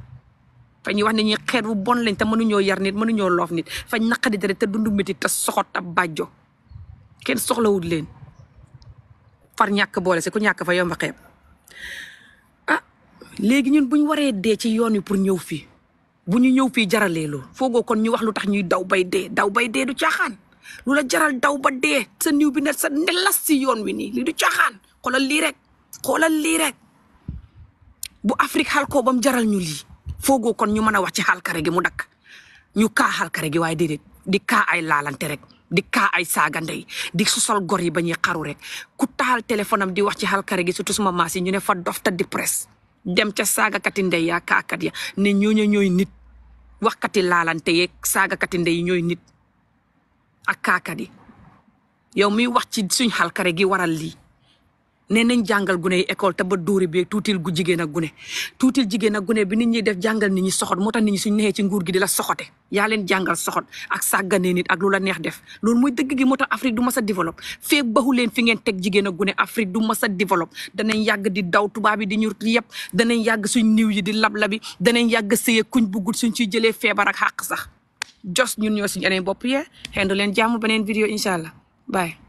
fañ wax ne ñuy xeet wu bon lañ te mënuñoo yar nit mënuñoo loof nit fañ naqadi dara te dundu métti te soxot te bàjjo kenn soxlawul leen far ñàkk boole si ku ñàkk fa yomb a xeeb ah léegi ñun buñ waree dee ci yoon wi pour ñëw fii bu ñu ñëw fii jaralee loolu foogoo kon ñu wax lu tax ñuy daw bay dee daw bay dee du caaxaan lu la jaral daw ba dee sa niw bi ne sa ndelas si yoon wi nii lii du caaxaan xoolal lii rek xoolal lii rek bu Afrique xalkoo bam jaral ñu lii foogoo kon ñu mën a wax ci xalkare gi mu dakk ñu kaa xalkare gi waaye déedéet di kaa ay laalante rek di kaa ay saaga ndey di susal gor yi ba ñuy xaru rek ku taal téléphone am di wax ci xalkare gi surtout suma maas yi ñu ne fa dof di presse dem ca saagakati ndey yaa kaakat ya ne ñooñu ñooy nit waxkati laalante yeeg saagakati ndey ñooy nit ak kaakat yi yow miy wax ci suñ xalkare gi waral lii nee nañ jàngal gune yi école te ba dóori bi tuutil jigéen a gune tuutil jigéen a gune bi nit ñi def jàngal ni ñi soxot moo tax ni ñi suñ neexee ci nguur gi di la soxote yaa leen jàngal soxot ak sàgganee nit ak lu la neex def lool mooy dëgg gi moo tax Afrique du mas a développe feeg baxu leen fi ngeen teg jigéen ak gune Afrique du mas a développe danañ yàgg di daw tubaab yi di ñu yëpp danañ yàgg suñ niw yi di lab-labi danañ yàgg sëye kuñ buggul suñ ciy jëlee feebar ak xàq sax jos ñun ñoo suñ aneen bopp yee xendu leen jàmm beneen vidéo incha allah bye